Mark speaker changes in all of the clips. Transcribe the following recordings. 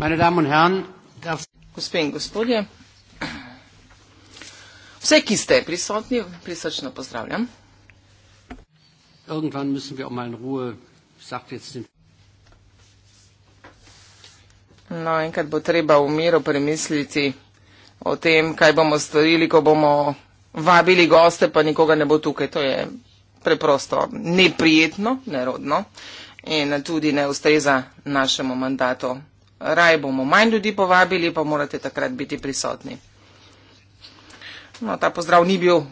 Speaker 1: Meine Damen und Herren, darf... Gospe in gospodje, vse, ki ste prisotni, prisrčno pozdravljam. Irgendwann müssen wir auch mal in Ruhe, sagt jetzt den... No, enkrat bo treba v miru premisliti o tem, kaj bomo storili, ko bomo vabili goste, pa nikoga ne bo tukaj. To je preprosto neprijetno, nerodno in tudi ne ustreza našemu mandatu raj bomo manj ljudi povabili, pa morate takrat biti prisotni. No, ta pozdrav ni bil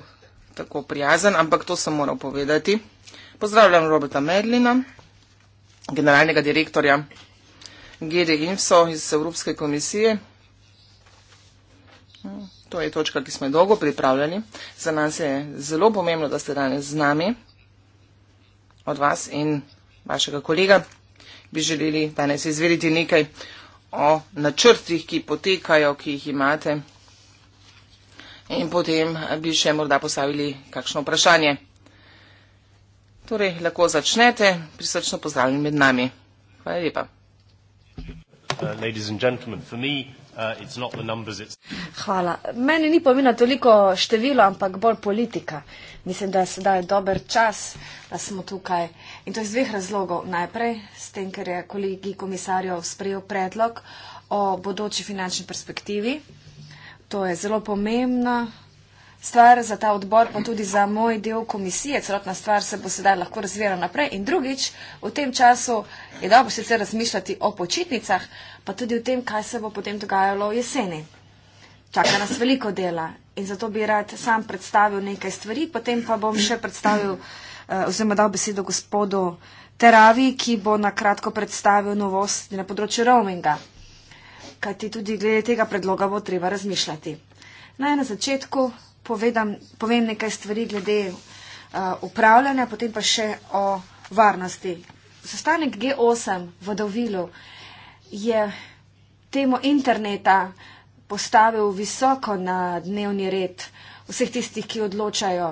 Speaker 1: tako prijazen, ampak to sem moral povedati. Pozdravljam Roberta Medlina, generalnega direktorja GD Info iz Evropske komisije. To je točka, ki smo jo dolgo pripravljali. Za nas je zelo pomembno, da ste danes z nami, od vas in vašega kolega bi želeli danes izvedeti nekaj o načrtih, ki potekajo, ki jih imate. In potem bi še morda postavili kakšno vprašanje. Torej, lahko začnete. Prisrčno pozdravljen med nami. Hvala lepa. Uh, Uh,
Speaker 2: Hvala. Meni ni pomena toliko število, ampak bolj politika. Mislim, da je sedaj dober čas, da smo tukaj. In to iz dveh razlogov. Najprej s tem, ker je kolegi komisarjev sprejel predlog o bodoči finančni perspektivi. To je zelo pomembno stvar za ta odbor, pa tudi za moj del komisije, celotna stvar se bo sedaj lahko razvijala naprej. In drugič, v tem času je dobro sicer razmišljati o počitnicah, pa tudi o tem, kaj se bo potem dogajalo jeseni. Čaka nas veliko dela in zato bi rad sam predstavil nekaj stvari, potem pa bom še predstavil eh, oziroma dal besedo gospodu Teravi, ki bo na kratko predstavil novosti na področju roaminga. Kajti tudi glede tega predloga bo treba razmišljati. Naj na začetku povedam, povem nekaj stvari glede uh, upravljanja, potem pa še o varnosti. Sestanek G8 v Dovilu je temo interneta postavil visoko na dnevni red vseh tistih, ki odločajo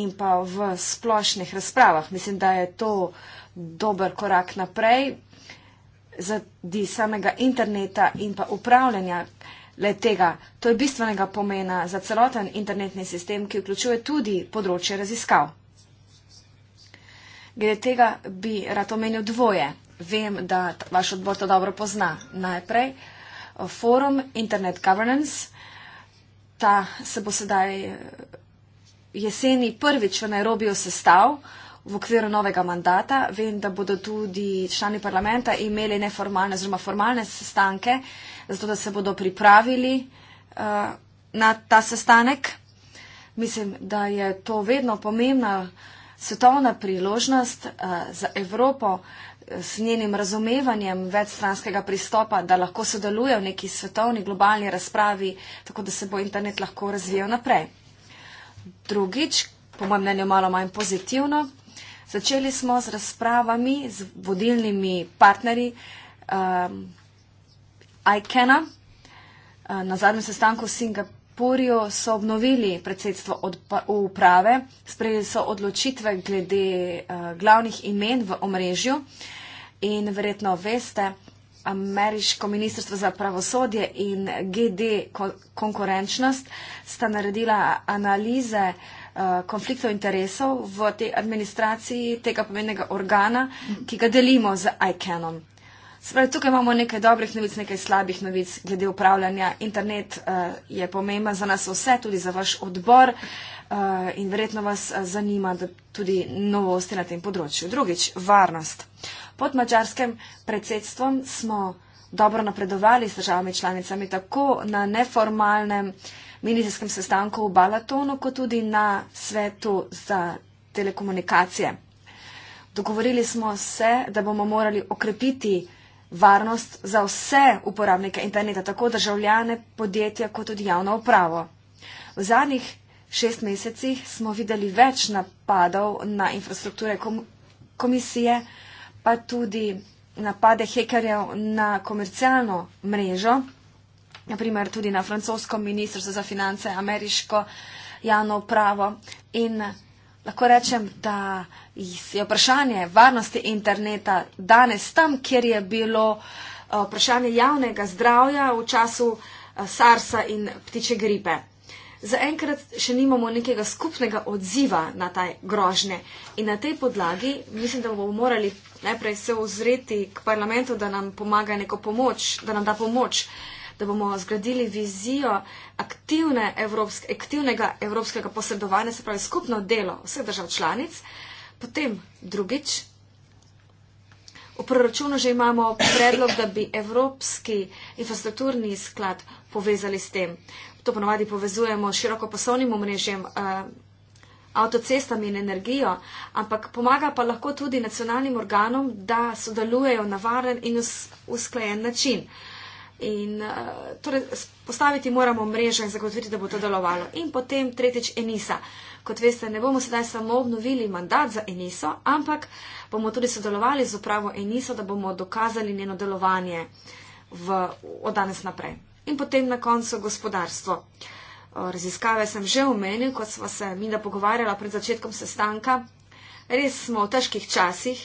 Speaker 2: in pa v splošnih razpravah. Mislim, da je to dober korak naprej zaradi samega interneta in pa upravljanja le tega. To je bistvenega pomena za celoten internetni sistem, ki vključuje tudi področje raziskav. Glede tega bi rad omenil dvoje. Vem, da vaš odbor to dobro pozna. Najprej eh, forum Internet Governance. Ta se bo sedaj eh, jeseni prvič v Nairobiju sestavil v okviru novega mandata. Vem, da bodo tudi člani parlamenta imeli neformalne oziroma formalne sestanke, zato da se bodo pripravili uh, na ta sestanek. Mislim, da je to vedno pomembna svetovna priložnost uh, za Evropo eh, s njenim razumevanjem večstranskega pristopa, da lahko sodeluje v neki svetovni globalni razpravi, tako da se bo internet lahko razvijal naprej. Drugič, po mojem mnenju malo manj pozitivno, Začeli smo z razpravami z vodilnimi partnerji um, ICANN-a. Uh, na zadnjem sestanku v Singapurju so obnovili predsedstvo uprave, sprejeli so odločitve glede uh, glavnih imen v omrežju in verjetno veste, Ameriško ministrstvo za pravosodje in GD konkurenčnost sta naredila analize uh, Eh, konfliktov interesov v tej administraciji tega pomenega organa, ki ga delimo z ICANN-om. Spravi, tukaj imamo nekaj dobrih novic, nekaj slabih novic glede upravljanja. Internet uh, je pomemben za nas vse, tudi za vaš odbor uh, in verjetno vas zanima tudi novosti na tem področju. Drugič, varnost. Pod mačarskem predsedstvom smo dobro napredovali s državami članicami tako na neformalnem uh, ministerskem sestanku v Balatonu, kot tudi na svetu za telekomunikacije. Dogovorili smo se, da bomo morali okrepiti varnost za vse uporabnike interneta, tako državljane, podjetja, kot tudi javno upravo. V zadnjih šest mesecih smo videli več napadov na infrastrukture kom komisije, pa tudi napade hekerjev na komercialno mrežo naprimer tudi na francosko ministrstvo za finance, ameriško javno upravo. In lahko rečem, da je vprašanje varnosti interneta danes tam, kjer je bilo eh, vprašanje javnega zdravja v času eh, SARS-a in ptiče gripe. Zaenkrat še nimamo nekega skupnega odziva na taj grožnje in na tej podlagi mislim, da bomo morali najprej se ozreti k parlamentu, da nam pomaga neko pomoč, da nam da pomoč. Uh, da bomo zgradili vizijo aktivne evropske, aktivnega evropskega posredovanja, se pravi skupno delo vseh držav članic. Potem drugič, v proračunu že imamo predlog, da bi Evropski infrastrukturni sklad povezali s tem. To ponovadi povezujemo s široko poslovnim omrežjem, eh, avtocestami in energijo, ampak pomaga pa lahko tudi nacionalnim organom, da sodelujejo na varen in usklajen način. Uh, In uh, torej postaviti moramo mrežo in zagotoviti, da bo to delovalo. In potem tretjič Enisa. Kot veste, ne bomo sedaj samo obnovili mandat za Eniso, ampak bomo tudi sodelovali z upravo Eniso, da bomo dokazali njeno delovanje v, od danes naprej. In potem na koncu gospodarstvo. Raziskave sem že omenil, kot smo se mi da pogovarjala pred začetkom sestanka. Res smo v težkih časih,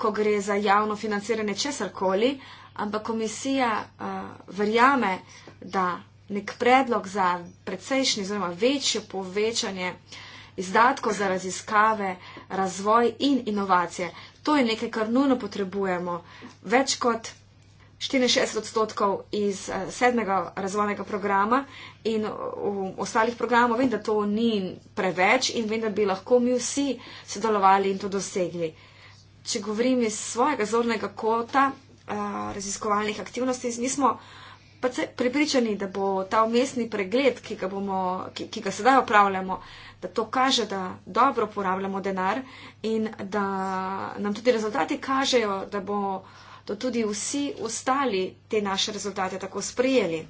Speaker 2: ko gre za javno financiranje česarkoli, ampak komisija uh, verjame, da nek predlog za precejšnje, zelo večje povečanje izdatkov za raziskave, razvoj in inovacije. To je nekaj, kar nujno potrebujemo. Več kot 64 odstotkov iz eh, sedmega razvojnega programa in eh, ostalih programov vem, da to ni preveč in vem, da bi lahko mi vsi sodelovali in to dosegli. Če govorim iz svojega zornega kota, raziskovalnih aktivnosti. Mi smo pripričani, da bo ta umestni pregled, ki ga, bomo, ki, ki ga sedaj opravljamo, da to kaže, da dobro porabljamo denar in da nam tudi rezultati kažejo, da bo da tudi vsi ostali te naše rezultate tako sprijeli.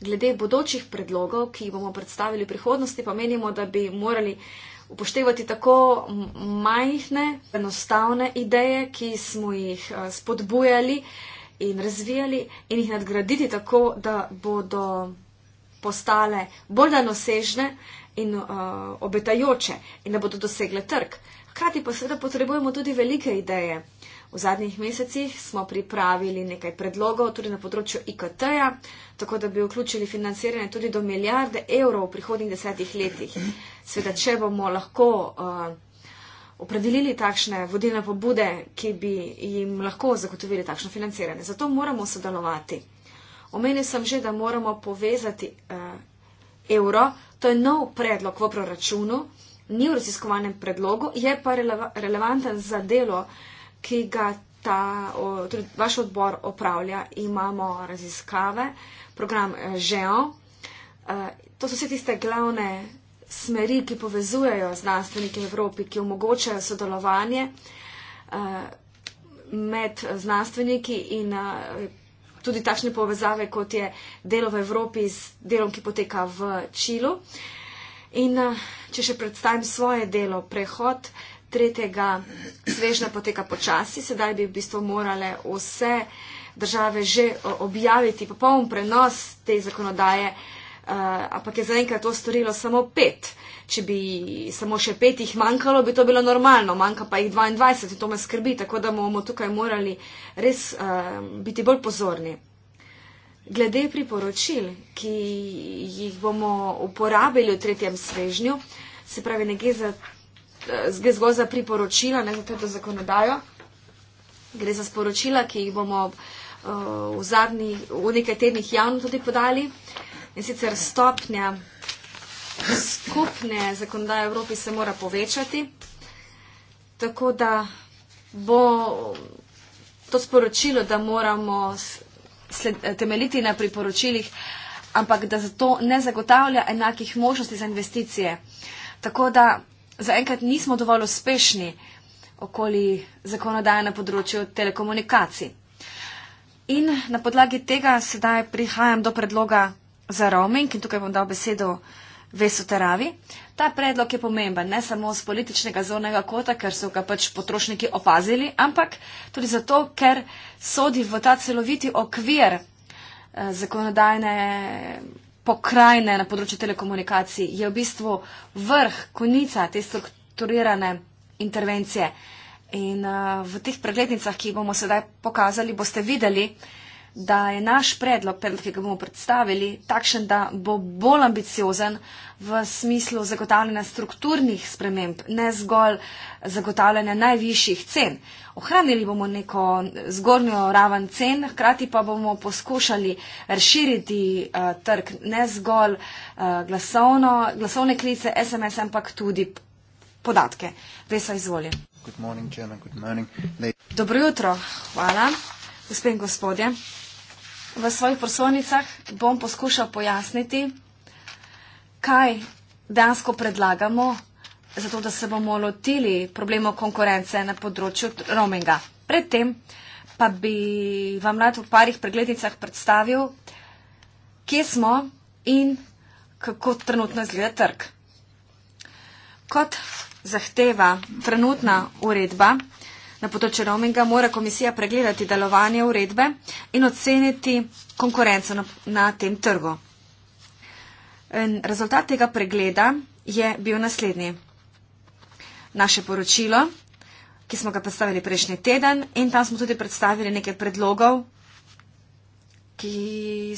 Speaker 2: Glede bodočih predlogov, ki jih bomo predstavili v prihodnosti, pa menimo, da bi morali uh, upoštevati tako majhne, enostavne ideje, ki smo jih eh, spodbujali in razvijali, in jih nadgraditi tako, da bodo postale bolj danosežne in uh, obetajoče in da bodo dosegle trg. Hkrati pa seveda potrebujemo tudi velike ideje. Uh, V zadnjih mesecih smo pripravili nekaj predlogov tudi na področju IKT-ja, tako da bi vključili financiranje tudi do milijarde evrov v prihodnjih desetih letih. Sveda, če bomo lahko uh, opredelili uh, takšne vodilne pobude, ki bi jim lahko zagotovili takšno financiranje. Zato moramo sodelovati. Omenil sem že, da moramo povezati uh, evro. To je nov predlog v proračunu, ni v raziskovanem predlogu, je pa releva, relevanten za delo ki ga ta, o, torej vaš odbor opravlja. Imamo raziskave, program eh, ŽEO. Eh, to so vse tiste glavne smeri, ki povezujejo znanstvenike v Evropi, ki omogočajo sodelovanje eh, med znanstveniki in tudi takšne povezave, kot je delo v Evropi z delom, ki poteka v Čilu. In če še predstavim svoje delo, prehod, uh, tretjega svežnja poteka počasi, sedaj bi v bistvu morale vse države že eh, objaviti popoln prenos te zakonodaje, eh, ampak je zaenkrat to storilo samo pet. Če bi samo še pet jih manjkalo, bi to bilo normalno, manjka pa jih 22 in to me skrbi, tako da bomo tukaj morali res eh, biti bolj pozorni. Glede priporočil, ki jih bomo uporabili v tretjem svežnju, se pravi, ne gre za Eh, gre zgolj za priporočila, ne za to zakonodajo. Gre za sporočila, ki jih bomo eh, v, zadnji, v nekaj tednih javno tudi podali. In sicer stopnja skupne zakonodaje Evropi se mora povečati. Tako da bo to sporočilo, da moramo sled, eh, temeljiti na priporočilih, ampak da zato ne zagotavlja enakih možnosti za investicije. Tako da zaenkrat nismo dovolj uspešni okoli zakonodaje na področju telekomunikacij. In na podlagi tega sedaj prihajam do predloga za roaming in tukaj bom dal besedo Vesu Teravi. Ta predlog je pomemben ne samo z političnega zornega kota, ker so ga pač potrošniki opazili, ampak tudi zato, ker sodi v ta celoviti okvir eh, zakonodajne pokrajine na področju telekomunikacij, je v bistvu vrh, konica te strukturirane intervencije. In uh, v teh preglednicah, ki jih bomo sedaj pokazali, boste videli, uh, da je naš predlog, predlog, ki ga bomo predstavili, takšen, da bo bolj ambiciozen v smislu zagotavljanja strukturnih sprememb, ne zgolj zagotavljanja najvišjih cen. Ohranili bomo neko zgornjo raven cen, hkrati pa bomo poskušali razširiti uh, trg ne zgolj uh, glasovno, glasovne klice, SMS, ampak tudi podatke. Vesa izvolje. Dobro jutro, hvala. Gospe in gospodje, v svojih prosovnicah bom poskušal pojasniti, kaj dejansko predlagamo, zato da se bomo lotili problemov konkurence na področju roaminga. Predtem pa bi vam rad v parih preglednicah predstavil, kje smo in kako trenutno izgleda trg. Kot zahteva trenutna uredba, Na področju roaminga mora komisija pregledati delovanje uredbe in oceniti konkurenco na, na tem trgu. In rezultat tega pregleda je bil naslednji. Naše poročilo, ki smo ga predstavili prejšnji teden in tam smo tudi predstavili nekaj predlogov, ki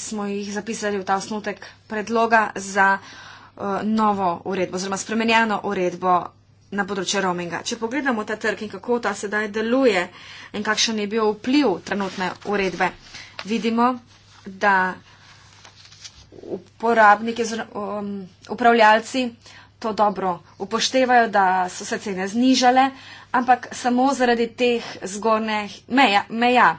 Speaker 2: smo jih zapisali v ta osnutek predloga za uh, novo uredbo oziroma spremenjeno uredbo na področju roaminga. Če pogledamo ta trg in kako ta sedaj deluje in kakšen je bil vpliv trenutne uredbe, vidimo, da uporabniki, um, upravljalci to dobro upoštevajo, da so se cene znižale, ampak samo zaradi teh zgornjih meja. meja.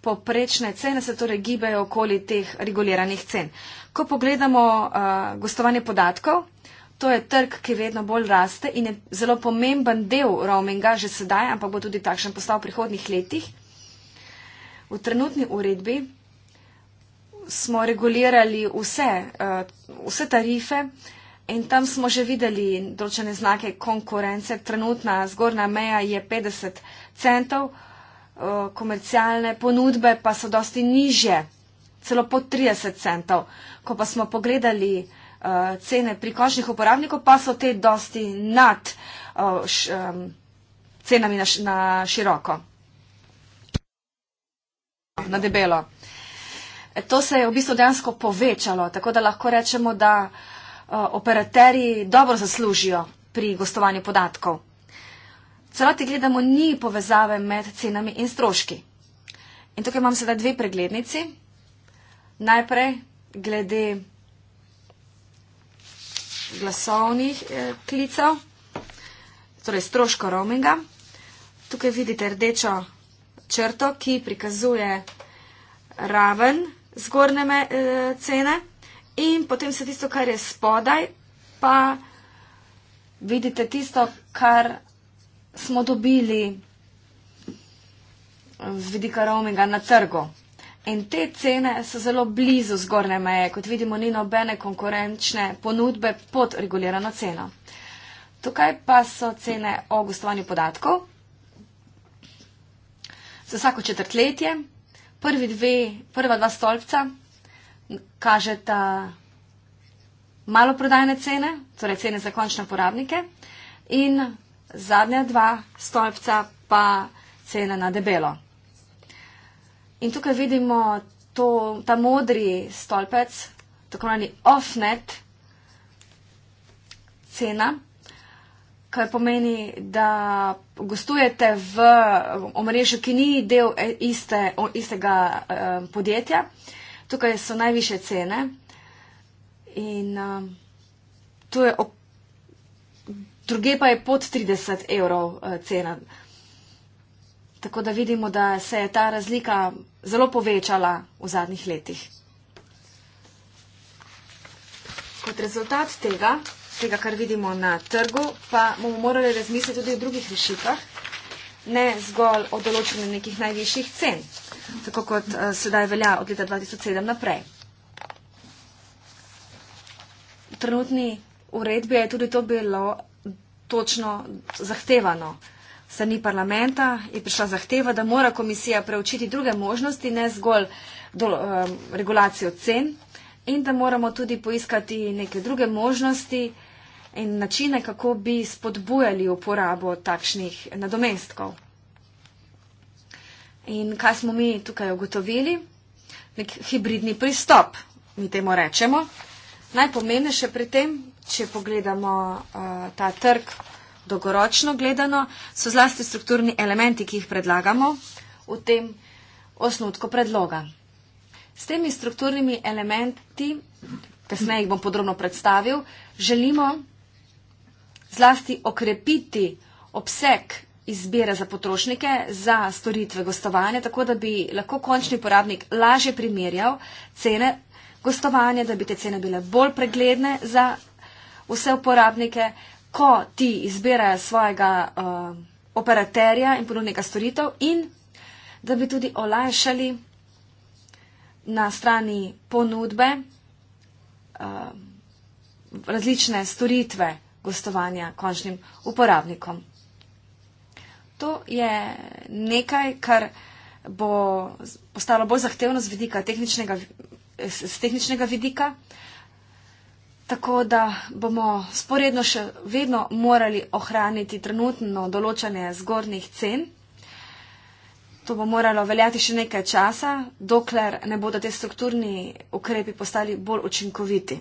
Speaker 2: Poprečne cene se torej gibajo okoli teh reguliranih cen. Ko pogledamo uh, gostovanje podatkov, To je trg, ki vedno bolj raste in je zelo pomemben del roaminga že sedaj, ampak bo tudi takšen postal v prihodnih letih. V trenutni uredbi smo regulirali vse, eh, vse tarife in tam smo že videli določene znake konkurence. Trenutna zgornja meja je 50 centov, eh, komercialne ponudbe pa so dosti niže, celo po 30 centov. Ko pa smo pogledali, uh, cene pri končnih uporabnikov pa so te dosti nad uh, š, um, cenami na, na široko, na debelo. E, to se je v bistvu dejansko povečalo, tako da lahko rečemo, da uh, operaterji dobro zaslužijo pri gostovanju podatkov. Celoti gledamo ni povezave med cenami in stroški. In tukaj imam sedaj dve preglednici. Najprej glede glasovnih eh, klicev, torej stroško roaminga. Tukaj vidite rdečo črto, ki prikazuje raven zgornje eh, cene in potem se tisto, kar je spodaj, pa vidite tisto, kar smo dobili z vidika roaminga na trgu. In te cene so zelo blizu zgornje meje, kot vidimo, ni nobene konkurenčne ponudbe pod regulirano ceno. Tukaj pa so cene o gostovanju podatkov za vsako četrtletje. Prvi dve, prva dva stolpca kažeta maloprodajne cene, torej cene za končne uporabnike in zadnja dva stolpca pa cene na debelo. In tukaj vidimo to, ta modri stolpec, tako imenovani off-net cena, kar pomeni, da gostujete v omrežju, ki ni del iste, istega um, podjetja. Tukaj so najviše cene in um, eh, tu je, druge pa je pod 30 evrov uh, cena. Tako da vidimo, da se je ta razlika zelo povečala v zadnjih letih. Kot rezultat tega, tega, kar vidimo na trgu, pa bomo morali razmisliti tudi o drugih rešitvah, ne zgolj o določenju nekih najvišjih cen, tako kot uh, sedaj velja od leta 2007 naprej. V trenutni uredbi je tudi to bilo točno zahtevano. Uh, strani parlamenta je prišla zahteva, da mora komisija preučiti druge možnosti, ne zgolj do, um, regulacijo cen in da moramo tudi poiskati neke druge možnosti in načine, kako bi spodbujali uporabo takšnih nadomestkov. In kaj smo mi tukaj ugotovili? Nek hibridni pristop, mi temu rečemo. Najpomembnejše pri tem, če pogledamo uh, ta trg dolgoročno gledano, so zlasti strukturni elementi, ki jih predlagamo v tem osnutku predloga. S temi strukturnimi elementi, kasneje jih bom podrobno predstavil, želimo zlasti okrepiti obseg izbire za potrošnike za storitve gostovanja, tako da bi lahko končni uporabnik lažje primerjal cene gostovanja, da bi te cene bile bolj pregledne za vse uporabnike, ko ti izbirajo svojega uh, operaterja in ponudnika storitev in da bi tudi olajšali na strani ponudbe uh, različne storitve gostovanja končnim uporabnikom. To je nekaj, kar bo postalo bolj zahtevno z, vidika tehničnega, z tehničnega vidika, Tako da bomo sporedno še vedno morali ohraniti trenutno določanje zgornjih cen. To bo moralo veljati še nekaj časa, dokler ne bodo te strukturni ukrepi postali bolj učinkoviti.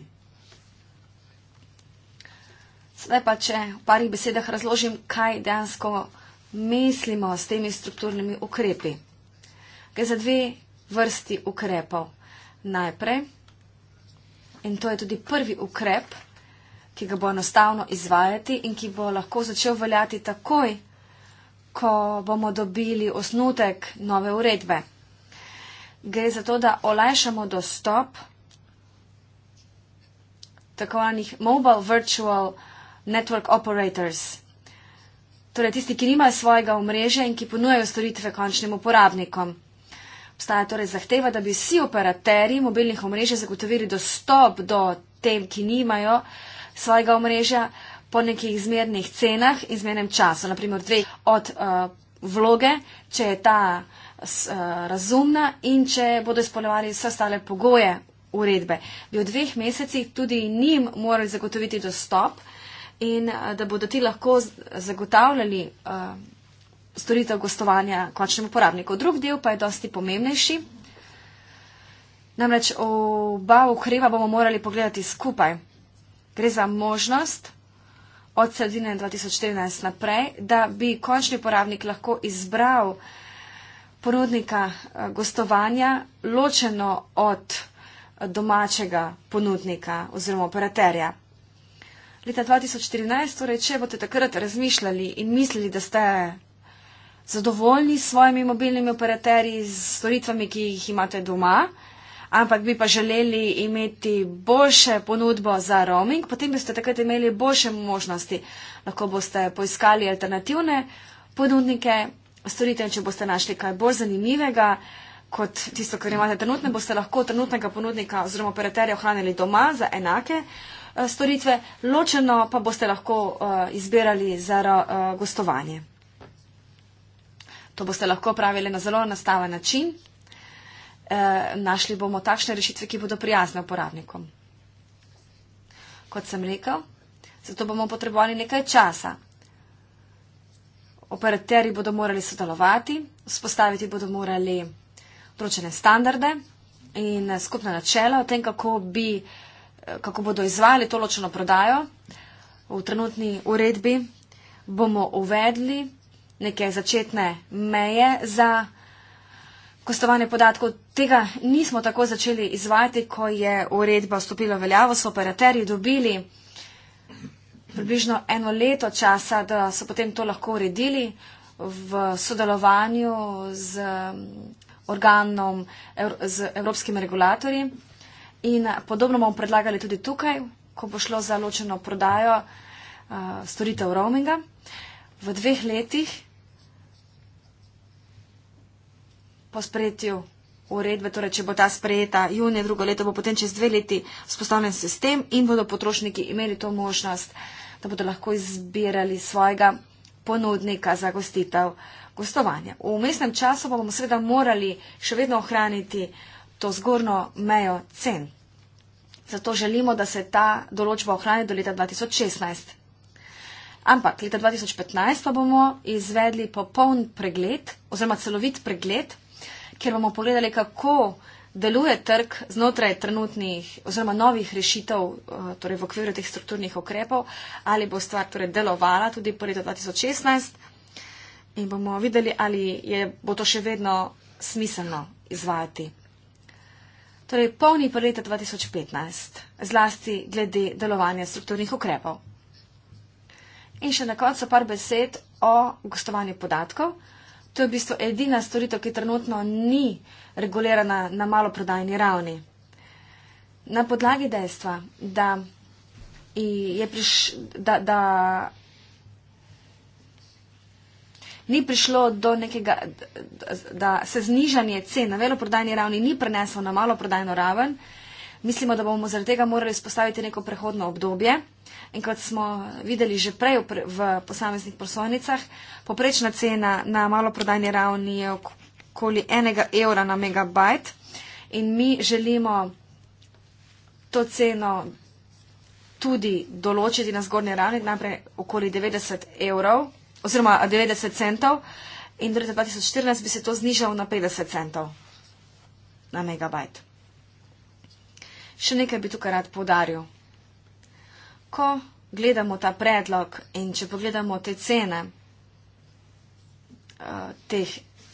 Speaker 2: Sedaj pa, če v parih besedah razložim, kaj dejansko mislimo s temi strukturnimi ukrepi. Gre za dve vrsti ukrepov. Najprej in to je tudi prvi ukrep, ki ga bo enostavno izvajati in ki bo lahko začel veljati takoj, ko bomo dobili osnutek nove uredbe. Gre za to, da olajšamo dostop tako enih mobile virtual network operators, torej tisti, ki nimajo svojega omrežja in ki ponujejo storitve končnim uporabnikom. Obstaja torej zahteva, da bi vsi operaterji mobilnih omrežij zagotovili dostop do tem, ki nimajo svojega omrežja po nekih zmernih cenah in zmernem času, naprimer dve od uh, vloge, če je ta uh, razumna in če bodo izpolnjevali vse stale pogoje uredbe. Bi v dveh mesecih tudi njim morali zagotoviti dostop in uh, da bodo ti lahko zagotavljali. Uh, storitev gostovanja končnemu uporabniku. Drug del pa je dosti pomembnejši. Namreč oba ukreva bomo morali pogledati skupaj. Gre za možnost od sredine 2014 naprej, da bi končni uporabnik lahko izbral ponudnika eh, gostovanja ločeno od eh, domačega ponudnika oziroma operaterja. Leta 2014, torej, če boste takrat razmišljali in mislili, da ste zadovoljni s svojimi mobilnimi operaterji, s storitvami, ki jih imate doma, ampak bi pa želeli imeti boljše ponudbo za roaming, potem boste takrat imeli boljše možnosti. Lahko boste poiskali alternativne ponudnike storitev, če boste našli kaj bolj zanimivega kot tisto, kar imate trenutno, boste lahko trenutnega ponudnika oziroma operaterja ohranili doma za enake eh, storitve, ločeno pa boste lahko uh, izbirali za uh, gostovanje. To boste lahko pravili na zelo enostaven način. E, našli bomo takšne rešitve, ki bodo prijazne uporabnikom. Kot sem rekel, zato bomo potrebovali nekaj časa. Operaterji bodo morali sodelovati, spostaviti bodo morali vročene standarde in eh, skupna načela o tem, kako, bi, eh, kako bodo izvali to ločeno prodajo. V trenutni uredbi bomo uvedli neke začetne meje za kostovanje podatkov. Tega nismo tako začeli izvajati, ko je uredba vstopila v veljavo, so operaterji dobili približno eno leto časa, da so potem to lahko uredili v sodelovanju z um, organom, z evropskimi regulatorji. In podobno bomo predlagali tudi tukaj, ko bo šlo za ločeno prodajo uh, storitev roaminga. V dveh letih po sprejetju uredbe, torej če bo ta sprejeta junija, drugo leto bo potem čez dve leti spostavljen sistem in bodo potrošniki imeli to možnost, da bodo lahko izbirali svojega ponudnika za gostitev gostovanja. V mestnem času pa bomo seveda morali še vedno ohraniti to zgornjo mejo cen. Zato želimo, da se ta določba ohrani do leta 2016. Ampak leta 2015 pa bomo izvedli popoln pregled oziroma celovit pregled kjer bomo pogledali, kako deluje trg znotraj trenutnih oziroma novih rešitev, eh, torej v okviru teh strukturnih okrepov, ali bo stvar torej delovala tudi po letu 2016 in bomo videli, ali je, bo to še vedno smiselno izvajati. Torej, polni pa leta 2015, zlasti glede delovanja strukturnih ukrepov. In še na koncu par besed o gostovanju podatkov. To je v bistvu edina storitev, ki trenutno ni regulirana na maloprodajni ravni. Na podlagi dejstva, da, priš, da, da ni prišlo do nekega, da se znižanje cen na veloprodajni ravni ni preneslo na maloprodajno raven, mislimo, da bomo zaradi tega morali spostaviti neko prehodno obdobje. In kot smo videli že prej v posameznih prosojnicah, poprečna cena na maloprodajni ravni je okoli enega evra na megabajt in mi želimo to ceno tudi določiti na zgornji ravni, naprej okoli 90 evrov oziroma 90 centov in do 2014 bi se to znižalo na 50 centov na megabajt. Še nekaj bi tukaj rad podaril. Ko gledamo ta predlog in če pogledamo te cene eh, teh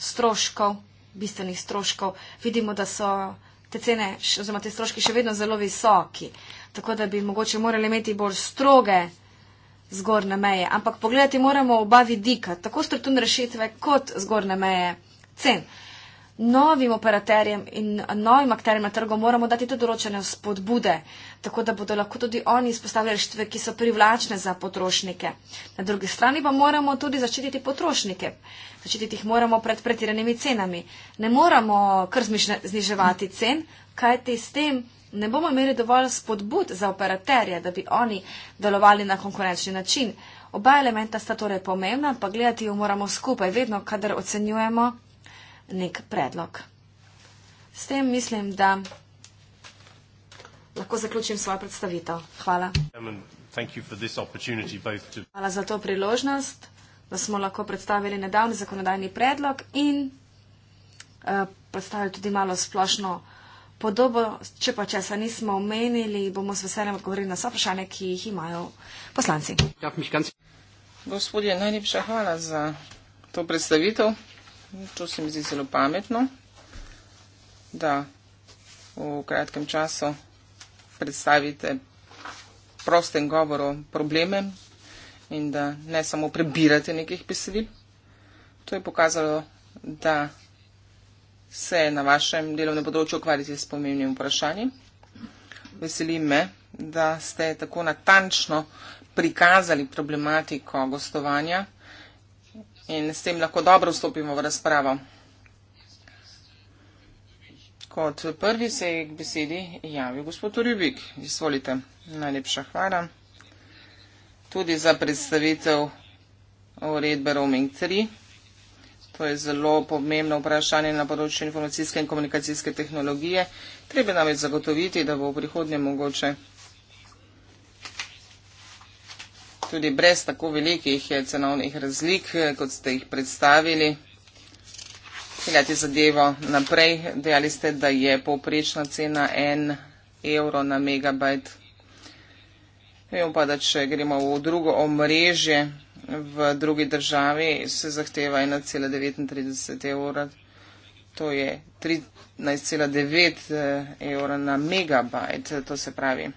Speaker 2: stroškov, bistvenih stroškov, vidimo, da so te cene oziroma te stroški še vedno zelo visoki, tako da bi mogoče morali imeti bolj stroge zgorne meje, ampak pogledati moramo oba vidika, tako strukturne rešitve kot zgorne meje cen. Uh, novim operaterjem in novim akterjem na trgu moramo dati tudi določene spodbude, tako da bodo lahko tudi oni izpostavljali rešitve, ki so privlačne za potrošnike. Na drugi strani pa moramo tudi zaščititi potrošnike. Zaščititi jih moramo pred pretiranimi cenami. Ne moramo kar zniževati cen, kajti s tem ne bomo imeli dovolj spodbud za operaterje, da bi oni delovali na konkurenčni način. Oba elementa sta torej pomembna, pa gledati jo moramo skupaj, vedno, kadar ocenjujemo nek predlog. S tem mislim, da lahko zaključim svojo predstavitev. Hvala. Hvala za to priložnost, da smo lahko predstavili nedavni zakonodajni predlog in eh, predstavili tudi malo splošno podobo. Če pa česa nismo omenili, bomo s veseljem odgovorili na vsa vprašanja, ki jih imajo poslanci.
Speaker 1: Gospodje, najlepša hvala za to predstavitev. To se mi zdi zelo pametno, da v kratkem času predstavite prostem govoru probleme in da ne samo prebirate nekih besedil. To je pokazalo, da se na vašem delovnem področju ukvarjate s pomembnim vprašanjem. Veseli me, da ste tako natančno prikazali problematiko gostovanja in s tem lahko dobro vstopimo v razpravo. Kot prvi se je k besedi javil gospod Ribik. Izvolite. Najlepša hvala. Tudi za predstavitev uredbe Roaming 3. To je zelo pomembno vprašanje na področju informacijske in komunikacijske tehnologije. Treba nam je zagotoviti, da bo v prihodnje mogoče tudi brez tako velikih eh, cenovnih razlik, eh, kot ste jih predstavili, peljati zadevo naprej. Dejali ste, da je povprečna cena 1 evro na megabajt. Vemo pa, da če gremo v drugo omrežje v drugi državi, se zahteva 1,39 evra. To je 13,9 eh, evra na megabajt, to se pravi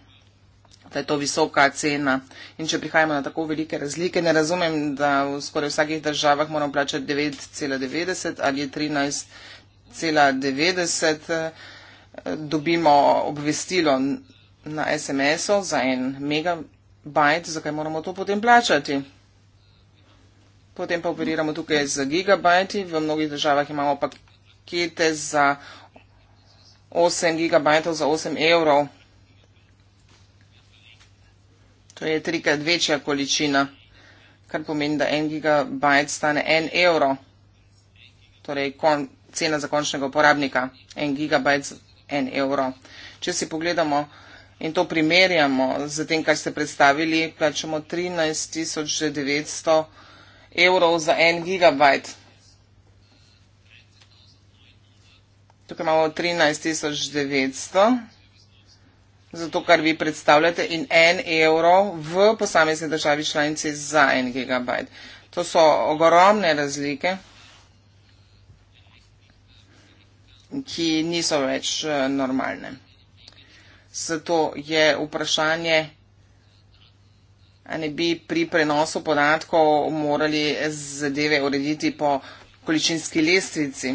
Speaker 1: da je to visoka cena. In če prihajamo na tako velike razlike, ne razumem, da v skoraj vsakih državah moramo plačati 9,90 ali 13,90, eh, dobimo obvestilo na SMS-o za en megabajt, zakaj moramo to potem plačati. Potem pa operiramo tukaj z gigabajti, v mnogih državah imamo pakete za 8 gigabajtov za 8 evrov. To je trikrat večja količina, kar pomeni, da en gigabajt stane en evro. Torej, kon, cena za končnega uporabnika. En gigabajt za en evro. Če si pogledamo in to primerjamo z tem, kar ste predstavili, plačamo 13.900 evrov za en gigabajt. Tukaj imamo 13.900 za to, kar vi predstavljate, in en evro v posamezni državi članici za en gigabajt. To so ogromne razlike, ki niso več eh, normalne. Zato je vprašanje, ali bi pri prenosu podatkov morali zadeve urediti po količinski lestvici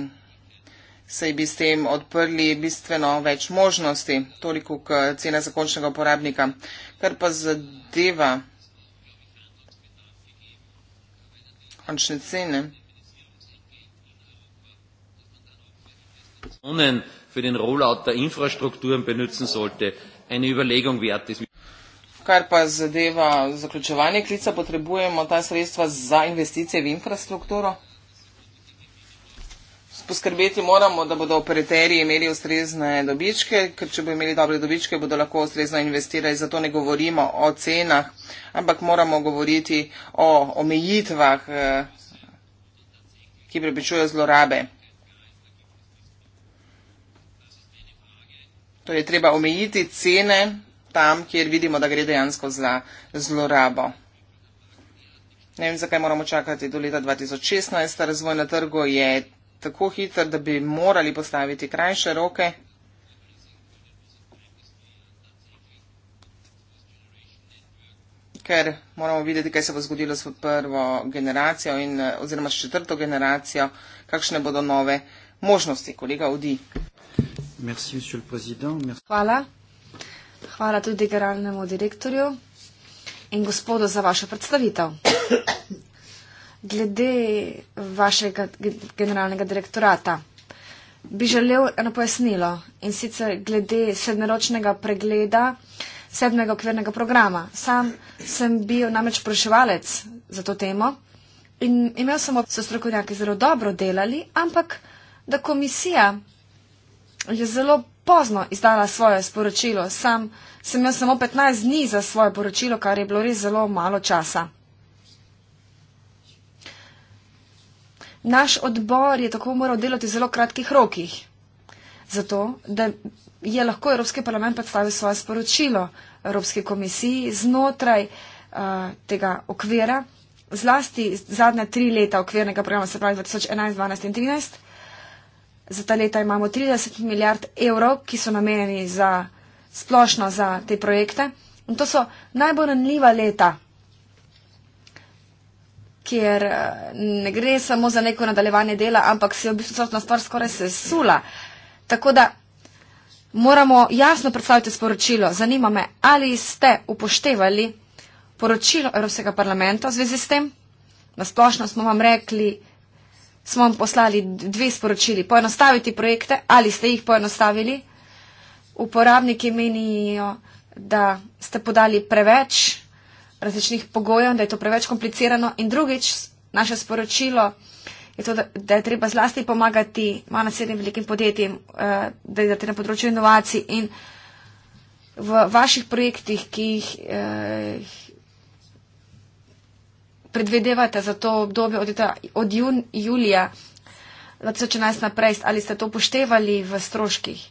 Speaker 1: saj bi s tem odprli bistveno več možnosti, toliko k cena zakončnega uporabnika. Kar pa zadeva končne cene. Kar pa zadeva zaključevanje klica, potrebujemo ta sredstva za investicije v infrastrukturo poskrbeti moramo, da bodo operaterji imeli ustrezne dobičke, ker če bo imeli dobre dobičke, bodo lahko ustrezno investirali. Zato ne govorimo o cenah, ampak moramo govoriti o omejitvah, eh, ki prepečujo zlorabe. To torej, je treba omejiti cene tam, kjer vidimo, da gre dejansko za zlorabo. Ne vem, zakaj moramo čakati do leta 2016. Razvoj na trgu je tako hiter, da bi morali postaviti krajše roke. Ker moramo videti, kaj se bo zgodilo s prvo generacijo in, oziroma s četrto generacijo, kakšne bodo nove možnosti. Kolega Odi.
Speaker 2: Hvala. Hvala tudi generalnemu direktorju in gospodu za vašo predstavitev glede vašega generalnega direktorata. Bi želel eno pojasnilo in sicer glede sedmeročnega pregleda sedmega okvirnega programa. Sam sem bil namreč proševalec za to temo in imel samo, so strokovnjaki zelo dobro delali, ampak da komisija je zelo pozno izdala svoje sporočilo. Sam sem imel samo 15 dni za svoje poročilo, kar je bilo res zelo malo časa. Naš odbor je tako moral delati v zelo kratkih rokih, zato da je lahko Evropski parlament predstavil svoje sporočilo Evropski komisiji znotraj uh, tega okvira, zlasti zadnja tri leta okvirnega programa, se pravi 2011, 2012 in 2013. Za ta leta imamo 30 milijard evrov, ki so namenjeni za, splošno za te projekte. In to so najbolj ranljiva leta kjer eh, ne gre samo za neko nadaljevanje dela, ampak se je v bistvu celotna stvar skoraj sesula. Tako da moramo jasno predstaviti sporočilo. Zanima me, ali ste upoštevali poročilo Evropskega parlamenta v zvezi s tem? Na splošno smo vam rekli, smo vam poslali dve sporočili. Poenostaviti projekte, ali ste jih poenostavili? Uporabniki menijo, da ste podali preveč različnih pogojev, da je to preveč komplicirano. In drugič, naše sporočilo je to, da, da je treba zlasti pomagati malo naslednjim velikim podjetjem, eh, da je to na področju inovacij in v vaših projektih, ki jih eh, predvidevate za to obdobje od, ta, od jun, julija 2011 naprej, ali ste to upoštevali v stroških?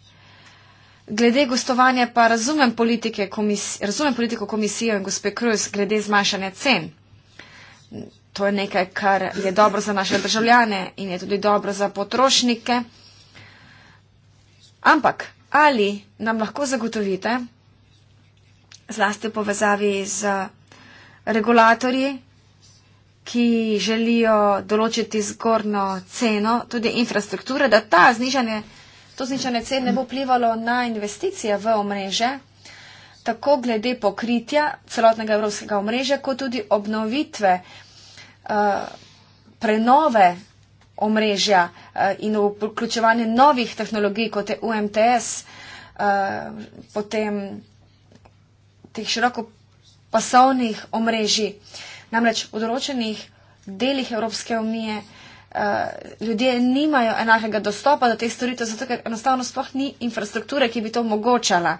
Speaker 2: Glede gostovanja pa razumem, politike, komis, razumem politiko komisije in gospe Kruz glede zmanjšanja cen. To je nekaj, kar je dobro za naše državljane in je tudi dobro za potrošnike. Ampak ali nam lahko zagotovite, zlasti v povezavi z regulatorji, ki želijo določiti zgornjo ceno, tudi infrastrukture, da ta znižanje to znižanje cen ne bo vplivalo na investicije v omrežje, tako glede pokritja celotnega evropskega omrežja, kot tudi obnovitve, eh, prenove omrežja eh, in vključevanje novih tehnologij, kot je UMTS, eh, potem teh širokopasovnih omrežij. Namreč v določenih delih Evropske unije Eh, ljudje nimajo enakega dostopa do teh storitev, zato ker enostavno sploh ni infrastrukture, ki bi to omogočala.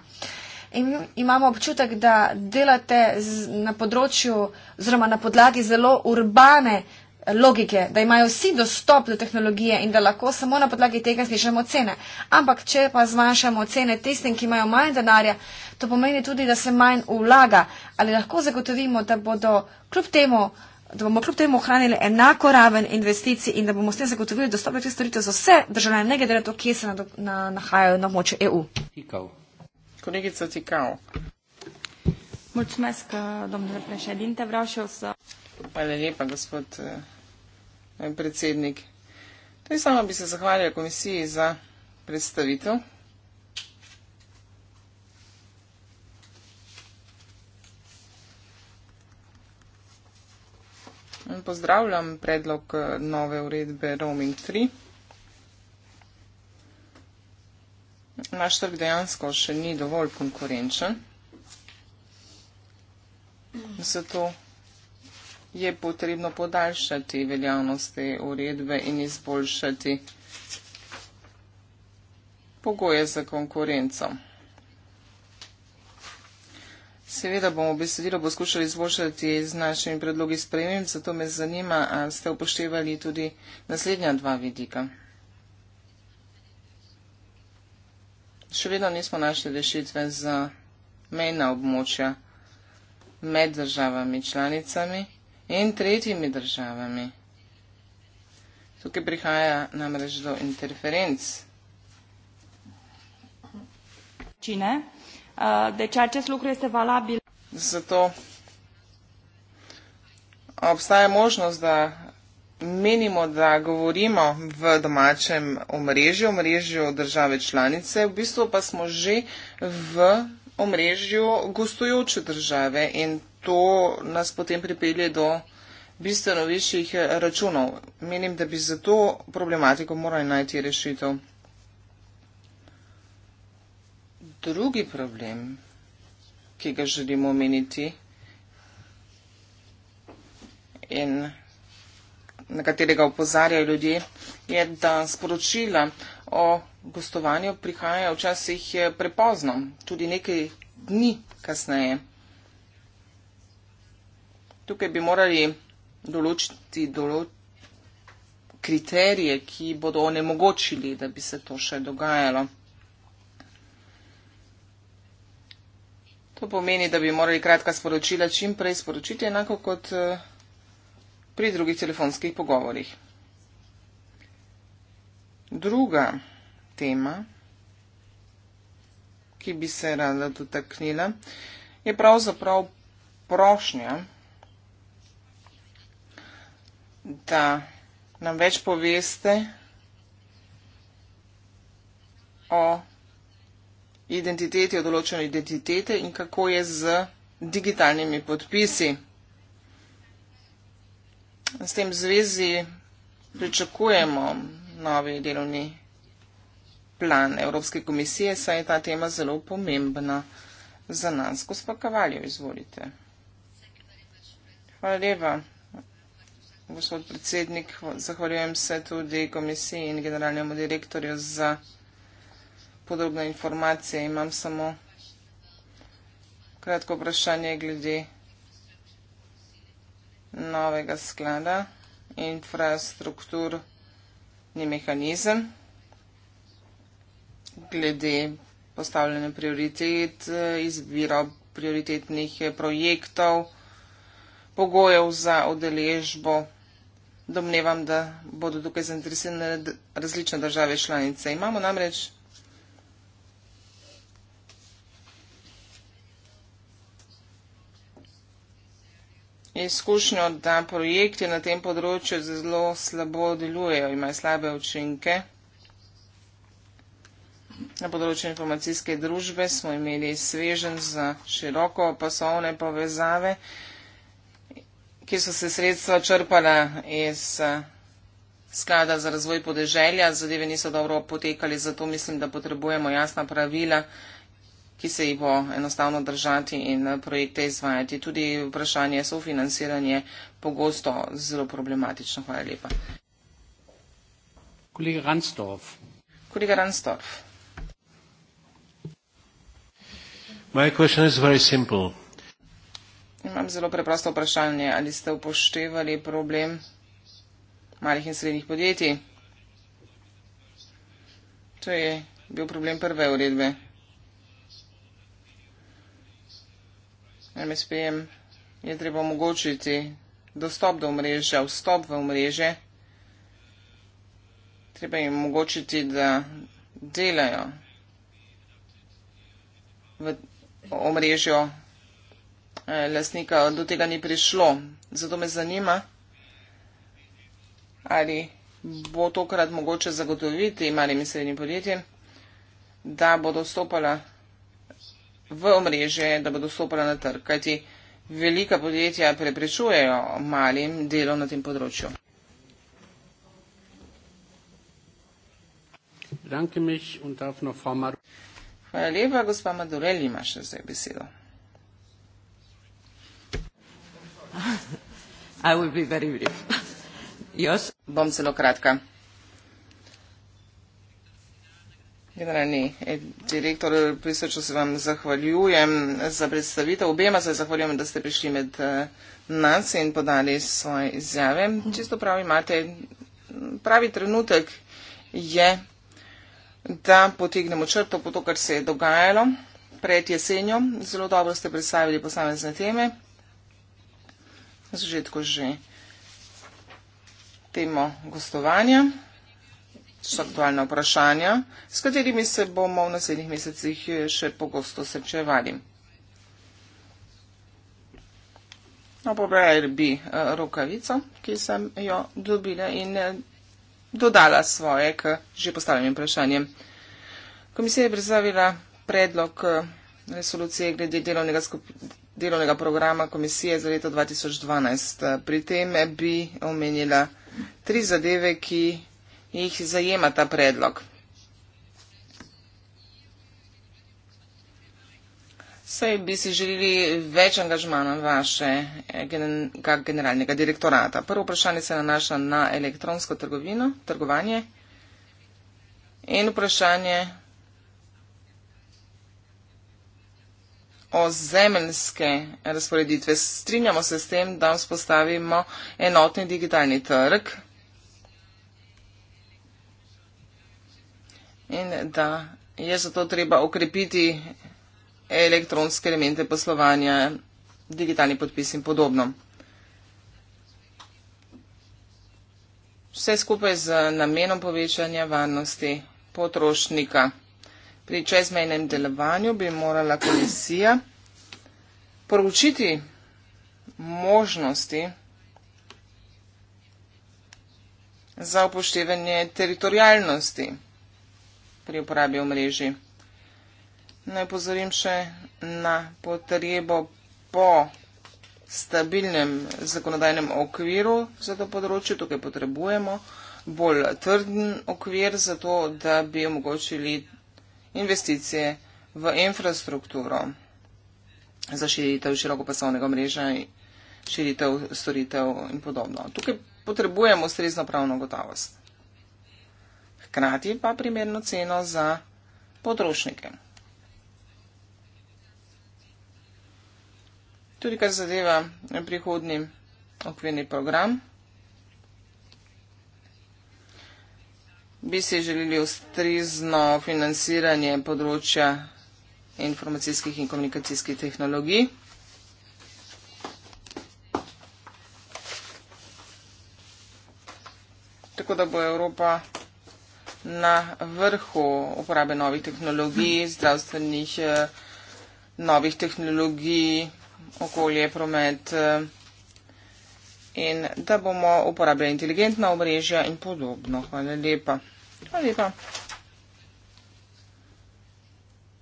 Speaker 2: In imamo občutek, da delate z, na področju oziroma na podlagi zelo urbane logike, da imajo vsi dostop do tehnologije in da lahko samo na podlagi tega znižamo cene. Ampak, če pa zmanjšamo cene tistim, ki imajo manj denarja, to pomeni tudi, da se manj vlaga. Ali lahko zagotovimo, da bodo kljub temu da bomo kljub temu ohranili enako raven investicij in da bomo s tem zagotovili dostop do storitev za vse državljane, ne glede na to, kje se na, na, nahajajo na območju EU. Tikal. Kolegica Tikal. Mulčmes, uh, domnule Prešedin, te vrašal so.
Speaker 1: Hvala lepa, gospod eh, predsednik. Tudi sama bi se zahvalila komisiji za predstavitev Pozdravljam predlog eh, nove uredbe Roaming 3. Naš trg dejansko še ni dovolj konkurenčen. Zato je potrebno podaljšati veljavnosti uredbe in izboljšati pogoje za konkurencom. Seveda bomo besedilo poskušali izboljšati z našimi predlogi sprememb, zato me zanima, ali ste upoštevali tudi naslednja dva vidika. Še vedno nismo našli rešitve za mejna območja med državami članicami in tretjimi državami. Tukaj prihaja namreč do interferenc. Če ne, Uh, deci acest lucru este valabil. Zato obstaja možnost, da menimo, da govorimo v domačem omrežju, omrežju države članice, v bistvu pa smo že v omrežju gostujoče države in to nas potem pripelje do bistveno višjih računov. Menim, da bi za to problematiko morali najti rešitev. drugi problem, ki ga želimo omeniti in na katerega opozarjajo ljudje, je, da sporočila o gostovanju prihajajo včasih eh, prepozno, tudi nekaj dni kasneje. Tukaj bi morali določiti določ kriterije, ki bodo onemogočili, da bi se to še dogajalo. To pomeni, da bi morali kratka sporočila čim prej sporočiti, enako kot eh, pri drugih telefonskih pogovorih. Druga tema, ki bi se rada dotaknila, je pravzaprav prošnja, da nam več poveste o identiteti, o določeni identiteti in kako je z digitalnimi podpisi. S tem zvezi pričakujemo novi delovni plan Evropske komisije, saj je ta tema zelo pomembna za nas. Gospod Kavaljo, izvolite. Hvala lepa, gospod predsednik. Zahvaljujem se tudi komisiji in generalnemu direktorju za podrobne informacije. Imam samo kratko vprašanje glede novega sklada, infrastrukturni mehanizem, glede postavljanja prioritet, izbiro prioritetnih projektov, pogojev za odeležbo. Domnevam, da bodo tukaj zainteresirane različne države članice. Imamo namreč izkušnjo, da projekti na tem področju zelo slabo delujejo, imajo slabe učinke. Na področju informacijske družbe smo imeli svežen za široko pasovne povezave, ki so se sredstva črpala iz eh, sklada za razvoj podeželja. Zadeve niso dobro potekali, zato mislim, da potrebujemo jasna pravila ki se jih bo enostavno držati in projekte izvajati. Tudi vprašanje sofinansiranje pogosto zelo problematično. Hvala lepa. Kolega Ransdorf. Kolega Ransdorf.
Speaker 3: My question is very simple.
Speaker 1: Imam zelo preprosto vprašanje. Ali ste upoštevali problem malih in srednjih podjetij? To je bil problem prve uredbe. MSP-jem je treba omogočiti dostop do mreža, vstop v mreže. Treba jim omogočiti, da delajo v omrežju e, lasnika. Do tega ni prišlo. Zato me zanima, ali bo tokrat mogoče zagotoviti malim in srednjim podjetjem, da bodo stopala vstop v omrežje, da bodo stopila na trg, kajti velika podjetja preprečujejo malim delo na tem področju. Hvala lepa, gospa Madurel, imaš zdaj besedo. Bom zelo kratka. Generalni eh, direktor, prisrčno se vam zahvaljujem za predstavitev. Obema se zahvaljujem, da ste prišli med eh, nas in podali svoje izjave. Čisto prav imate, pravi trenutek je, da potegnemo črto po to, kar se je dogajalo pred jesenjo. Zelo dobro ste predstavili posamezne teme. Zžetko že temo gostovanja so aktualna vprašanja, s katerimi se bomo v naslednjih mesecih še pogosto srečevali. Opravljali no, bi eh, rokavico, ki sem jo dobila in eh, dodala svoje k že postavljenim vprašanjem. Komisija je predstavila predlog eh, resolucije glede delovnega, delovnega programa komisije za leto 2012. Pri tem bi omenila tri zadeve, ki jih zajema ta predlog. Saj bi si želeli več angažmana vašega eh, generalnega direktorata. Prvo vprašanje se nanaša na elektronsko trgovino, trgovanje. In vprašanje o zemeljske razporeditve. Strinjamo se s tem, da vzpostavimo enotni digitalni trg. in da je zato treba okrepiti elektronske elemente poslovanja, digitalni podpis in podobno. Vse skupaj z namenom povečanja varnosti potrošnika. Pri čezmejnem delovanju bi morala komisija poročiti možnosti za upoštevanje teritorijalnosti pri uporabi omrežij. Naj pozorim še na potrebo po stabilnem zakonodajnem okviru za to področje. Tukaj potrebujemo bolj trden okvir za to, da bi omogočili investicije v infrastrukturo za širitev širokopasovnega mreža in širitev storitev in podobno. Tukaj potrebujemo ustrezno pravno gotovost hkrati pa primerno ceno za potrošnike. Tudi kar zadeva prihodni okvirni program, bi si želeli ustrezno financiranje področja informacijskih in komunikacijskih tehnologij. Tako da bo Evropa na vrhu uporabe novih tehnologij, zdravstvenih eh, novih tehnologij, okolje, promet eh, in da bomo uporabljali inteligentna omrežja in podobno. Hvala lepa. Hvala lepa.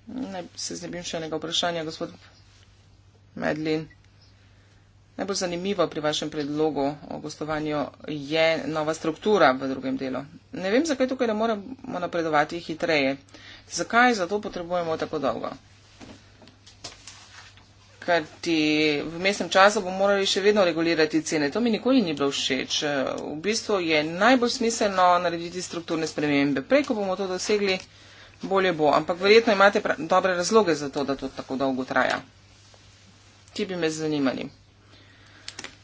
Speaker 1: Naj se zdaj bi še enega vprašanja, gospod Medlin. Najbolj zanimivo pri vašem predlogu o gostovanju je nova struktura v drugem delu. Ne vem, zakaj tukaj ne moremo napredovati hitreje. Zakaj za to potrebujemo tako dolgo? Ker ti v mestnem času bomo morali še vedno regulirati cene. To mi nikoli ni bilo všeč. V bistvu je najbolj smiselno narediti strukturne spremembe. Prej, ko bomo to dosegli, bolje bo. Ampak verjetno imate dobre razloge za to, da to tako dolgo traja. Ti bi me zanimali.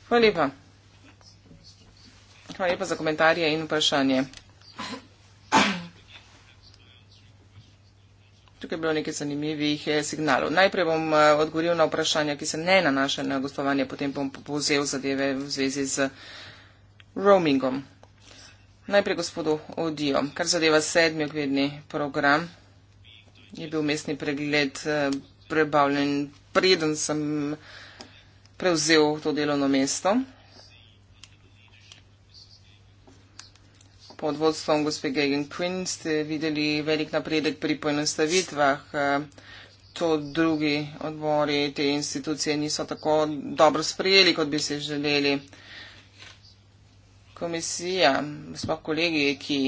Speaker 1: Hvala lepa. Hvala lepa za komentarje in vprašanje. Tukaj je bilo nekaj zanimivih eh, signalov. Najprej bom eh, odgovoril na vprašanja, ki se ne nanaša na gostovanje, potem bom povzel zadeve v zvezi z roamingom. Najprej gospodu Odijo. Kar zadeva sedmi okvirni program, je bil mestni pregled eh, prebavljen. Preden sem prevzel to delovno mesto pod vodstvom gospe Gagan Quinn. Ste videli velik napredek pri poenostavitvah. To drugi odbori te institucije niso tako dobro sprejeli, kot bi se želeli. Komisija, sploh kolegi, ki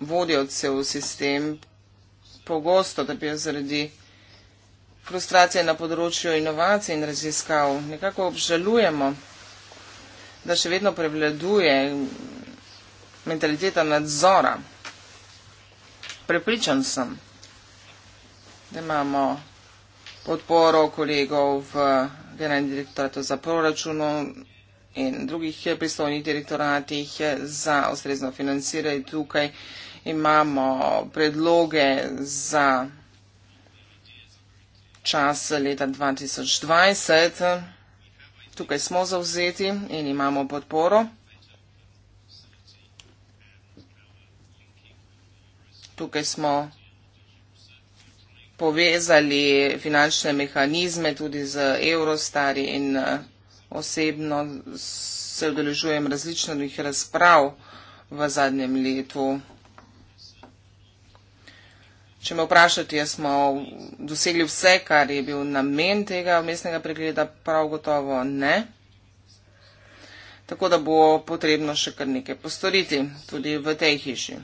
Speaker 1: vodijo cel sistem, pogosto trpijo zaradi frustracije na področju inovacij in raziskav. Nekako obžalujemo, da še vedno prevladuje mentaliteta nadzora. Prepričan sem, da imamo podporo kolegov v Generalnem direktoratu za proračun in drugih pristojnih direktoratih za ustrezno financiranje. Tukaj imamo predloge za čas leta 2020. Tukaj smo zauzeti in imamo podporo. Tukaj smo povezali finančne mehanizme tudi z Eurostari in eh, osebno se udeležujem različnih razprav v zadnjem letu. Če me vprašate, smo dosegli vse, kar je bil namen tega mestnega pregleda, prav gotovo ne. Tako da bo potrebno še kar nekaj postoriti tudi v tej hiši.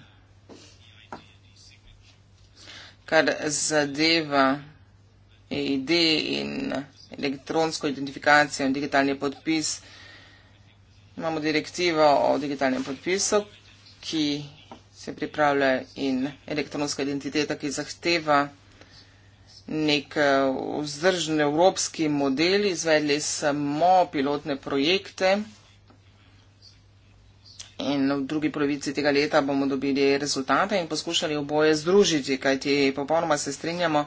Speaker 1: Kar zadeva e ID in elektronsko identifikacijo in digitalni podpis, imamo direktivo o digitalnem podpisu, ki se pripravlja in elektronska identiteta, ki zahteva nek eh, vzdržen evropski model. Izvedli smo pilotne projekte in v drugi polovici tega leta bomo dobili rezultate in poskušali oboje združiti, kajti popolnoma se strinjamo,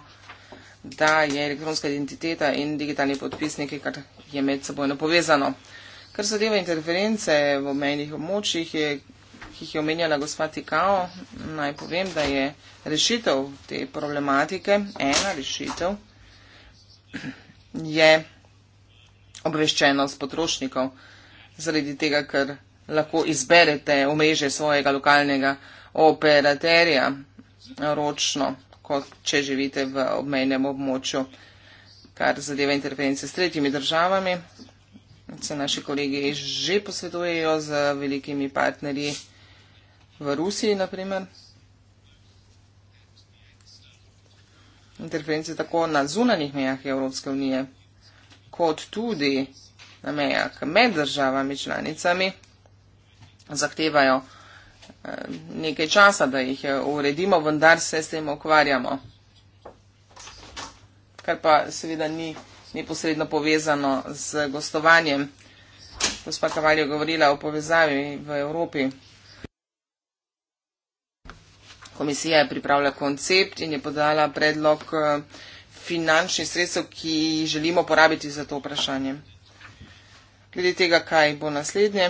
Speaker 1: da je elektronska identiteta in digitalni podpis nekaj, kar je med sebojno povezano. Kar zadeva interference v mejnih območjih, je ki jih je omenjala gospa Tikao, naj povem, da je rešitev te problematike, ena rešitev je obveščenost potrošnikov, zaradi tega, ker lahko izberete omrežje svojega lokalnega operaterja ročno, kot če živite v obmejnem območju, kar zadeva interferencije s tretjimi državami. Se naši kolegi že posvetujejo z velikimi partnerji v Rusiji, naprimer. Interferenci tako na zunanih mejah Evropske unije, kot tudi na mejah med državami članicami, zahtevajo eh, nekaj časa, da jih eh, uredimo, vendar se s tem ukvarjamo. Kar pa seveda ni neposredno povezano z gostovanjem. Gospa Kavaljo je govorila o povezavi v Evropi. Komisija je pripravila koncept in je podala predlog eh, finančnih sredstev, ki želimo porabiti za to vprašanje. Glede tega, kaj bo naslednje,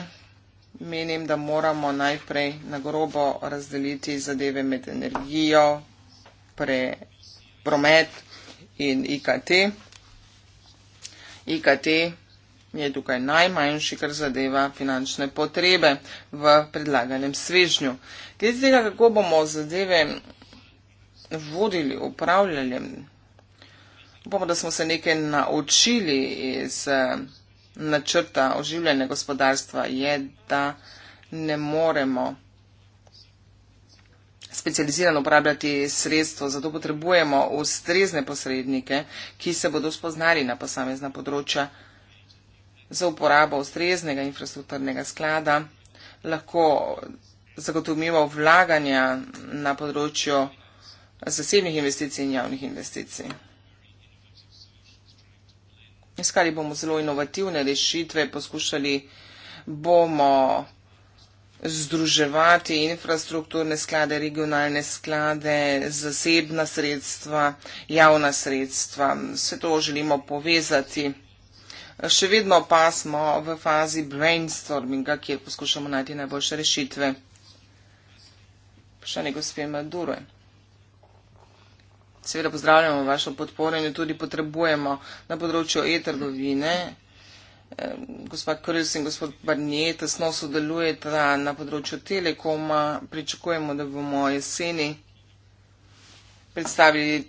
Speaker 1: menim, da moramo najprej na grobo razdeliti zadeve med energijo, pre, promet in IKT. IKT mi je tukaj najmanjši, kar zadeva finančne potrebe v predlaganem svežnju. Glede tega, kako bomo zadeve vodili, upravljali, upamo, da smo se nekaj naučili iz eh, načrta oživljanja gospodarstva, je, da ne moremo specializirano uporabljati sredstvo, zato potrebujemo ustrezne posrednike, ki se bodo spoznali na posamezna področja za uporabo ustreznega infrastrukturnega sklada lahko zagotovimo vlaganja na področju zasebnih investicij in javnih investicij. Iskali bomo zelo inovativne rešitve, poskušali bomo združevati infrastrukturne sklade, regionalne sklade, zasebna sredstva, javna sredstva. Vse to želimo povezati še vedno pa smo v fazi brainstorminga, kjer poskušamo najti najboljše rešitve. Vprašanje gospe Madure. Seveda pozdravljamo vašo podporo in jo tudi potrebujemo na področju e-trgovine. Gospa Kriljus in gospod Barnier tesno sodelujeta na področju telekoma. Pričakujemo, da bomo jeseni predstavili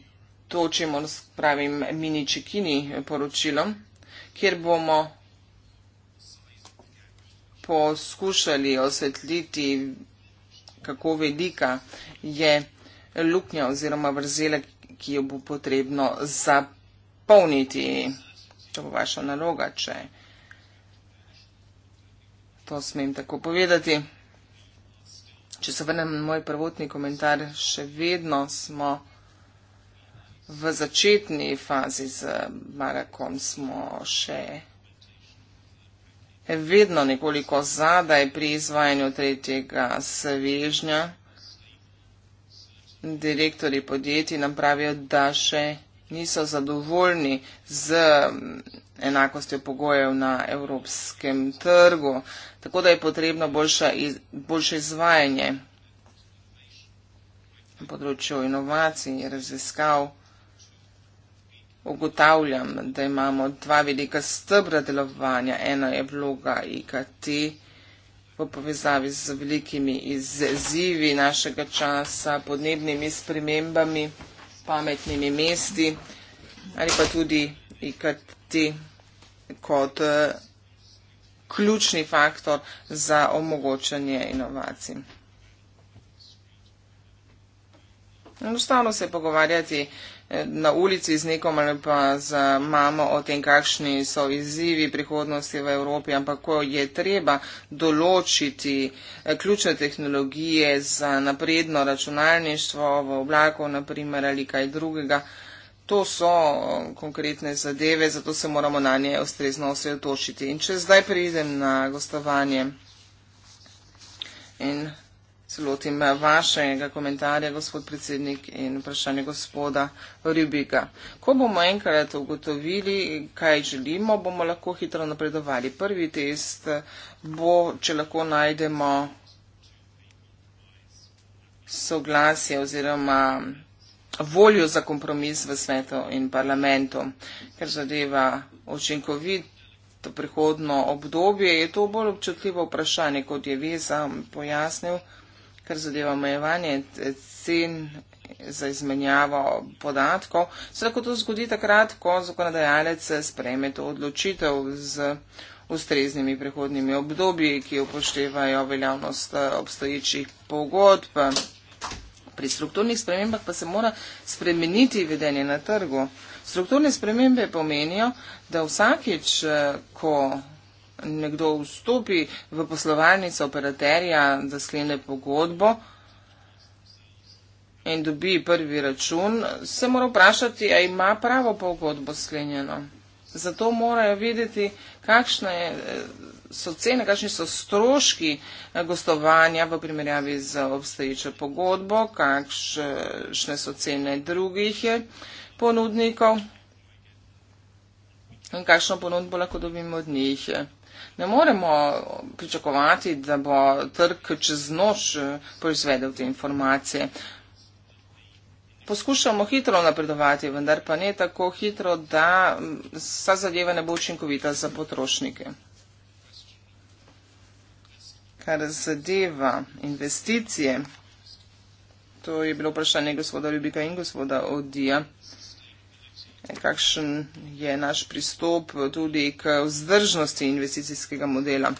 Speaker 1: to, čemu pravim mini čekini poročilom kjer bomo poskušali osvetliti, kako velika je luknja oziroma vrzela, ki jo bo potrebno zapolniti. To bo vaša naloga, če to smem tako povedati. Če se vrnem na moj prvotni komentar, še vedno smo v začetni fazi z Marakom smo še vedno nekoliko zadaj pri izvajanju tretjega svežnja. Direktori podjetij nam pravijo, da še niso zadovoljni z enakostjo pogojev na evropskem trgu, tako da je potrebno boljša, boljše izvajanje na področju inovacij in raziskav ugotavljam, da imamo dva velika stebra delovanja. Ena je vloga IKT v povezavi z velikimi izzivi našega časa, podnebnimi spremembami, pametnimi mesti ali pa tudi IKT kot eh, ključni faktor za omogočanje inovacij. Enostavno se pogovarjati na ulici z nekom ali pa z mamo o tem, kakšni so izzivi prihodnosti v Evropi, ampak ko je treba določiti eh, ključne tehnologije za napredno računalništvo v oblaku, naprimer, ali kaj drugega, to so eh, konkretne zadeve, zato se moramo na nje ustrezno osredotočiti. In če zdaj pridem na gostovanje in se lotim eh, vašega komentarja, gospod predsednik, in vprašanje gospoda Ribiga. Ko bomo enkrat ugotovili, kaj želimo, bomo lahko hitro napredovali. Prvi test bo, če lahko najdemo soglasje oziroma voljo za kompromis v svetu in parlamentu, ker zadeva očinkovit prihodno obdobje, je to bolj občutljivo vprašanje, kot je Veza pojasnil, kar zadeva omejevanje cen za izmenjavo podatkov. Se lahko to zgodi takrat, ko zakonodajalec sprejme to odločitev z ustreznimi prehodnimi obdobji, ki upoštevajo veljavnost eh, obstoječih pogodb. Pri strukturnih spremembah pa se mora spremeniti vedenje na trgu. Strukturne spremembe pomenijo, da vsakič, eh, ko nekdo vstopi v poslovalnico operaterja, da sklene pogodbo in dobi prvi račun, se mora vprašati, a ima pravo pogodbo sklenjeno. Zato morajo videti, kakšne eh, so cene, kakšni so stroški eh, gostovanja v primerjavi z obstoječo pogodbo, kakšne so cene drugih eh, ponudnikov in kakšno ponudbo lahko dobimo od njih ne moremo pričakovati, da bo trg čez noč eh, proizvedel te informacije. Poskušamo hitro napredovati, vendar pa ne tako hitro, da mm, vsa zadeva ne bo učinkovita za potrošnike. Kar zadeva investicije, to je bilo vprašanje gospoda Ljubika in gospoda Odija kakšen je naš pristop tudi k vzdržnosti investicijskega modela.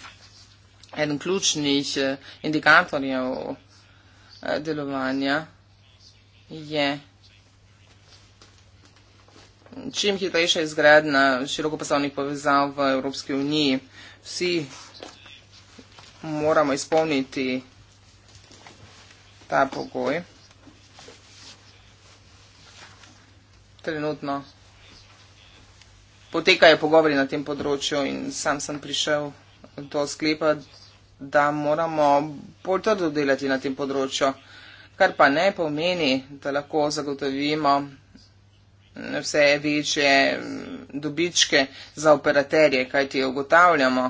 Speaker 1: Eden ključnih eh, indikatorjev eh, delovanja je čim hitrejša izgradnja širokopasovnih povezav v Evropski uniji. Vsi moramo izpolniti ta pogoj. Trenutno potekajo pogovori na tem področju in sam sem prišel do sklepa, da moramo bolj trdo delati na tem področju, kar pa ne pomeni, da lahko zagotovimo vse večje dobičke za operaterje, kajti ugotavljamo,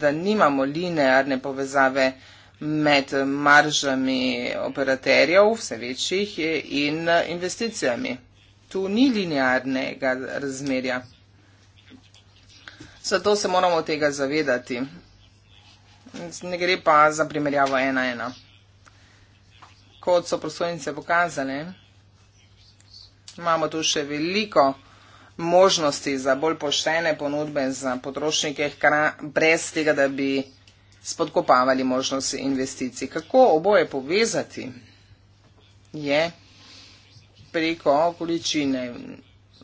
Speaker 1: da nimamo linearne povezave med maržami operaterjev, vse večjih, in investicijami tu ni linearnega razmerja. Zato se moramo tega zavedati. Ne gre pa za primerjavo 1-1. Kot so prosojnice pokazale, imamo tu še veliko možnosti za bolj poštene ponudbe za potrošnike, brez tega, da bi spodkopavali možnosti investicij. Kako oboje povezati? Je preko okoličine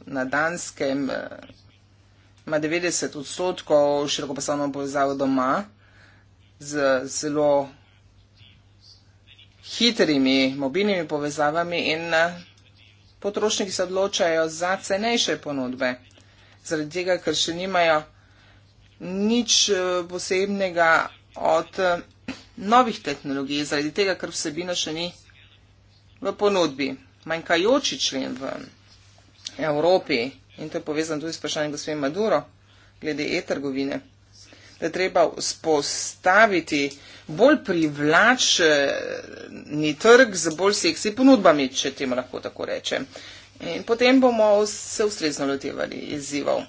Speaker 1: na Danskem eh, ima 90 odstotkov širokopasovno povezavo doma z zelo hitrimi mobilnimi povezavami in eh, potrošniki se odločajo za cenejše ponudbe, zaradi tega, ker še nimajo nič eh, posebnega od novih tehnologij, zaradi tega, ker vsebina še ni v ponudbi manjkajoči člen v Evropi in to je povezano tudi s vprašanjem gospe Maduro glede e-trgovine, da je treba vzpostaviti bolj privlačni trg z bolj seksi ponudbami, če temu lahko tako rečem. In potem bomo se ustrezno lotevali izzivov.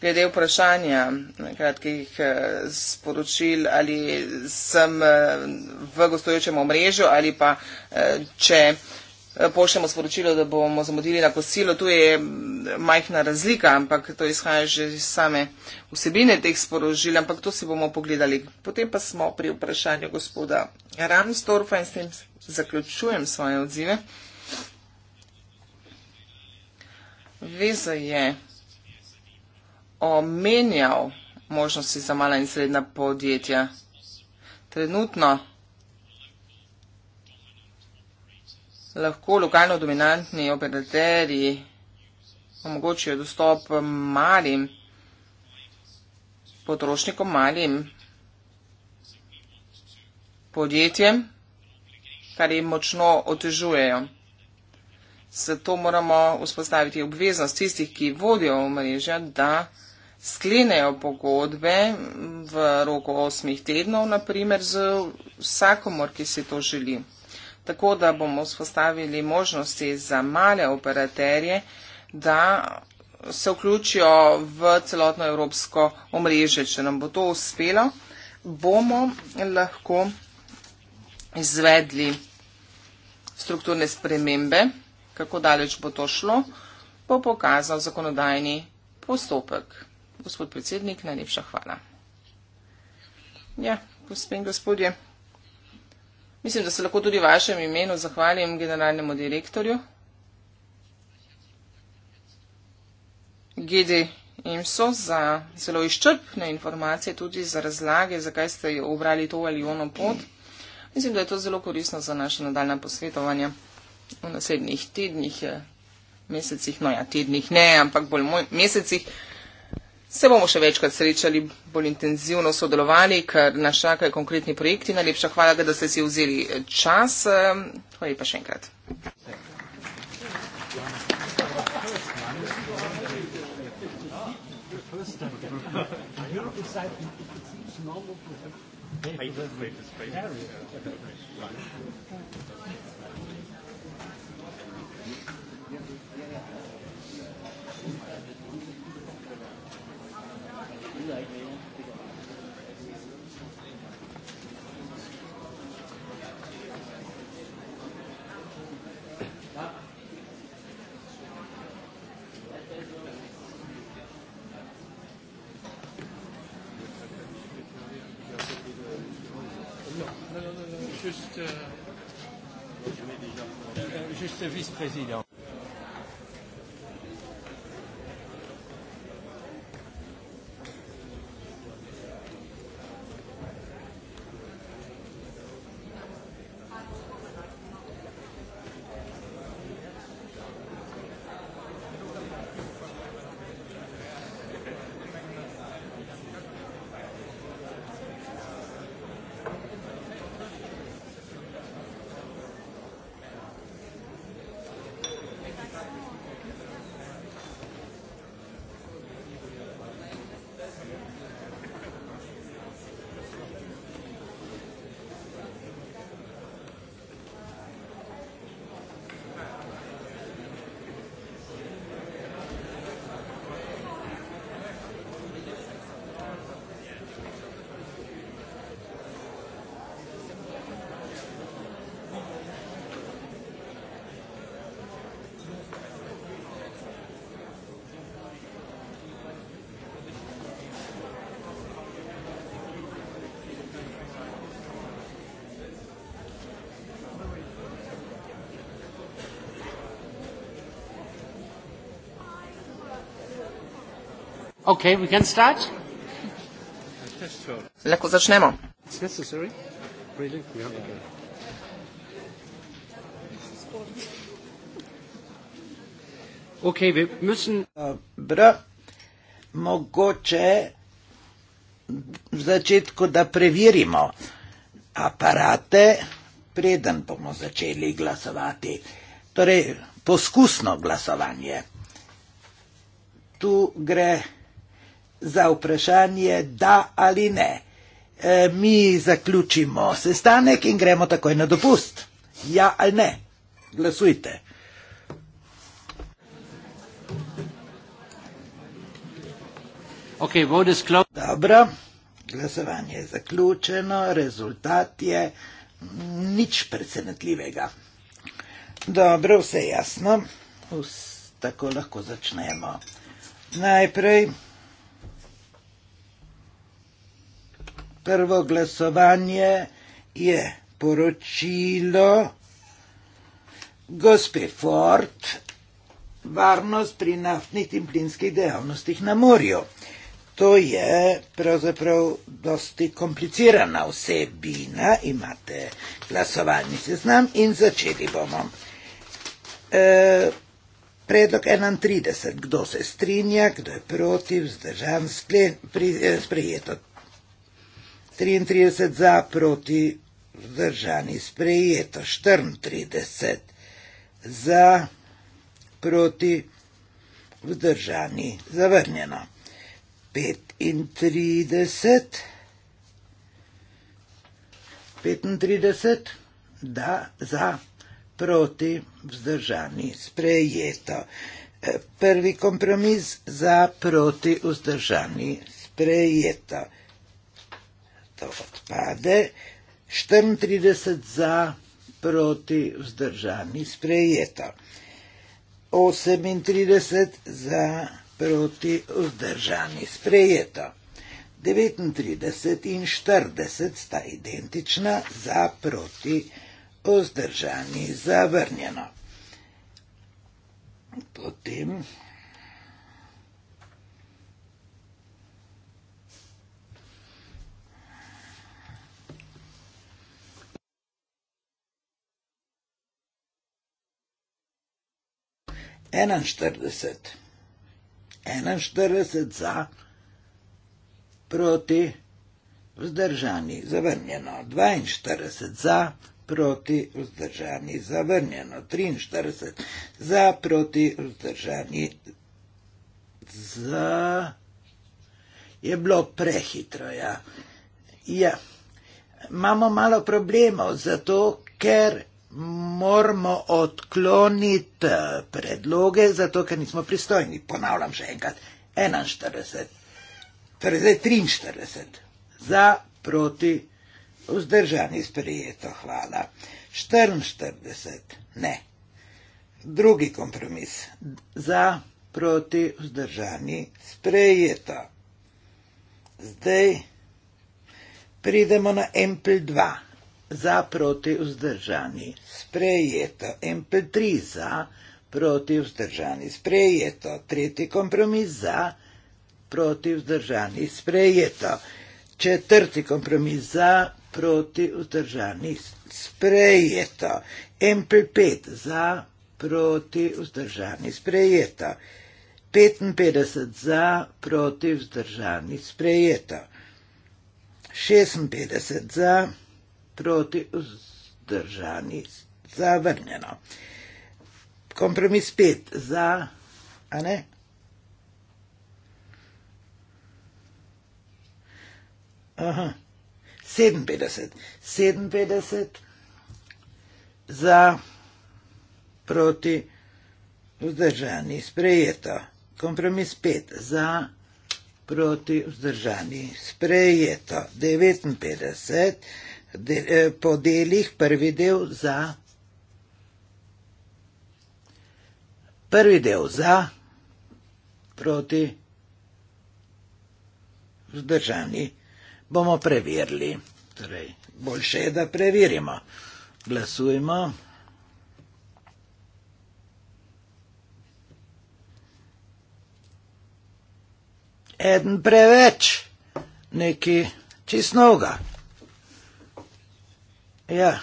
Speaker 1: glede vprašanja, kratkih eh, sporočil, ali sem eh, v gostujočem omrežju ali pa eh, če pošljemo sporočilo, da bomo zamudili na kosilo, tu je mm, majhna razlika, ampak to izhaja že iz same vsebine teh sporožil, ampak to si bomo pogledali. Potem pa smo pri vprašanju gospoda Ramstorfa in s tem zaključujem svoje odzive. Veza je omenjal možnosti za mala in srednja podjetja. Trenutno lahko lokalno dominantni operaterji omogočijo dostop malim potrošnikom, malim podjetjem, kar jim močno otežujejo. Zato moramo vzpostaviti obveznost tistih, ki vodijo omrežja, da sklenejo pogodbe v roku osmih tednov, naprimer z vsakomor, ki si to želi. Tako da bomo spostavili možnosti za male operaterje, da se vključijo v celotno evropsko omrežje. Če nam bo to uspelo, bomo lahko izvedli strukturne spremembe. Kako daleč bo to šlo, bo pokazal zakonodajni postopek. Gospod predsednik, najlepša hvala. Ja, gospe in gospodje, mislim, da se lahko tudi vašem imenu zahvalim generalnemu direktorju. GD in so za zelo izčrpne informacije, tudi za razlage, zakaj ste obrali to ali ono pot. Mislim, da je to zelo korisno za naše nadaljne posvetovanje v naslednjih tednih, mesecih, no ja, tednih ne, ampak bolj mesecih. Se bomo še večkrat srečali, bolj intenzivno sodelovali, ker nas čakajo konkretni projekti. Najlepša hvala, da ste si vzeli eh, čas. Eh, hvala lepa še enkrat.
Speaker 3: Thank you. président. Okay, we can start. Lahko začnemo.
Speaker 4: Okay, we müssen Br. mogoče v začetku, da preverimo aparate, preden bomo začeli glasovati. Torej, poskusno glasovanje. Tu gre za vprašanje da ali ne. E, mi zaključimo sestanek in gremo takoj na dopust. Ja ali ne? Glasujte. Okay, Dobro, glasovanje je zaključeno, rezultat je nič presenetljivega. Dobro, vse jasno, Us, tako lahko začnemo. Najprej. prvo glasovanje je poročilo gospe Ford varnost pri naftnih in plinskih dejavnostih na morju. To je pravzaprav dosti komplicirana vsebina, imate glasovalni seznam in začeli bomo. E, predlog 31, kdo se strinja, kdo je proti, vzdržan, sklen, pri, e, sprejeto 33 za, proti vzdržani, sprejeto 34 za, proti vzdržani, zavrnjeno 35, 35 da, za, proti vzdržani, sprejeto. Prvi kompromis za, proti vzdržani, sprejeto to odpade, 34 za, proti, vzdržani, sprejeto. 38 za, proti, vzdržani, sprejeto. 39 in 40 sta identična, za, proti, vzdržani, zavrnjeno. Potem... 41, 41 za, proti, vzdržani, zavrnjeno, 42 za, proti, vzdržani, zavrnjeno, 43 za, proti, vzdržani, za, je bilo prehitro, ja. Ja, imamo malo problemov, zato ker moramo odkloniti eh, predloge, zato ker nismo pristojni. Ponavljam še enkrat, 41, torej 43 za, proti, vzdržani sprejeto, hvala. 44, ne. Drugi kompromis, za, proti, vzdržani sprejeto. Zdaj pridemo na MPL 2 za proti vzdržani, sprejeto MP3 za proti vzdržani, sprejeto tretji kompromis za proti vzdržani, sprejeto četrti kompromis za proti vzdržani, sprejeto MP5 za proti vzdržani, sprejeto 55 za proti vzdržani, sprejeto 56 za proti vzdržani, proti vzdržani zavrnjeno. Kompromis pet za, a ne? Aha. 57, 57 za proti vzdržani sprejeto. Kompromis 5 za proti vzdržani sprejeto. 59 za proti vzdržani sprejeto de, eh, po delih, prvi del za. Prvi del za, proti, vzdržani, bomo preverili. Torej, boljše je, da preverimo. Glasujmo. En preveč, neki čisnoga. Ja,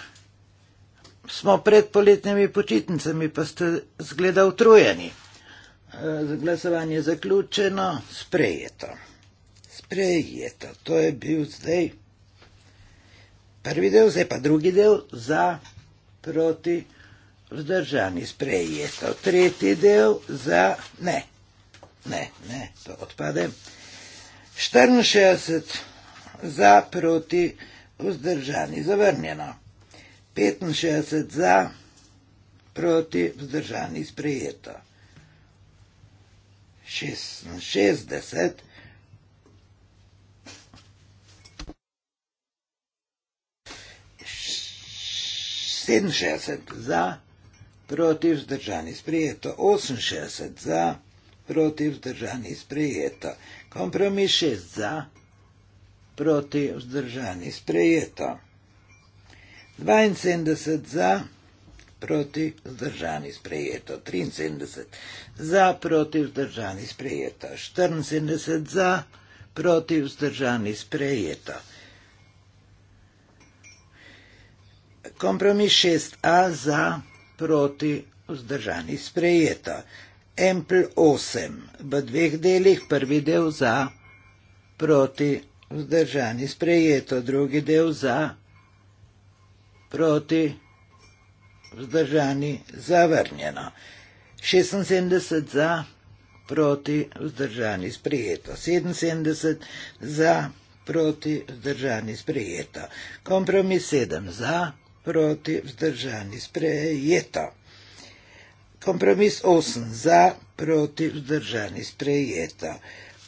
Speaker 4: smo pred poletnimi počitnicami, pa ste zgleda utrujeni. E, glasovanje zaključeno, sprejeto. Sprejeto, to je bil zdaj prvi del, zdaj pa drugi del za proti vzdržani. Sprejeto, tretji del za ne. Ne, ne, to odpade. 64 za proti vzdržani vzdržani, zavrnjeno. 65 za, proti, vzdržani, sprejeto. 66. Sedemšestdeset za, proti vzdržani sprejeto, osemšestdeset za, proti vzdržani sprejeto, kompromis šest za proti vzdržani. Sprejeto. 72 za, proti vzdržani. Sprejeto. 73 za, proti vzdržani. Sprejeto. 74 za, proti vzdržani. Sprejeto. Kompromis 6a za, proti vzdržani. Sprejeto. Empl 8 v dveh delih, prvi del za, proti vzdržani vzdržani, sprejeto, drugi del za, proti, vzdržani, zavrnjeno. 76 za, proti, vzdržani, sprejeto. 77 za, proti, vzdržani, sprejeto. Kompromis 7 za, proti, vzdržani, sprejeto. Kompromis 8 za, proti, vzdržani, sprejeto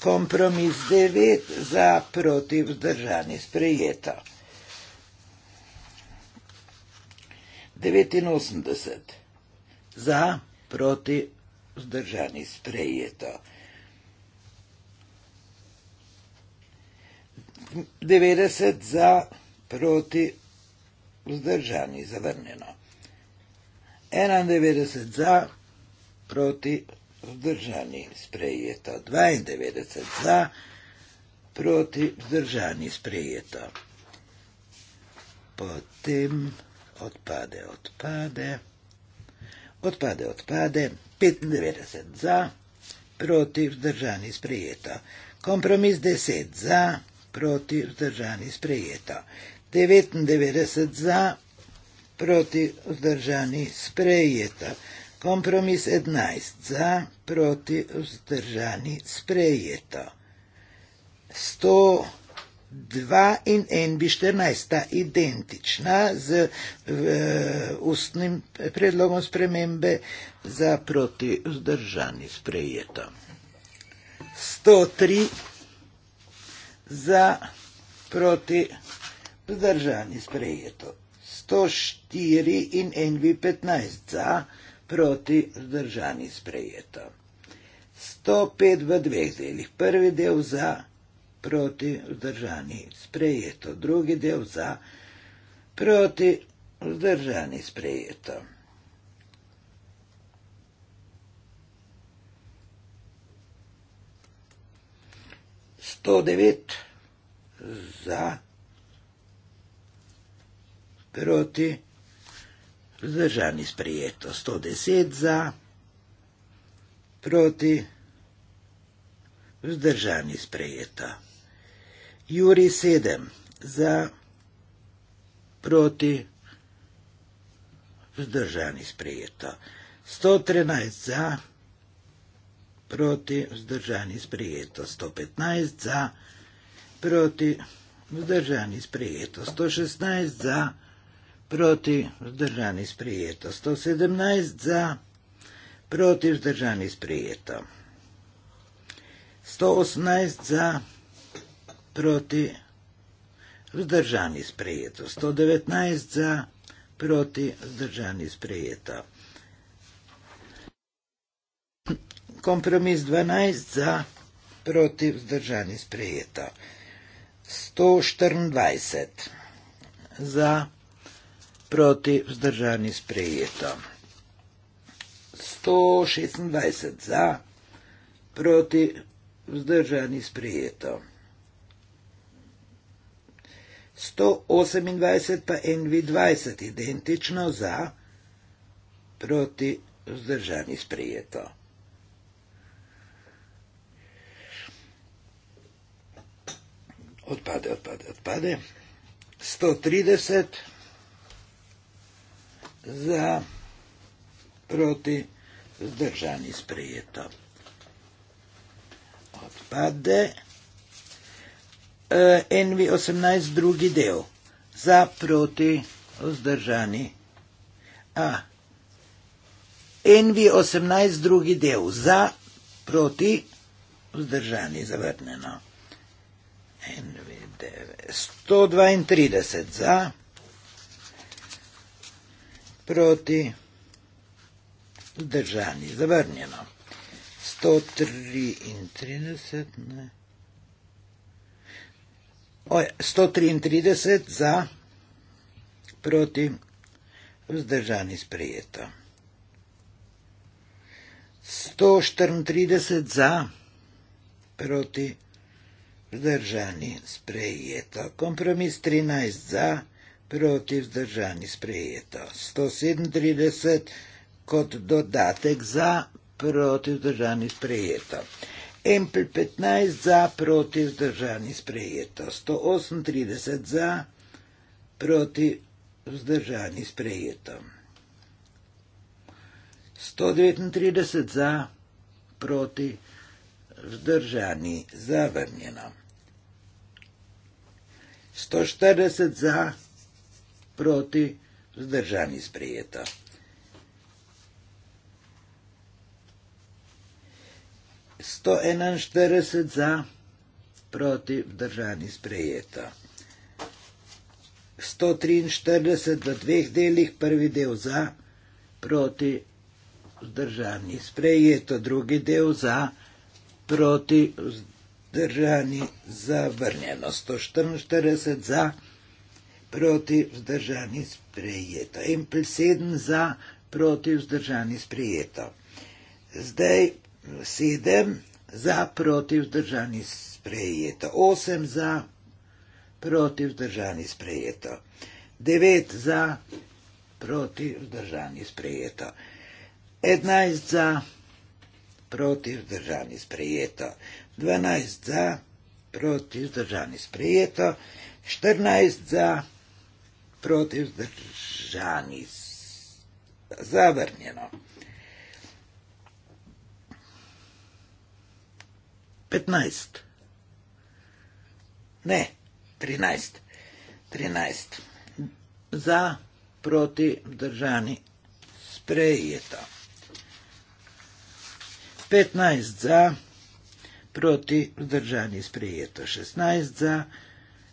Speaker 4: kompromis 9 za proti vzdržani sprejeta. 89 za proti vzdržani sprejeta. 90 za proti vzdržani zavrnjeno. 91 za proti vzdržani vzdržani, sprejeto 92 za, proti vzdržani, sprejeto. Potem odpade, odpade, odpade, odpade, 95 za, proti vzdržani, sprejeto. Kompromis 10 za, proti vzdržani, sprejeto. 99 za, proti vzdržani, sprejeto kompromis 11 za, proti vzdržani sprejeto. 102 in NB14 sta identična z v, ustnim predlogom spremembe za proti vzdržani sprejeto. 103 za proti vzdržani sprejeto. 104 in NB15 za proti vzdržani sprejeto proti zdržani sprejeto. 105 v dveh delih. Prvi del za, proti zdržani sprejeto. Drugi del za, proti zdržani sprejeto. Sto devet za, proti zdržani sprejeto. Vzdržani sprejeto 110 za, proti, vzdržani sprejeto. Juri 7 za, proti, vzdržani sprejeto. 113 za, proti, vzdržani sprejeto. 115 za, proti, vzdržani sprejeto. 116 za, proti, vzdržani sprejeto proti vzdržani sprejeto, 117 za, proti vzdržani sprejeto, 118 za, proti vzdržani sprejeto, 119 za, proti vzdržani sprejeto. Kompromis 12 za, proti vzdržani sprejeto, 124 za, proti vzdržani sprejeto proti vzdržani sprejeto. 126 za, proti vzdržani sprejeto. 128 pa NV20 identično za, proti vzdržani sprejeto. Odpade, odpade, odpade. 130 za, proti, zdržani sprejeto. Odpade. Envi 18, drugi del. Za, proti, vzdržani. A. Envi 18, drugi del. Za, proti, vzdržani. Zavrneno. Envi 9. 132 za proti držani, zavrnjeno. 133, ne. Oj, 133 za, proti vzdržani sprejeto. 134 za, proti vzdržani sprejeto. Kompromis 13 za, proti vzdržani sprejeto proti vzdržani sprejeto, 137 kot dodatek za proti vzdržani sprejeto. Empl 15 za proti vzdržani sprejeto, 138 za proti vzdržani sprejeto. 139 za proti vzdržani zavrnjeno. 140 za proti vzdržani sprejeto proti, vzdržani sprejeta. Sto enaštirideset za, proti, vzdržani sprejeta. Sto triinštirideset v dveh delih, prvi del za, proti, vzdržani sprejeta, drugi del za, proti, vzdržani zavrnjeno. Sto štiriinštirideset za, proti, vzdržani sprejeta proti vzdržani sprejeto in pl sedem za proti vzdržani sprejeto. Zdaj sedem za proti vzdržani sprejeto, osem za proti vzdržani sprejeto, devet za proti vzdržani sprejeto, enajst za proti vzdržani sprejeto, dvanajst za proti vzdržani sprejeto, štirinajst za proti vzdržani sprejeto, protiv zdržani. Zavrnjeno. 15. Ne, 13. 13. Za, proti, vzdržani. Sprejeto. 15 za, proti, vzdržani. Sprejeto. 16 za, proti, vzdržani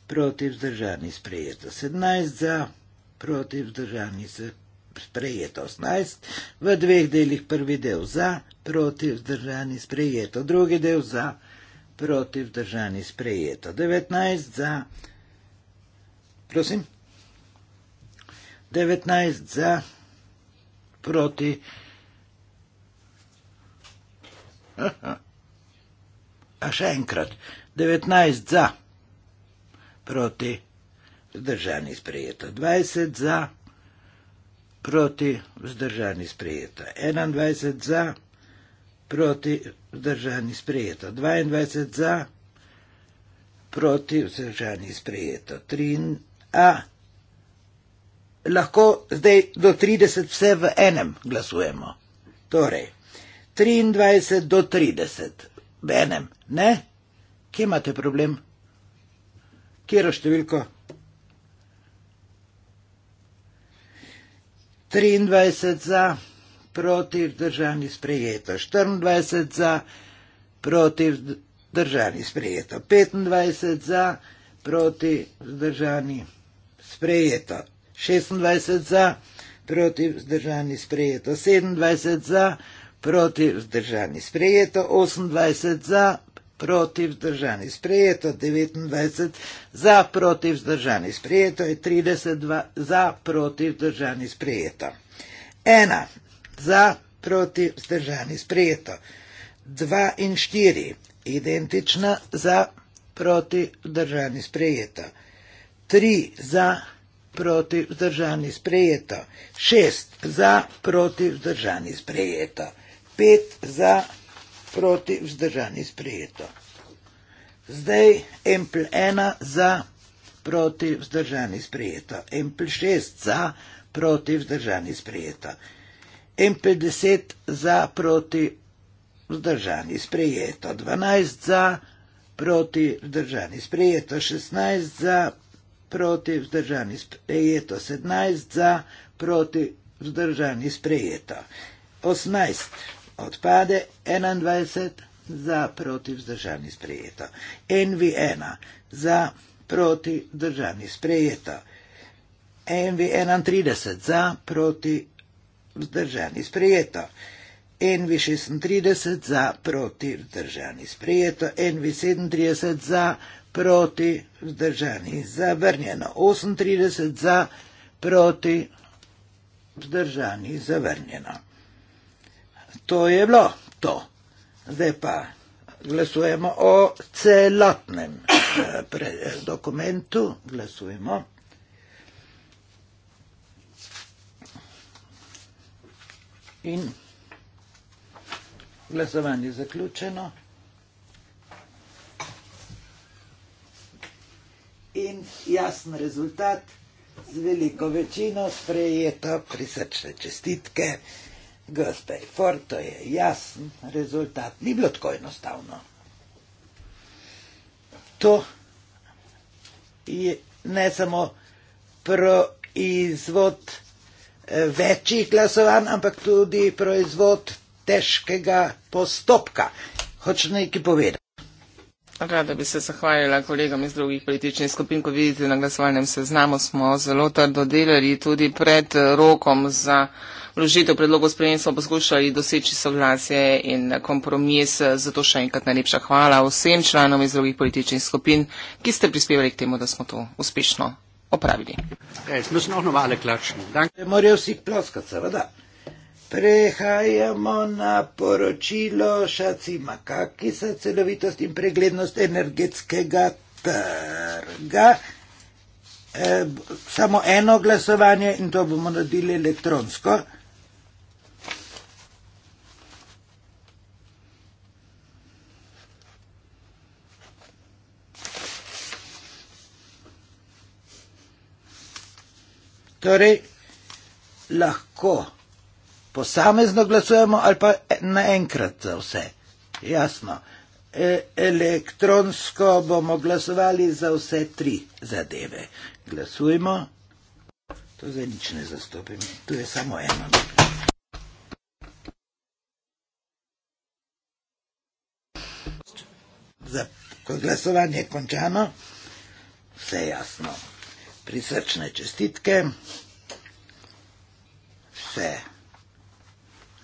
Speaker 4: proti vzdržani sprejeto 17, za proti vzdržani se sprejeto 18, v dveh delih prvi del za, proti vzdržani sprejeto drugi del za, proti vzdržani sprejeto 19, za, prosim, 19 za, proti. Aha. A še enkrat, 19 za proti, vzdržani sprejeto 20 za, proti, vzdržani sprejeto 21 za, proti, vzdržani sprejeto 22 za, proti, vzdržani sprejeto 3 a. Lahko zdaj do 30 vse v enem glasujemo. Torej, 23 do 30 v enem, ne? Kje imate problem? Kjer je številka? 23 za, proti vzdržani sprejeto, 24 za, proti vzdržani sprejeto, 25 za, proti vzdržani sprejeto, 26 za, proti vzdržani sprejeto, 27 za, proti vzdržani sprejeto, 28 za, proti vzdržani, sprejeto 29 za proti vzdržani, sprejeto je 32 za proti vzdržani, sprejeto. Ena za proti vzdržani, sprejeto. Dva in štiri, identična za proti vzdržani, sprejeto. Tri za proti vzdržani, sprejeto. Šest za proti vzdržani, sprejeto. Pet za proti vzdržani, sprejeto proti, vzdržani, sprejeto. Zdaj empl ena za, proti, vzdržani, sprejeto. Empl šest za, proti, vzdržani, sprejeto. Empl deset za, proti, vzdržani, sprejeto. Dvanajst za, proti, vzdržani, sprejeto. Šestnajst za, proti, vzdržani, sprejeto. Sedemnajst za, proti, vzdržani, sprejeto. Osemnajst odpade 21 za proti vzdržani sprejeto. NV1 za proti vzdržani sprejeto. NV31 za proti vzdržani sprejeto. NV36 za proti vzdržani sprejeto. NV37 za proti vzdržani zavrnjeno. 38 za proti vzdržani zavrnjeno to je bilo to. Zdaj pa glasujemo o celotnem eh, eh, dokumentu. Glasujemo. In glasovanje zaključeno. In jasen rezultat z veliko večino sprejeto prisrčne čestitke. Gospe, forto je jasen rezultat. Ni bilo tako enostavno. To je ne samo proizvod eh, večjih glasovanj, ampak tudi proizvod težkega postopka. Hočem nekaj povedati.
Speaker 1: Rada bi se zahvalila kolegom iz drugih političnih skupin, ko vidite na glasovalnem seznamu, smo zelo trdo delali tudi pred rokom za vložitev predlogov sprejem smo poskušali doseči soglasje in kompromis. Zato še enkrat najlepša hvala vsem članom iz drugih političnih skupin, ki ste prispevali k temu, da smo to uspešno opravili.
Speaker 3: Ja,
Speaker 4: Prehajamo na poročilo Šacima, kaki se celovitost in preglednost energetskega trga. E, samo eno glasovanje in to bomo naredili elektronsko. Torej, lahko posamezno glasujemo ali pa naenkrat za vse. Jasno. E elektronsko bomo glasovali za vse tri zadeve. Glasujmo. To zdaj nič ne zastopim. Tu je samo eno. Za, ko glasovanje je končano, vse jasno prisrčne čestitke. Vse.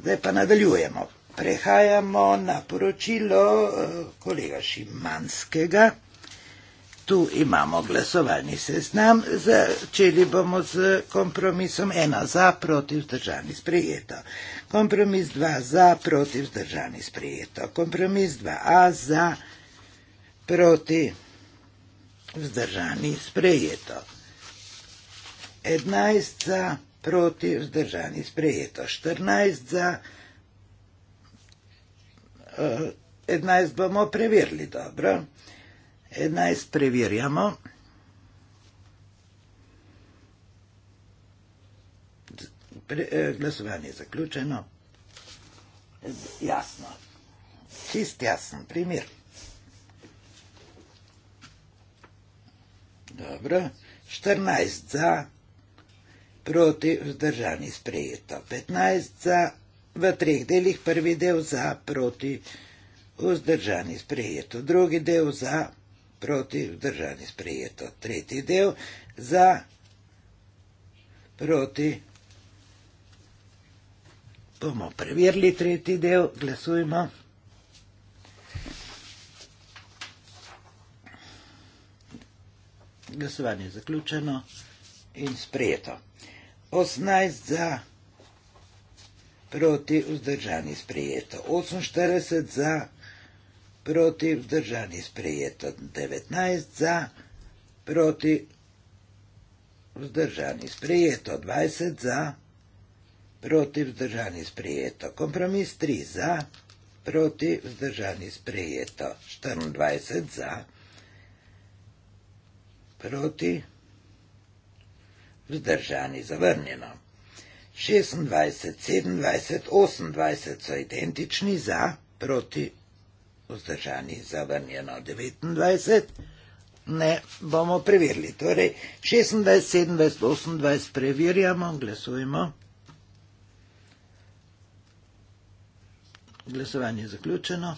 Speaker 4: Zdaj pa nadaljujemo. Prehajamo na poročilo eh, kolega Šimanskega. Tu imamo glasovalni seznam. Začeli bomo z kompromisom ena za proti vzdržani sprejeto. Kompromis dva za proti vzdržani sprejeto. Kompromis dva a za proti vzdržani sprejeto. 11 za proti vzdržani sprejeto, 14 za. Uh, eh, 11 bomo preverili dobro, 11 preverjamo. Pre, eh, glasovanje je zaključeno. Jasno, čist jasen primer. Dobro, 14 za proti vzdržani sprejeto, 15 za, v treh delih prvi del za, proti vzdržani sprejeto, drugi del za, proti vzdržani sprejeto, tretji del za, proti, bomo preverili tretji del, glasujmo. Glasovanje je zaključeno in sprejeto. 18 za, proti vzdržani sprejeto, 48 za, proti vzdržani sprejeto, 19 za, proti vzdržani sprejeto, 20 za, proti vzdržani sprejeto, kompromis 3 za, proti vzdržani sprejeto, 24 za, proti vzdržani sprejeto, vzdržani, zavrnjeno. 26, 27, 28 so identični za, proti, vzdržani, zavrnjeno. 29, ne bomo preverili. Torej, 26, 27, 28 preverjamo, glasujemo. Glasovanje je zaključeno.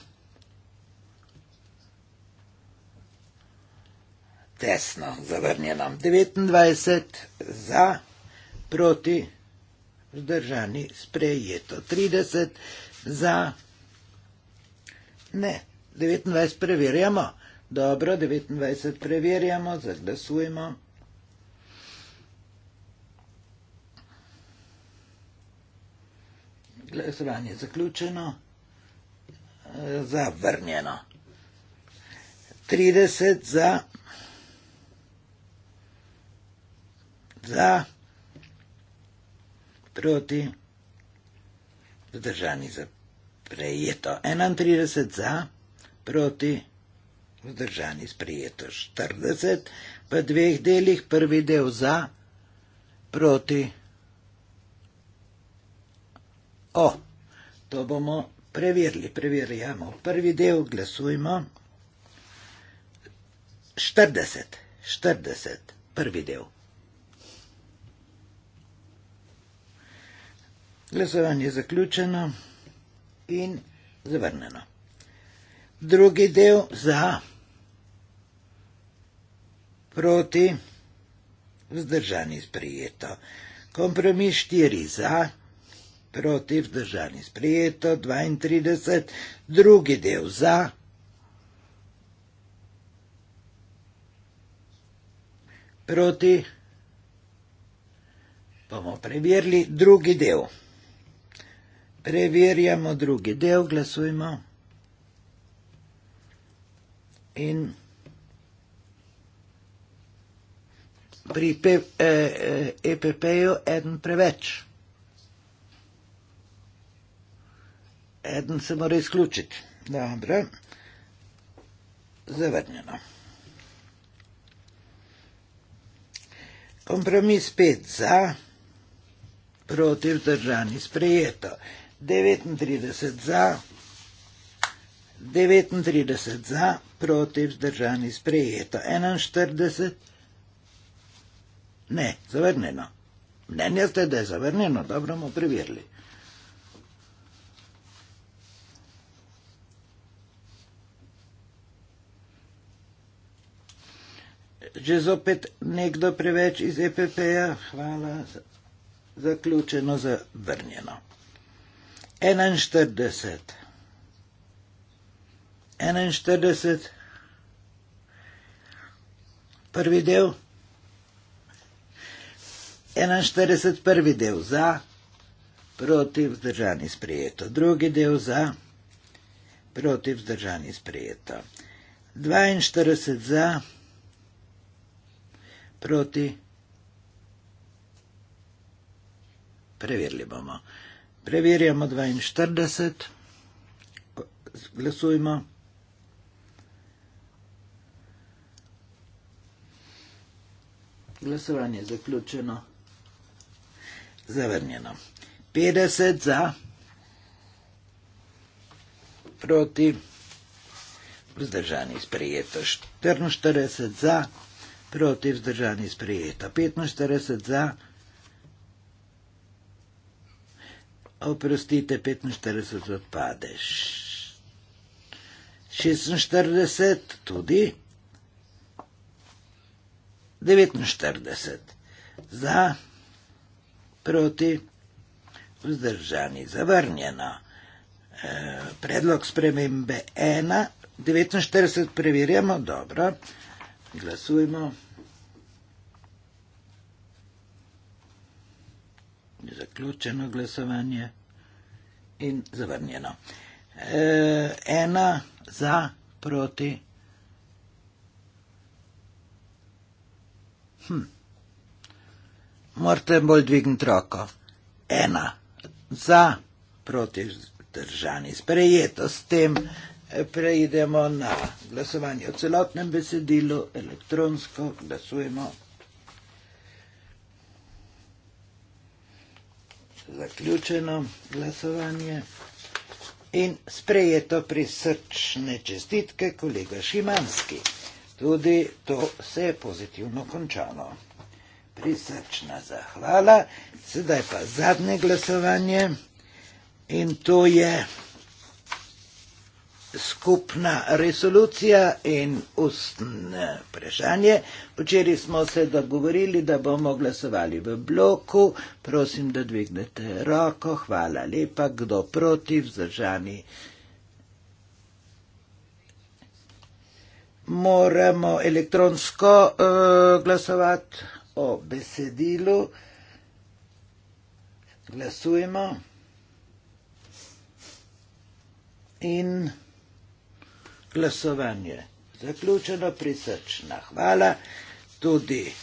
Speaker 4: tesno zavrnjena. 29 za, proti, vzdržani, sprejeto. 30 za, ne, 29 preverjamo. Dobro, 29 preverjamo, zaglasujemo. Glasovanje je zaključeno, zavrnjeno. 30 za, Да. Проти. Задржани за прието. 31 за. Проти. Задржани с прието. 40. Па двех делих. Първи дел за. Проти. О, то бомо преверли, преверяємо. Първи дел гласуємо. 40. 40. Първи дел. 40. Glasovanje je zaključeno in zavrnjeno. Drugi del za, proti, vzdržani sprijeto. Kompromis 4 za, proti, vzdržani sprijeto, 32, drugi del za, proti, bomo preverili drugi del preverjamo drugi del, glasujmo. In pri EPP-ju eh, eh, e eden preveč. Eden se mora izključiti. Dobro. Zavrnjeno. Kompromis 5 za, protiv držani sprejeto. 39 za, 39 za, proti vzdržani sprejeto, 41, ne, zavrneno. Mnenja ste, da je zavrneno, dobro bomo preverili. Že zopet nekdo preveč iz EPP-ja, hvala, zaključeno, zavrnjeno. 41. 41. Prvi del. 41. Prvi del za, proti vzdržani sprejeto. Drugi del za, proti vzdržani sprejeto. 42 za, proti. Preverili bomo. Preverjamo 42, glasujmo. Glasovanje je zaključeno, zavrnjeno. 50 za, proti, vzdržani sprejeto. 44 za, proti, vzdržani sprejeto. 45 za, proti. oprostite, 45 odpadeš. 46 tudi. 49 za, proti, vzdržani, zavrnjeno. E, predlog spremembe 1, 49 preverjamo, dobro, glasujemo. zaključeno glasovanje in zavrnjeno. E, ena za, proti. Hm. Morate bolj dvigniti roko. Ena za, proti držani. Sprejeto s tem e, preidemo na glasovanje o celotnem besedilu, elektronsko glasujemo zaključeno glasovanje in sprejeto prisrčne čestitke kolega Šimanski. Tudi to se je pozitivno končalo. Prisrčna zahvala. Sedaj pa zadnje glasovanje in to je skupna resolucija in ustne vprašanje. Včeraj smo se dogovorili, da bomo glasovali v bloku. Prosim, da dvignete roko. Hvala lepa. Kdo proti vzdržani? Moramo elektronsko uh, glasovati o besedilu. Glasujemo. In glasovanje. Zaključeno prisrčna hvala, tudi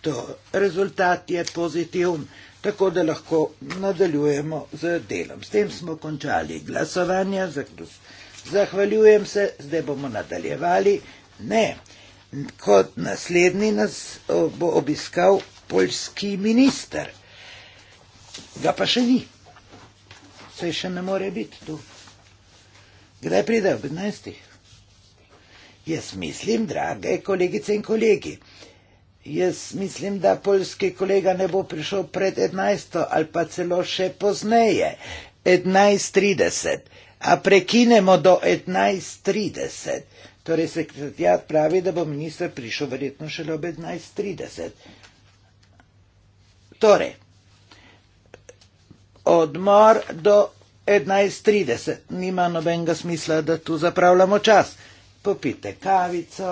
Speaker 4: to rezultat je pozitiven, tako da lahko nadaljujemo z delom. S tem smo končali glasovanje, zahvaljujem se, zdaj bomo nadaljevali. Ne, kot naslednji nas bo obiskal poljski minister, ga pa še ni, se še ne more biti tu. Kdaj pride ob 11? Jaz mislim, drage kolegice in kolegi, jaz mislim, da polski kolega ne bo prišel pred 11. ali pa celo še pozneje, 11.30. A prekinemo do 11.30. Torej sekretariat pravi, da bo minister prišel verjetno šele ob 11.30. Torej, odmor do 11.30. Nima nobenega smisla, da tu zapravljamo čas popite kavico,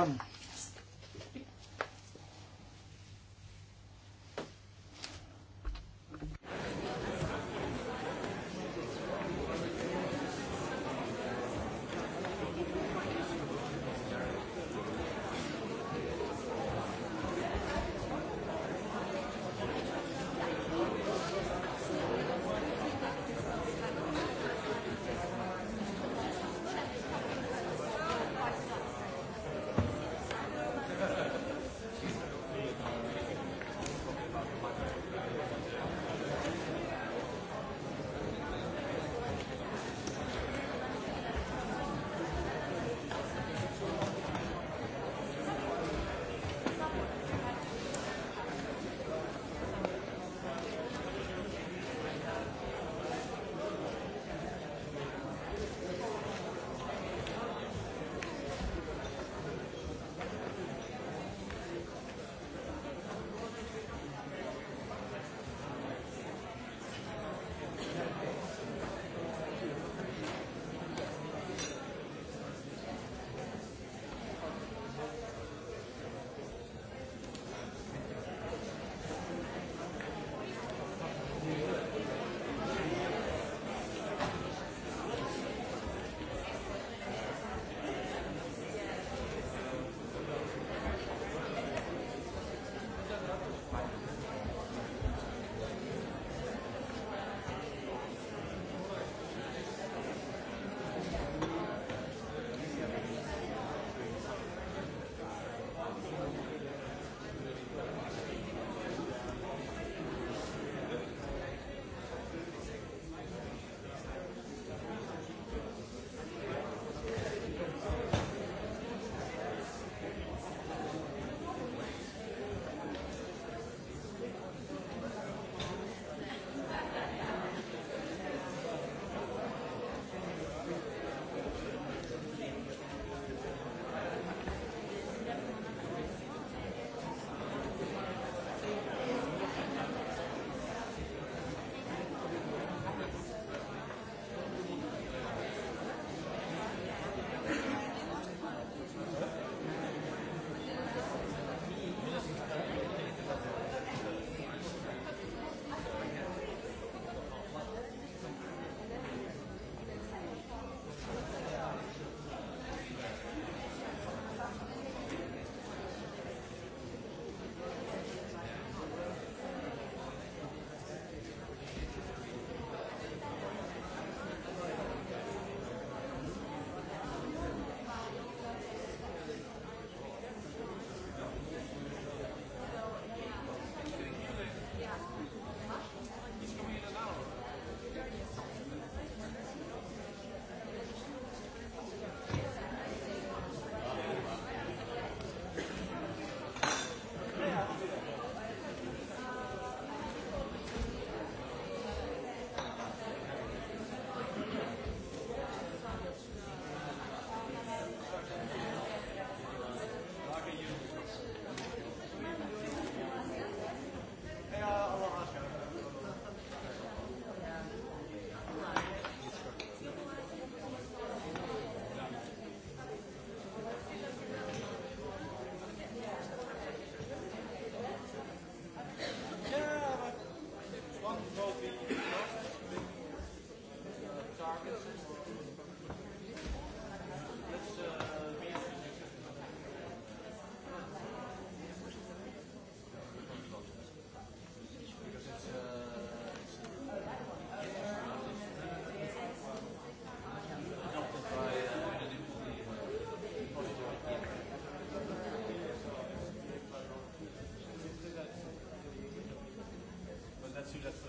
Speaker 3: sulla sua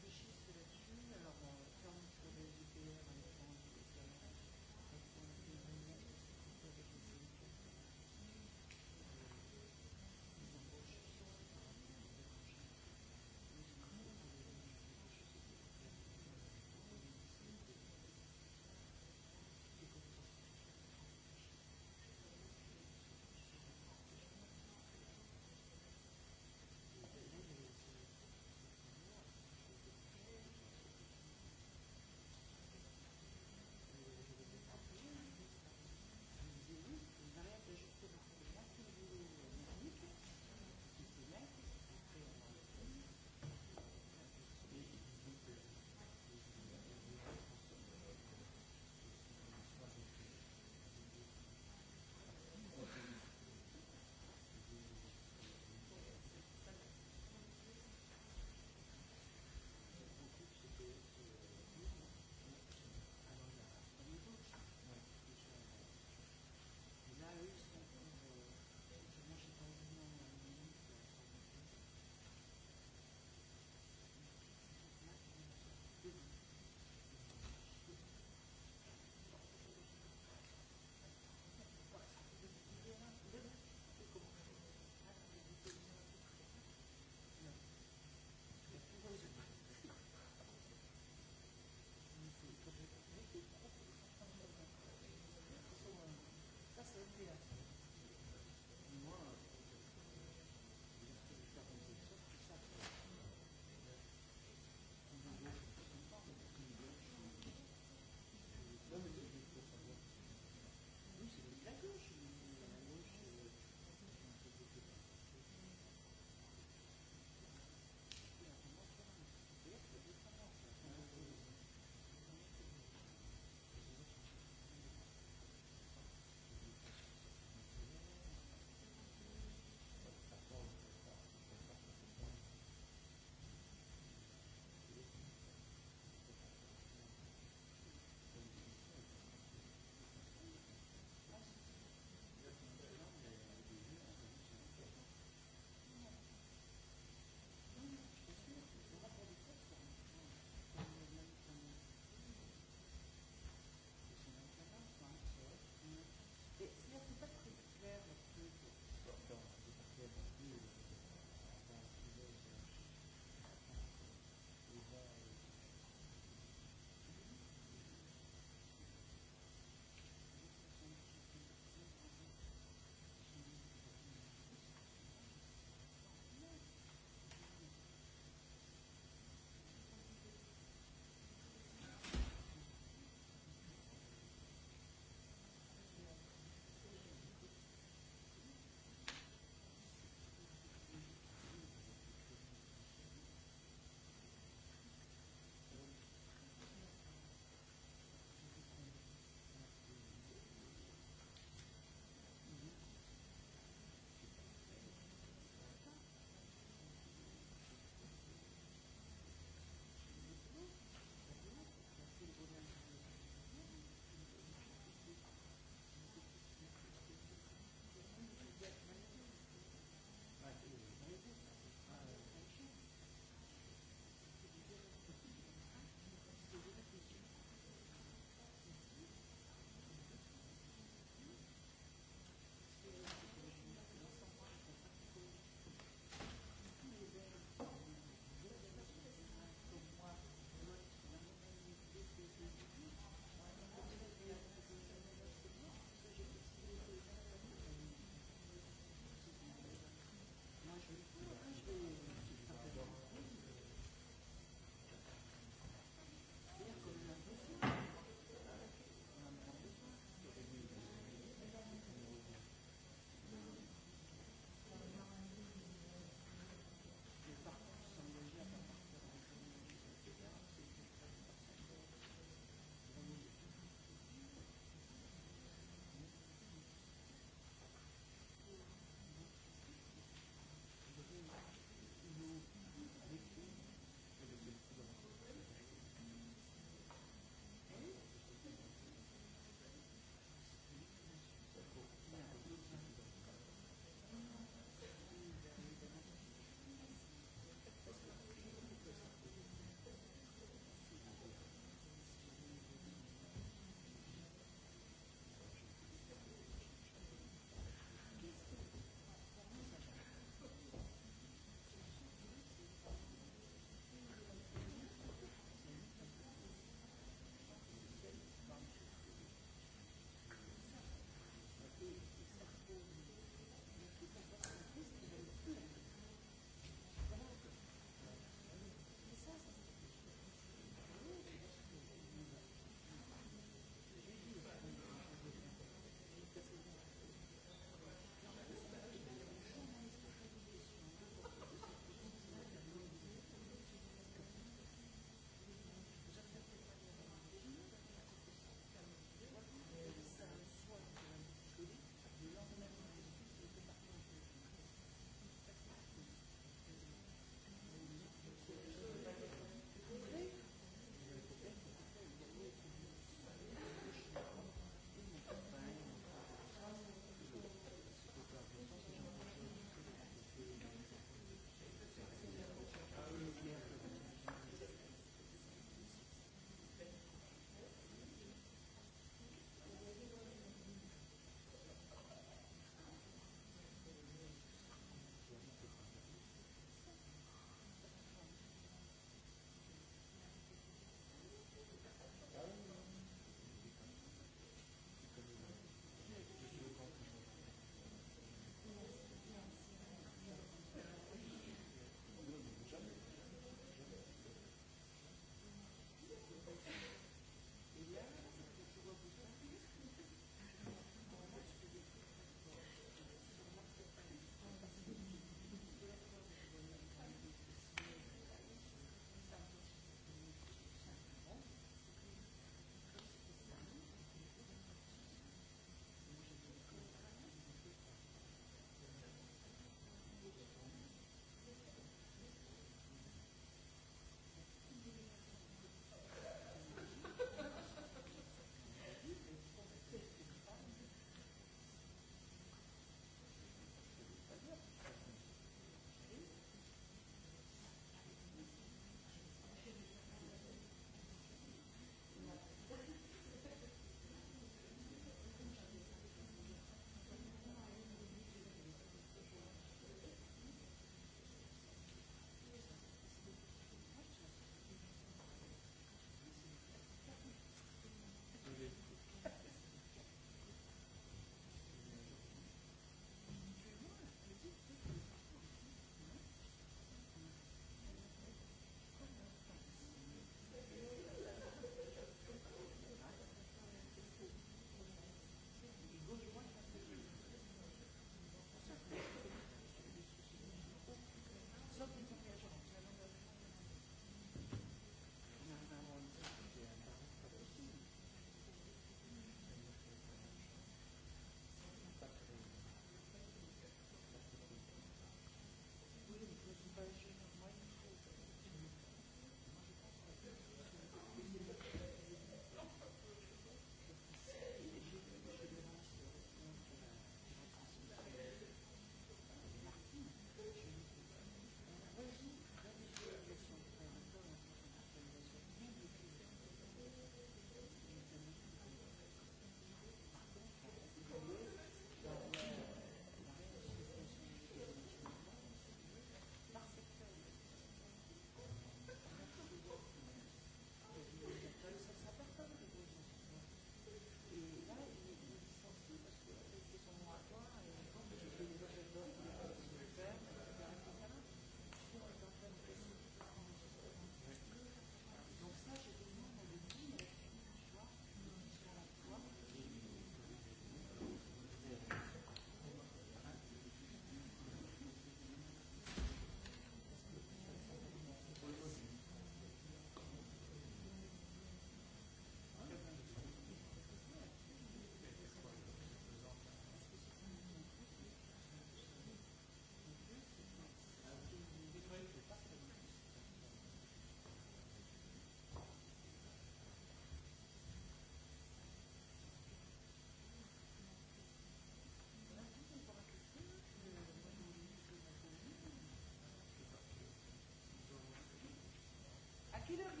Speaker 3: Hidrogen.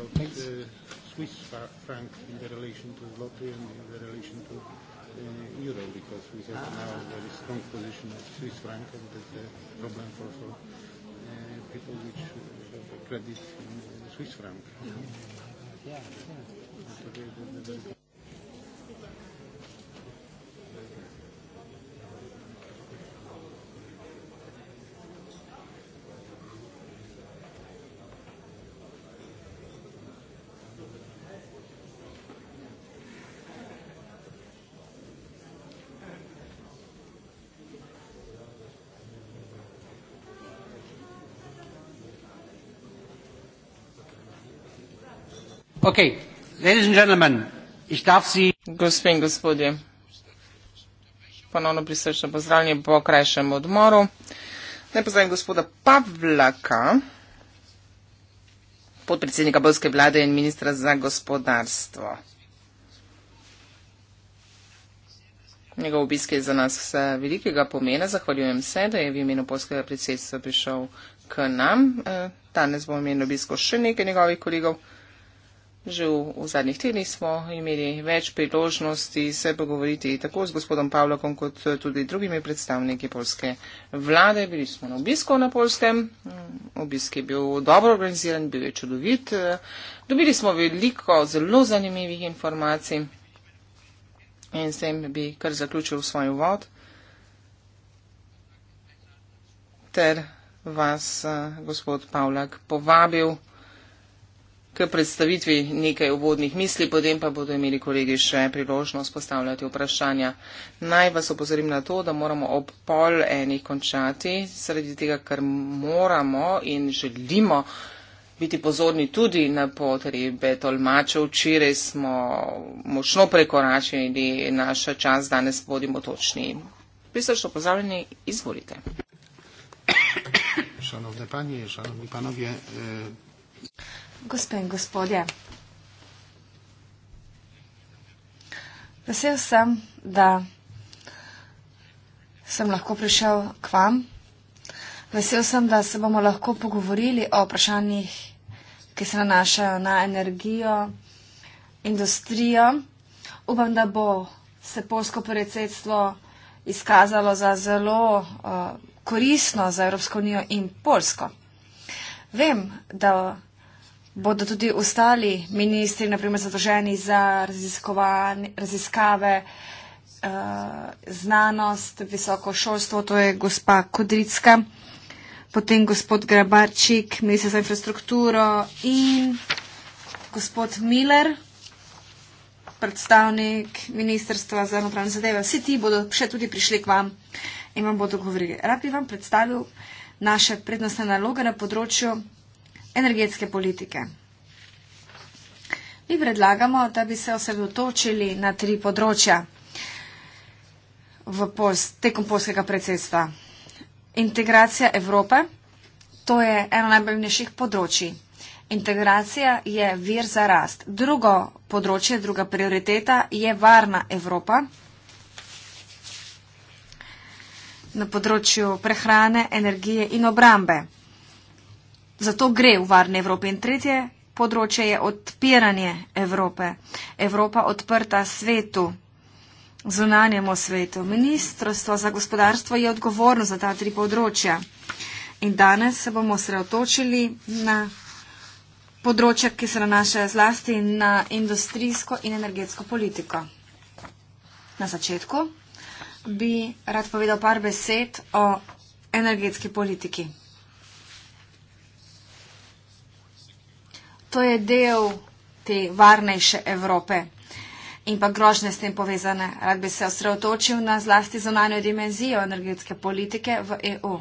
Speaker 3: about the Swiss franc in the relation to Latvian in the relation to uh, euro because we have now a very strong position of Swiss franc and that's a problem for, for uh, people which have credit in Swiss franc. Yeah. Yeah. Yeah.
Speaker 1: Gospe in gospodje, ponovno prisrečno pozdravljanje po krajšem odmoru. Naj pozdravim gospoda Pavlaka, podpredsednika Bolske vlade in ministra za gospodarstvo. Njegov obisk je za nas velikega pomena. Zahvaljujem se, da je v imenu polskega predsedstva prišel k nam. E, danes bo imel obisko še nekaj njegovih kolegov. Že v, v zadnjih tednih smo imeli več priložnosti se pogovoriti tako z gospodom Pavlokom, kot tudi drugimi predstavniki polske vlade. Bili smo na obisku na polskem. Mm, obisk je bil dobro organiziran, bil je čudovit. Dobili smo veliko zelo zanimivih informacij in s tem bi kar zaključil svoj uvod. Ter vas eh, gospod Pavlak povabil k predstavitvi nekaj uvodnih misli, potem pa bodo imeli kolegi še priložnost postavljati vprašanja. Naj vas opozorim na to, da moramo ob pol enih končati, sredi tega, ker moramo in želimo biti pozorni tudi na potrebe tolmačev. Včeraj smo močno prekoračili naš čas, danes bodimo točni. Prisrčno pozdravljeni, izvolite.
Speaker 3: Šanovne panje, šanovni panovje. Eh...
Speaker 2: Gospe in gospodje, vesel sem, da sem lahko prišel k vam. Vesel sem, da se bomo lahko pogovorili o vprašanjih, ki se nanašajo na energijo, industrijo. Upam, da bo se polsko predsedstvo izkazalo za zelo uh, koristno za Evropsko unijo in Polsko. Vem, da bodo tudi ostali ministri, naprimer zadoženi za raziskave, uh, znanost, visoko šolstvo, to je gospa Kudricka, potem gospod Grabarčik, minister za infrastrukturo in gospod Miller predstavnik Ministrstva za notranje zadeve. Vsi ti bodo še tudi prišli k vam in vam bodo govorili. Rad bi vam predstavil naše prednostne naloge na področju energetske politike. Mi predlagamo, da bi se osredotočili na tri področja v pos, tekom polskega predsedstva. Integracija Evrope, to je eno najboljnejših področij. Integracija je vir za rast. Drugo področje, druga prioriteta je varna Evropa na področju prehrane, energije in obrambe. Zato gre v varne Evrope. In tretje področje je odpiranje Evrope. Evropa odprta svetu, zunanjemu svetu. Ministrstvo za gospodarstvo je odgovorno za ta tri področja. In danes se bomo sreotočili na področja, ki se nanašajo zlasti na industrijsko in energetsko politiko. Na začetku bi rad povedal par besed o energetski politiki. to je del te varnejše Evrope in pa grožne s tem povezane. Rad bi se osredotočil na zlasti zunanjo dimenzijo energetske politike v EU.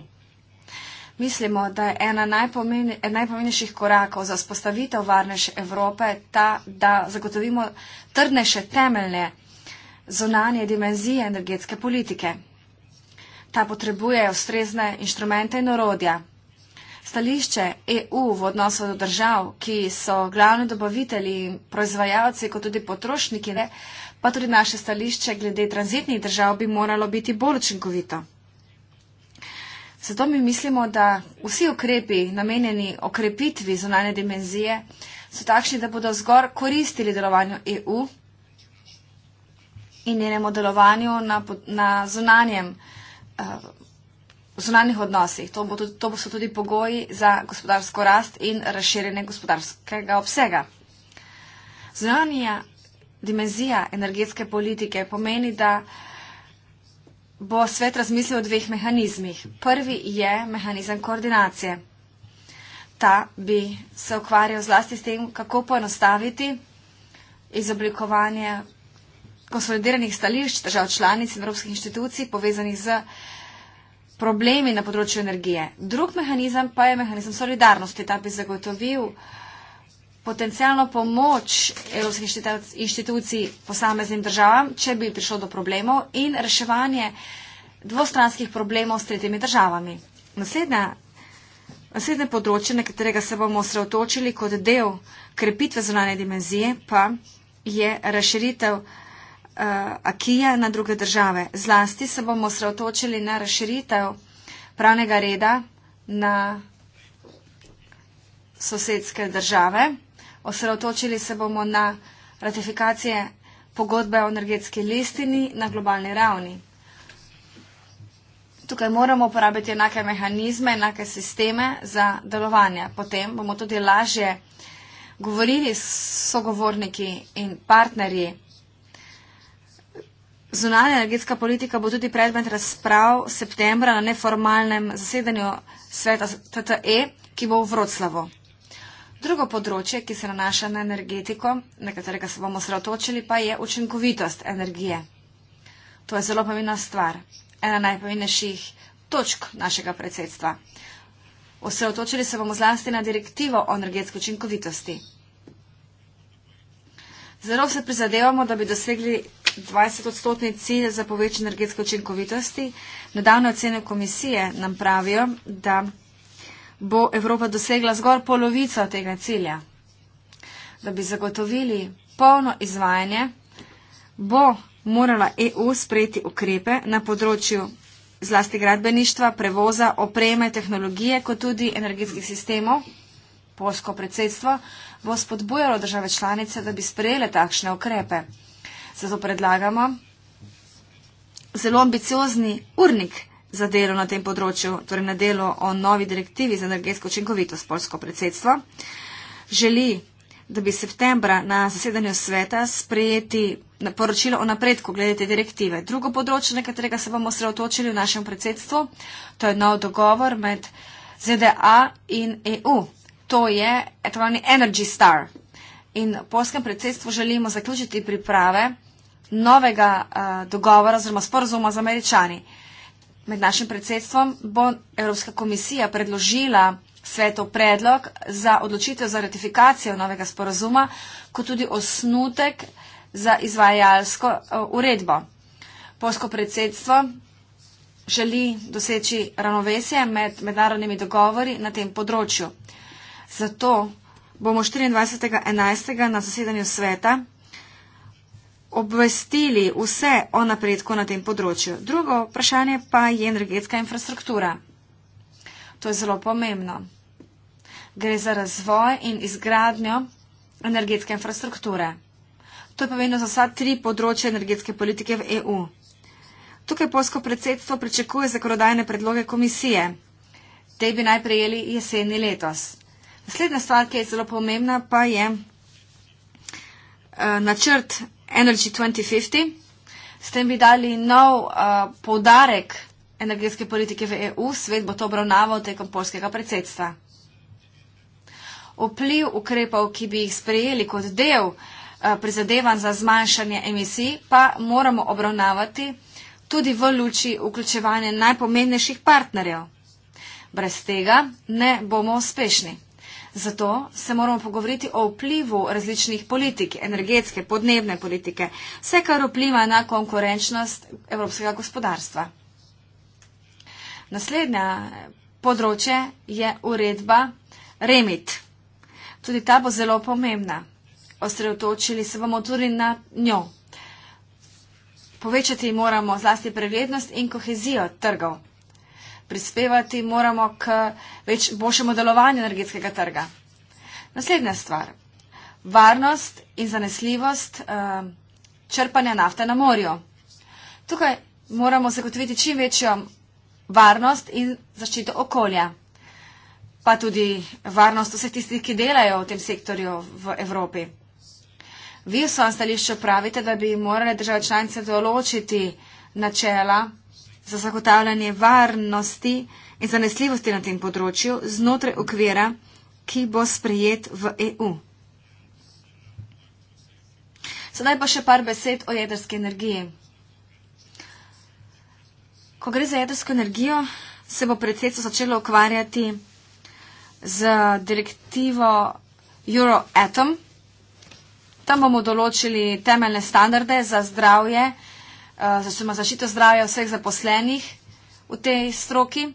Speaker 2: Mislimo, da je ena najpomeni, najpomembnejših korakov za spostavitev varnejše Evrope ta, da zagotovimo trdnejše temeljne zunanje dimenzije energetske politike. Ta potrebuje ustrezne inštrumente in orodja. Stališče EU v odnosu do držav, ki so glavni dobavitelji in proizvajalci, kot tudi potrošniki, ne, pa tudi naše stališče glede tranzitnih držav bi moralo biti bolj učinkovito. Zato mi mislimo, da vsi ukrepi namenjeni okrepitvi zunanje dimenzije so takšni, da bodo zgor koristili delovanju EU in njenemu delovanju na, na zunanjem. Uh, zunanjih odnosih. To, bo tudi, to so tudi pogoji za gospodarsko rast in razširjenje gospodarskega obsega. Zunanja dimenzija energetske politike pomeni, da bo svet razmislil o dveh mehanizmih. Prvi je mehanizem koordinacije. Ta bi se ukvarjal zlasti s tem, kako poenostaviti izoblikovanje konsolidiranih stališč držav članic in evropskih inštitucij povezanih z problemi na področju energije. Drug mehanizem pa je mehanizem solidarnosti. Ta bi zagotovil potencijalno pomoč evropskih inštitucij posameznim državam, če bi prišlo do problemov in reševanje dvostranskih problemov s tretjimi državami. Naslednja, naslednje področje, na katerega se bomo osredotočili kot del krepitve zunanje dimenzije, pa je razširitev uh, eh, Akije na druge države. Zlasti se bomo sravtočili na razširitev pravnega reda na sosedske države. Osredotočili se bomo na ratifikacije pogodbe o energetski listini na globalni ravni. Tukaj moramo uporabiti enake mehanizme, enake sisteme za delovanje. Potem bomo tudi lažje govorili s sogovorniki in partnerji. Zunanja energetska politika bo tudi predmet razprav septembra na neformalnem zasedanju sveta TTE, ki bo v Vroclavu. Drugo področje, ki se nanaša na energetiko, na katerega se bomo sredotočili, pa je učinkovitost energije. To je zelo pomembna stvar, ena najpomembnejših točk našega predsedstva. Osredotočili se bomo zlasti na direktivo o energetski učinkovitosti. Zelo se prizadevamo, da bi dosegli 20-odstotni cilj za povečanje energetske učinkovitosti. Nedavne ocene komisije nam pravijo, da bo Evropa dosegla zgolj polovico tega cilja. Da bi zagotovili polno izvajanje, bo morala EU sprejeti ukrepe na področju zlasti gradbeništva, prevoza, opreme, tehnologije, kot tudi energetskih sistemov. Polsko predsedstvo bo spodbujalo države članice, da bi sprejele takšne ukrepe se to predlagamo. Zelo ambiciozni urnik za delo na tem področju, torej na delo o novi direktivi za energetsko učinkovitost polsko predsedstvo, želi, da bi septembra na zasedanju sveta sprejeti poročilo o napredku glede te direktive. Drugo področje, na katerega se bomo sreotočili v našem predsedstvu, to je nov dogovor med ZDA in EU. To je etovani Energy Star. In v polskem predsedstvu želimo zaključiti priprave novega uh, dogovora oziroma sporozuma z američani. Med našim predsedstvom bo Evropska komisija predložila svetov predlog za odločitev za ratifikacijo novega sporozuma, kot tudi osnutek za izvajalsko uh, uredbo. Polsko predsedstvo želi doseči ravnovesje med mednarodnimi dogovori na tem področju. Zato bomo 24.11. na zasedanju sveta obvestili vse o napredku na tem področju. Drugo vprašanje pa je energetska infrastruktura. To je zelo pomembno. Gre za razvoj in izgradnjo energetske infrastrukture. To je pomembno za vsa tri področje energetske politike v EU. Tukaj polsko predsedstvo pričakuje zakonodajne predloge komisije. Te bi naj prejeli jeseni letos. Naslednja stvar, ki je zelo pomembna, pa je eh, načrt Energy 2050, s tem bi dali nov uh, poudarek energetske politike v EU, svet bo to obravnaval tekom polskega predsedstva. Vpliv ukrepov, ki bi jih sprejeli kot del eh, prizadevan za zmanjšanje emisij, pa moramo obravnavati tudi v luči vključevanja najpomembnejših partnerjev. Brez tega ne bomo uspešni. Zato se moramo pogovoriti o vplivu različnih politik, energetske, podnebne politike, vse kar vpliva na konkurenčnost evropskega gospodarstva. Naslednja področje je uredba REMIT. Tudi ta bo zelo pomembna. Osredotočili se bomo tudi na njo. Povečati moramo zlasti preglednost in kohezijo trgov prispevati moramo k več, boljšemu delovanju energetskega trga. Naslednja stvar. Varnost in zanesljivost uh, črpanja nafte na morju. Tukaj moramo zagotoviti čim večjo varnost in zaščito okolja, pa tudi varnost vseh tistih, ki delajo v tem sektorju v Evropi. Vi v svojem stališču pravite, da bi morale države članice določiti načela za zagotavljanje varnosti in zanesljivosti na tem področju znotraj okvira, ki bo sprejet v EU. Sedaj pa še par besed o jedrski energiji. Ko gre za jedrsko energijo, se bo predsedstvo začelo ukvarjati z direktivo Euroatom. Tam bomo določili temeljne standarde za zdravje uh, zaščito zdravja vseh zaposlenih v tej stroki.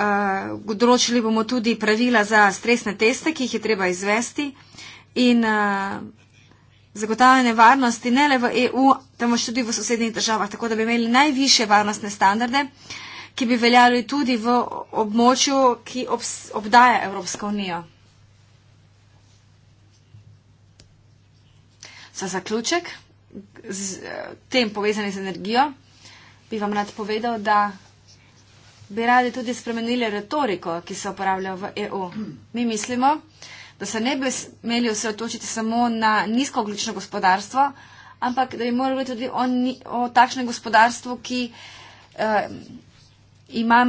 Speaker 2: Uh, določili bomo tudi pravila za stresne teste, ki jih je treba izvesti in uh, zagotavljanje varnosti ne le v EU, temveč tudi v sosednjih državah, tako da bi imeli najviše varnostne standarde, ki bi veljali tudi v območju, ki obs, obdaja Evropsko unijo. Za zaključek z tem povezane z energijo, bi vam rad povedal, da bi radi tudi spremenili retoriko, ki se uporablja v EU. Mi mislimo, da se ne bi smeli osredotočiti samo na nizkooglično gospodarstvo, ampak da bi morali biti tudi o, o takšnem gospodarstvu, ki eh, ima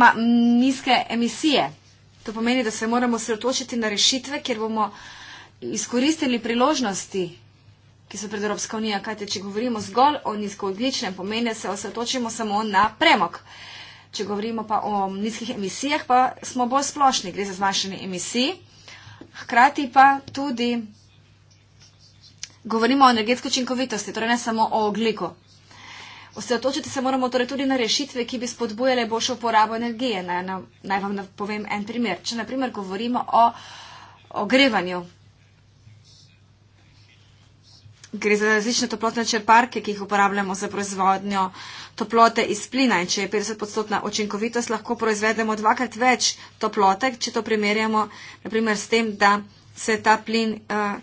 Speaker 2: nizke emisije. To pomeni, da se moramo osredotočiti na rešitve, kjer bomo izkoristili priložnosti ki so pred Evropsko unijo. Kaj te, če govorimo zgolj o nizkoodličnem pomene, se osredotočimo samo na premog. Če govorimo pa o nizkih emisijah, pa smo bolj splošni, gre za zmanjšanje emisij. Hkrati pa tudi govorimo o energetsko činkovitosti, torej ne samo o ogliku. Osredotočiti se moramo torej tudi na rešitve, ki bi spodbujale boljšo uporabo energije. Naj, naj vam povem en primer. Če naprimer govorimo o ogrevanju, gre za različne toplotne črparke, ki jih uporabljamo za proizvodnjo toplote iz plina. In če je 50-odstotna očinkovitost, lahko proizvedemo dvakrat več toplote, če to primerjamo naprimer s tem, da se ta plin uh,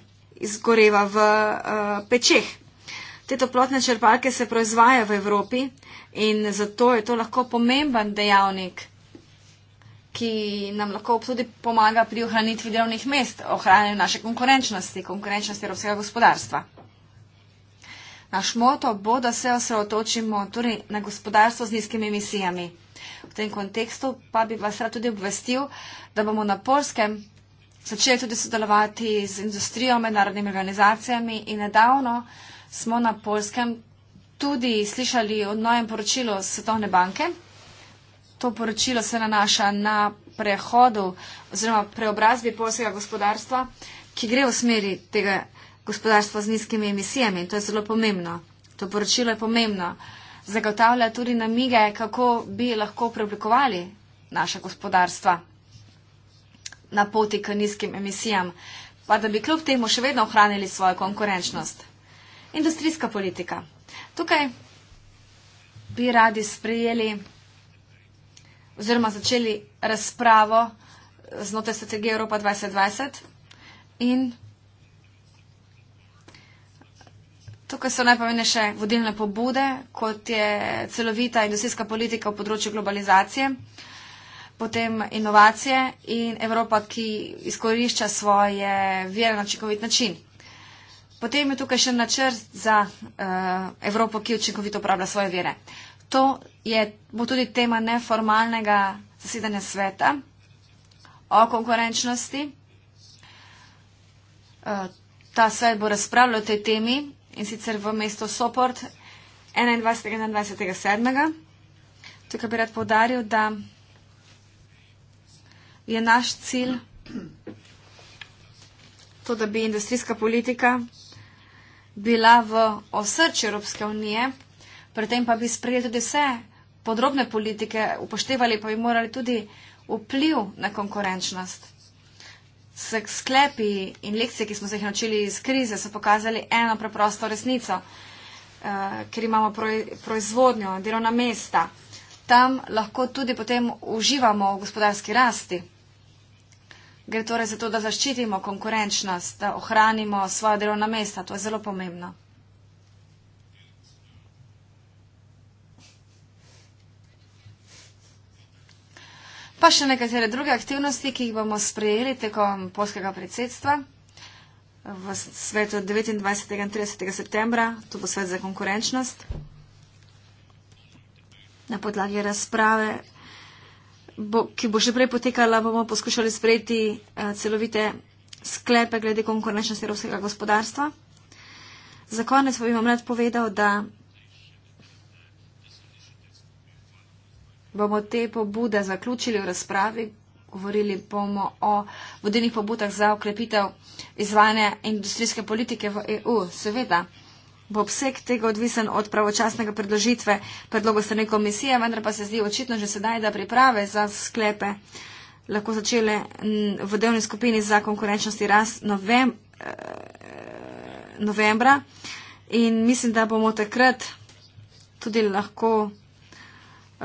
Speaker 2: izgoreva v uh, pečeh. Te toplotne črpalke se proizvajajo v Evropi in zato je to lahko pomemben dejavnik, ki nam lahko tudi pomaga pri ohranitvi delovnih mest, ohranjanju naše konkurenčnosti, konkurenčnosti evropskega gospodarstva. Naš moto bo, da se osredotočimo torej, na gospodarstvo z nizkimi emisijami. V tem kontekstu pa bi vas rad tudi obvestil, da bomo na Polskem začeli tudi sodelovati z industrijo, mednarodnimi organizacijami in nedavno smo na Polskem tudi slišali o novem poročilu Svetovne banke. To poročilo se nanaša na prehodu oziroma preobrazbi polskega gospodarstva, ki gre v smeri tega gospodarstvo z nizkimi emisijami. To je zelo pomembno. To poročilo je pomembno. Zagotavlja tudi namige, kako bi lahko preoblikovali naša gospodarstva na poti k nizkim emisijam, pa da bi kljub temu še vedno ohranili svojo konkurenčnost. Industrijska politika. Tukaj bi radi sprejeli oziroma začeli razpravo znotraj strategije Evropa 2020 in Tukaj so najpomembnejše vodilne pobude, kot je celovita industrijska politika v področju globalizacije, potem inovacije in Evropa, ki izkorišča svoje vire na učinkovit način. Potem je tukaj še načrt za uh, Evropo, ki učinkovito upravlja svoje vire. To je, bo tudi tema neformalnega zasedanja sveta o konkurenčnosti. Uh, ta svet bo razpravljal o tej temi in sicer v mesto Soport 21.7. Tukaj bi rad povdaril, da je naš cilj to, da bi industrijska politika bila v osrči Evropske unije, pri tem pa bi sprejeli tudi vse podrobne politike, upoštevali pa bi morali tudi vpliv na konkurenčnost sklepi in lekcije, ki smo se jih naučili iz krize, so pokazali eno preprosto resnico, eh, ker imamo proj, proizvodnjo, delovna mesta. Tam lahko tudi potem uživamo v gospodarski rasti. Gre torej za to, da zaščitimo konkurenčnost, da ohranimo svoje delovna mesta. To je zelo pomembno. pa še nekatere druge aktivnosti, ki jih bomo sprejeli tekom polskega predsedstva v svetu 29. in 30. septembra, tu bo svet za konkurenčnost. Na podlagi razprave, bo, ki bo že prej potekala, bomo poskušali sprejeti eh, celovite sklepe glede konkurenčnosti evropskega gospodarstva. Za konec bi vam rad povedal, da bomo te pobude zaključili v razpravi. Govorili bomo o vodilnih pobudah za okrepitev izvajanja industrijske politike v EU. Seveda bo obseg tega odvisen od pravočasnega predložitve predlogo strani komisije, vendar pa se zdi očitno že sedaj, da priprave za sklepe lahko začele v delovni skupini za konkurenčnosti rast novem, eh, novembra. In mislim, da bomo takrat tudi lahko Eh,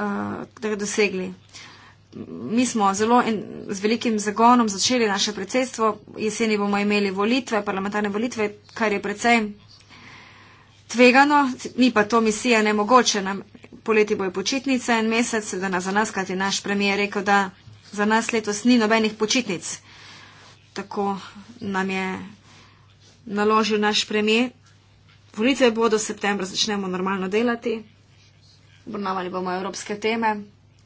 Speaker 2: da ga dosegli. Mi smo zelo in z velikim zagonom začeli naše predsedstvo, jeseni bomo imeli volitve, parlamentarne volitve, kar je predvsej tvegano, ni pa to misija nemogoče, nam poleti bojo počitnice en mesec, da nas za nas, kaj ti naš premijer rekel, da za nas letos ni nobenih počitnic. Tako nam je naložil naš premijer. Volitve bodo v septembru, začnemo normalno delati obravnavali bomo evropske teme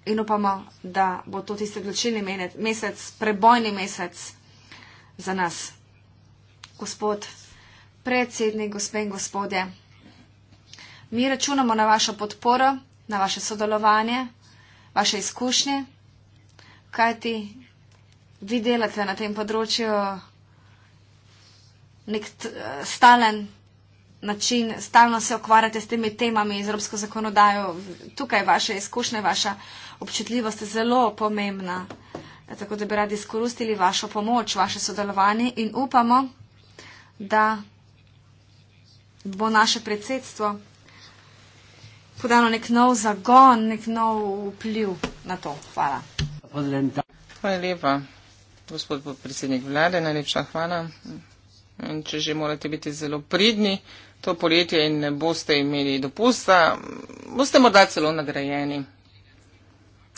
Speaker 2: in upamo, da bo to tisti odločilni mesec, prebojni mesec za nas. Gospod, predsednik, gospe in gospodje, mi računamo na vašo podporo, na vaše sodelovanje, vaše izkušnje, kajti vi delate na tem področju nek eh, stalen način, stalno se ukvarjate s temi temami, z evropsko zakonodajo. Tukaj vaše izkušnje, vaša občutljivost je zelo pomembna. Tako da bi radi izkoristili vašo pomoč, vaše sodelovanje in upamo, da bo naše predsedstvo podano nek nov zagon, nek nov vpliv na to. Hvala.
Speaker 1: Hvala lepa, gospod podpredsednik vlade, najlepša hvala. In če že morate biti zelo pridni, to poletje in ne boste imeli dopusta, boste morda celo nagrajeni.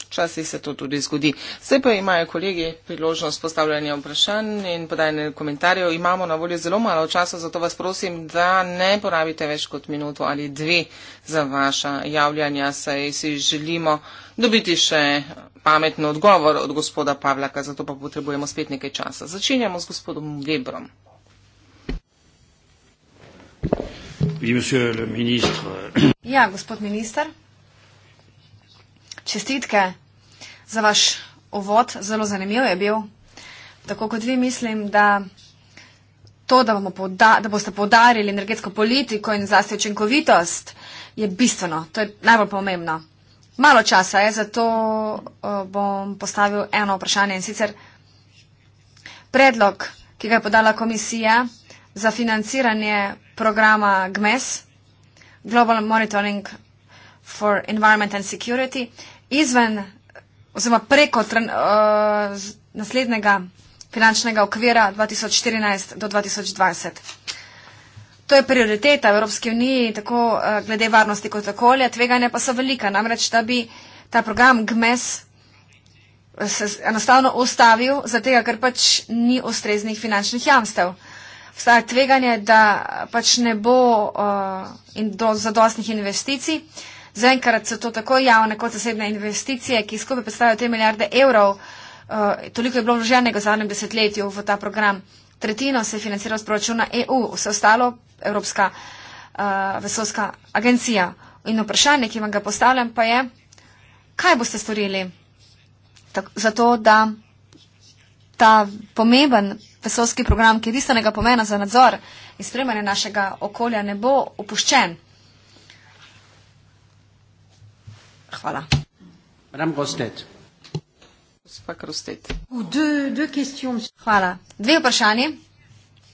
Speaker 1: Včasih se to tudi zgodi. Zdaj pa imajo kolegi priložnost postavljanja vprašanj in podajanja komentarjev. Imamo na voljo zelo malo časa, zato vas prosim, da ne porabite več kot minuto ali dve za vaša javljanja, saj si želimo dobiti še pametno odgovor od gospoda Pavlaka, zato pa potrebujemo spet nekaj časa. Začenjamo s gospodom Gebrom.
Speaker 3: Oui, monsieur le ministre.
Speaker 2: Ja, gospod minister, čestitke za vaš uvod, zelo zanimiv je bil. Tako kot vi mislim, da to, da, poda da boste podarili energetsko politiko in zlasti učinkovitost, je bistveno, to je najbolj pomembno. Malo časa je, zato eh, bom postavil eno vprašanje in sicer predlog, ki ga je podala komisija za financiranje programa GMES, Global Monitoring for Environment and Security, izven oziroma preko tren, uh, eh, naslednjega finančnega okvira 2014 do 2020. To je prioriteta v Evropski uniji, tako uh, glede varnosti kot okolja, tveganja pa so velika. Namreč, da bi ta program GMES eh, se enostavno ustavil, zato ker pač ni ustreznih finančnih jamstev obstaja tveganje, da pač ne bo uh, in do zadostnih investicij. Zaenkrat so to tako javne kot zasebne investicije, ki skupaj predstavljajo 3 milijarde evrov. Uh, toliko je bilo vloženega v zadnjem desetletju v ta program. Tretjino se je financiralo z proračuna EU, vse ostalo Evropska uh, vesolska agencija. In vprašanje, ki vam ga postavljam, pa je, kaj boste storili tak, za to, da ta pomemben vesolski program, ki je bistvenega pomena za nadzor in spremljanje našega okolja, ne bo opuščen. Hvala.
Speaker 1: Madame Grostet. Gospa Grostet.
Speaker 2: Hvala. Dve vprašanje.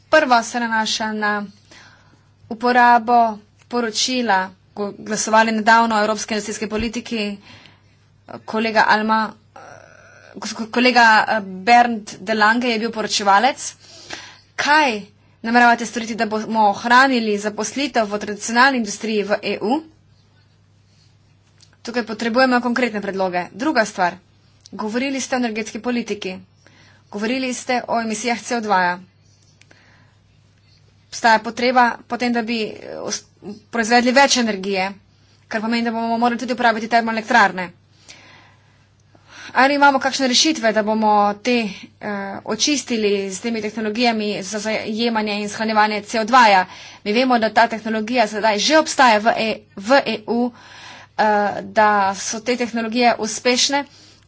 Speaker 2: Prvo se nanaša na uporabo poročila, ko glasovali nedavno o evropske investicijske politiki, kolega Alma kolega eh, Bernd Delange je bil poročevalec. Kaj nameravate storiti, da bomo ohranili zaposlitev v tradicionalni industriji v EU? Tukaj potrebujemo konkretne predloge. Druga stvar. Govorili ste o energetski politiki. Govorili ste o emisijah CO2. Obstaja potreba potem, da bi eh, proizvedli več energije, kar pomeni, da bomo morali tudi uporabiti termoelektrarne. Ali imamo kakšne rešitve, da bomo te uh, očistili z temi tehnologijami za zajemanje in shranjevanje CO2? -ja? Mi vemo, da ta tehnologija sedaj že obstaja v, e, v EU, uh, eh, da so te tehnologije uspešne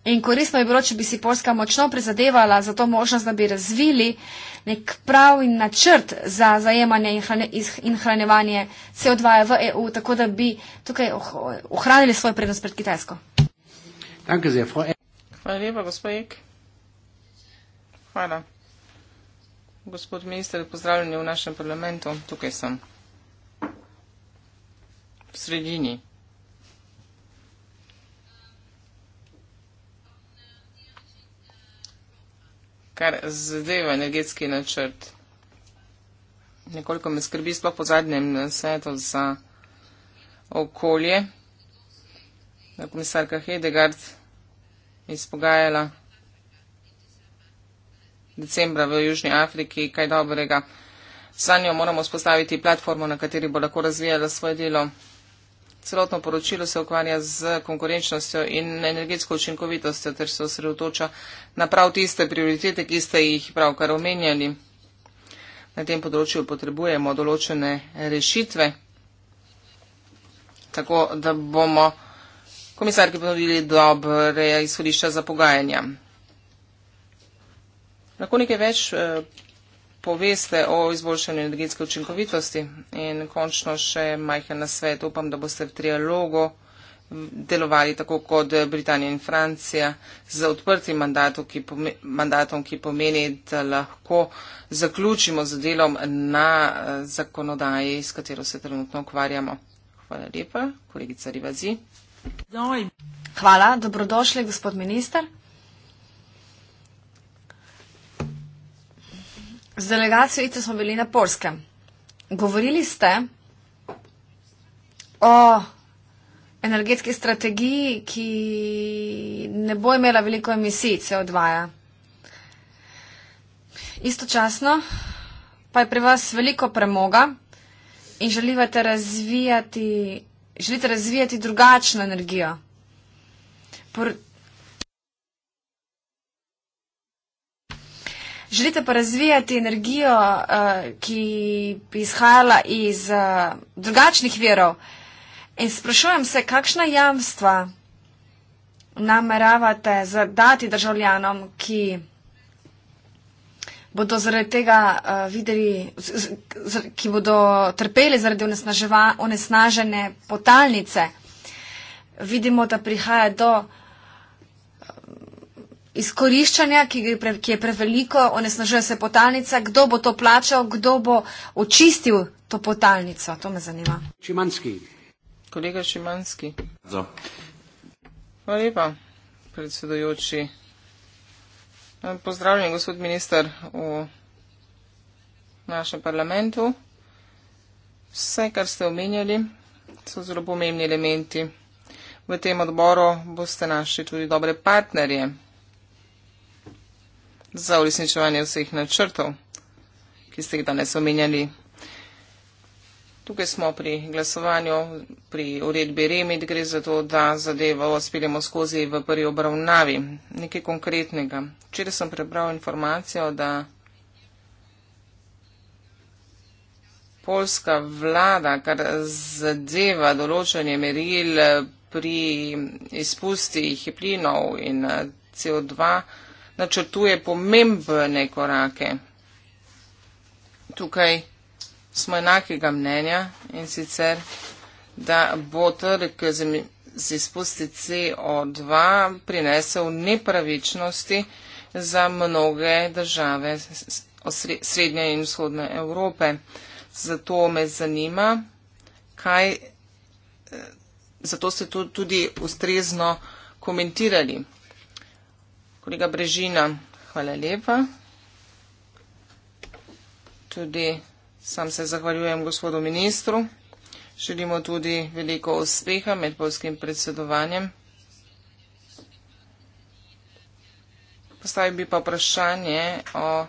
Speaker 2: in koristno bi bilo, če bi si Polska močno prizadevala za to možnost, da bi razvili nek pravi načrt za zajemanje in hranjevanje CO2 -ja v EU, tako da bi tukaj oh, oh, ohranili svoj prednost pred Kitajsko.
Speaker 3: Danke sehr, Frau
Speaker 1: Hvala lepa, gospod Ek. Hvala. Gospod minister, pozdravljeni v našem parlamentu. Tukaj sem. V sredini. Kar zadeva energetski načrt. Nekoliko me skrbi, sploh po zadnjem svetu za okolje. Komisarka Hedegard izpogajala decembra v Južni Afriki kaj dobrega. Sanjo moramo spostaviti platformo, na kateri bo lahko razvijala svoje delo. Celotno poročilo se ukvarja z konkurenčnostjo in energetsko učinkovitostjo, ter se osredotoča na prav tiste prioritete, ki ste jih pravkar omenjali. Na tem področju potrebujemo določene rešitve, tako da bomo komisarki ponudili dobre izhodišča za pogajanja. Lahko nekaj več eh, poveste o izboljšanju energetske učinkovitosti in končno še majhen nasvet. Upam, da boste v trialogu delovali tako kot Britanija in Francija z odprtim mandatom ki, pomeni, mandatom, ki pomeni, da lahko zaključimo z delom na eh, zakonodaji, s katero se trenutno ukvarjamo. Hvala lepa, kolegica Rivazi. Hvala, dobrodošli,
Speaker 2: gospod minister. Z delegacijo ITE smo bili na Polskem. Govorili ste o energetski strategiji, ki ne bo imela veliko emisij CO2. Istočasno pa je pri vas veliko premoga in želivate razvijati želite razvijati drugačno energijo. Por... Želite pa razvijati energijo, uh, ki bi izhajala iz uh, drugačnih verov. In sprašujem se, kakšna jamstva nameravate dati državljanom, ki bodo zaradi tega uh, videli, z, z, ki bodo trpeli zaradi onesnažene potalnice, vidimo, da prihaja do eh, izkoriščanja, ki, pre, ki je preveliko, onesnažuje se potalnica, kdo bo to plačal, kdo bo očistil to potalnico. To me zanima.
Speaker 1: Šimanski. Kolega Šimanski. Hvala lepa, predsedujoči. Pozdravljen, gospod minister, v našem parlamentu. Vse, kar ste omenjali, so zelo pomembni elementi. V tem odboru boste našli tudi dobre partnerje za uresničevanje vseh načrtov, ki ste jih danes omenjali. Tukaj smo pri glasovanju, pri uredbi REMIT, gre za to, da zadevo speljemo skozi v prvi obravnavi. Nekaj konkretnega. Včeraj sem prebral informacijo, da polska vlada, kar zadeva določanje meril pri izpustih plinov in eh, CO2, načrtuje pomembne korake. Tukaj smo enakega mnenja in sicer, da bo trg z izpusti CO2 prinesel nepravičnosti za mnoge države srednje in vzhodne Evrope. Zato me zanima, kaj, eh, zato ste to tudi ustrezno komentirali. Kolega Brežina, hvala lepa. Tudi Sam se zahvaljujem gospodu ministru. Želimo tudi veliko uspeha med polskim predsedovanjem. Postavil bi pa vprašanje o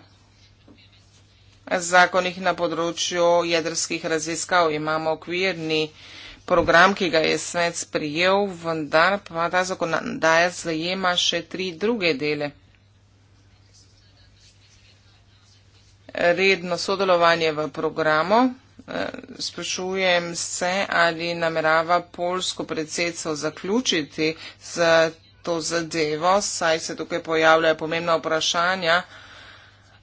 Speaker 1: zakonih na področju jedrskih raziskav. Imamo okvirni program, ki ga je svet sprijel, vendar pa ta zakon daje zajema še tri druge dele. redno sodelovanje v programu. Eh, sprašujem se, ali namerava polsko predsedstvo zaključiti z to zadevo, saj se tukaj pojavljajo pomembna vprašanja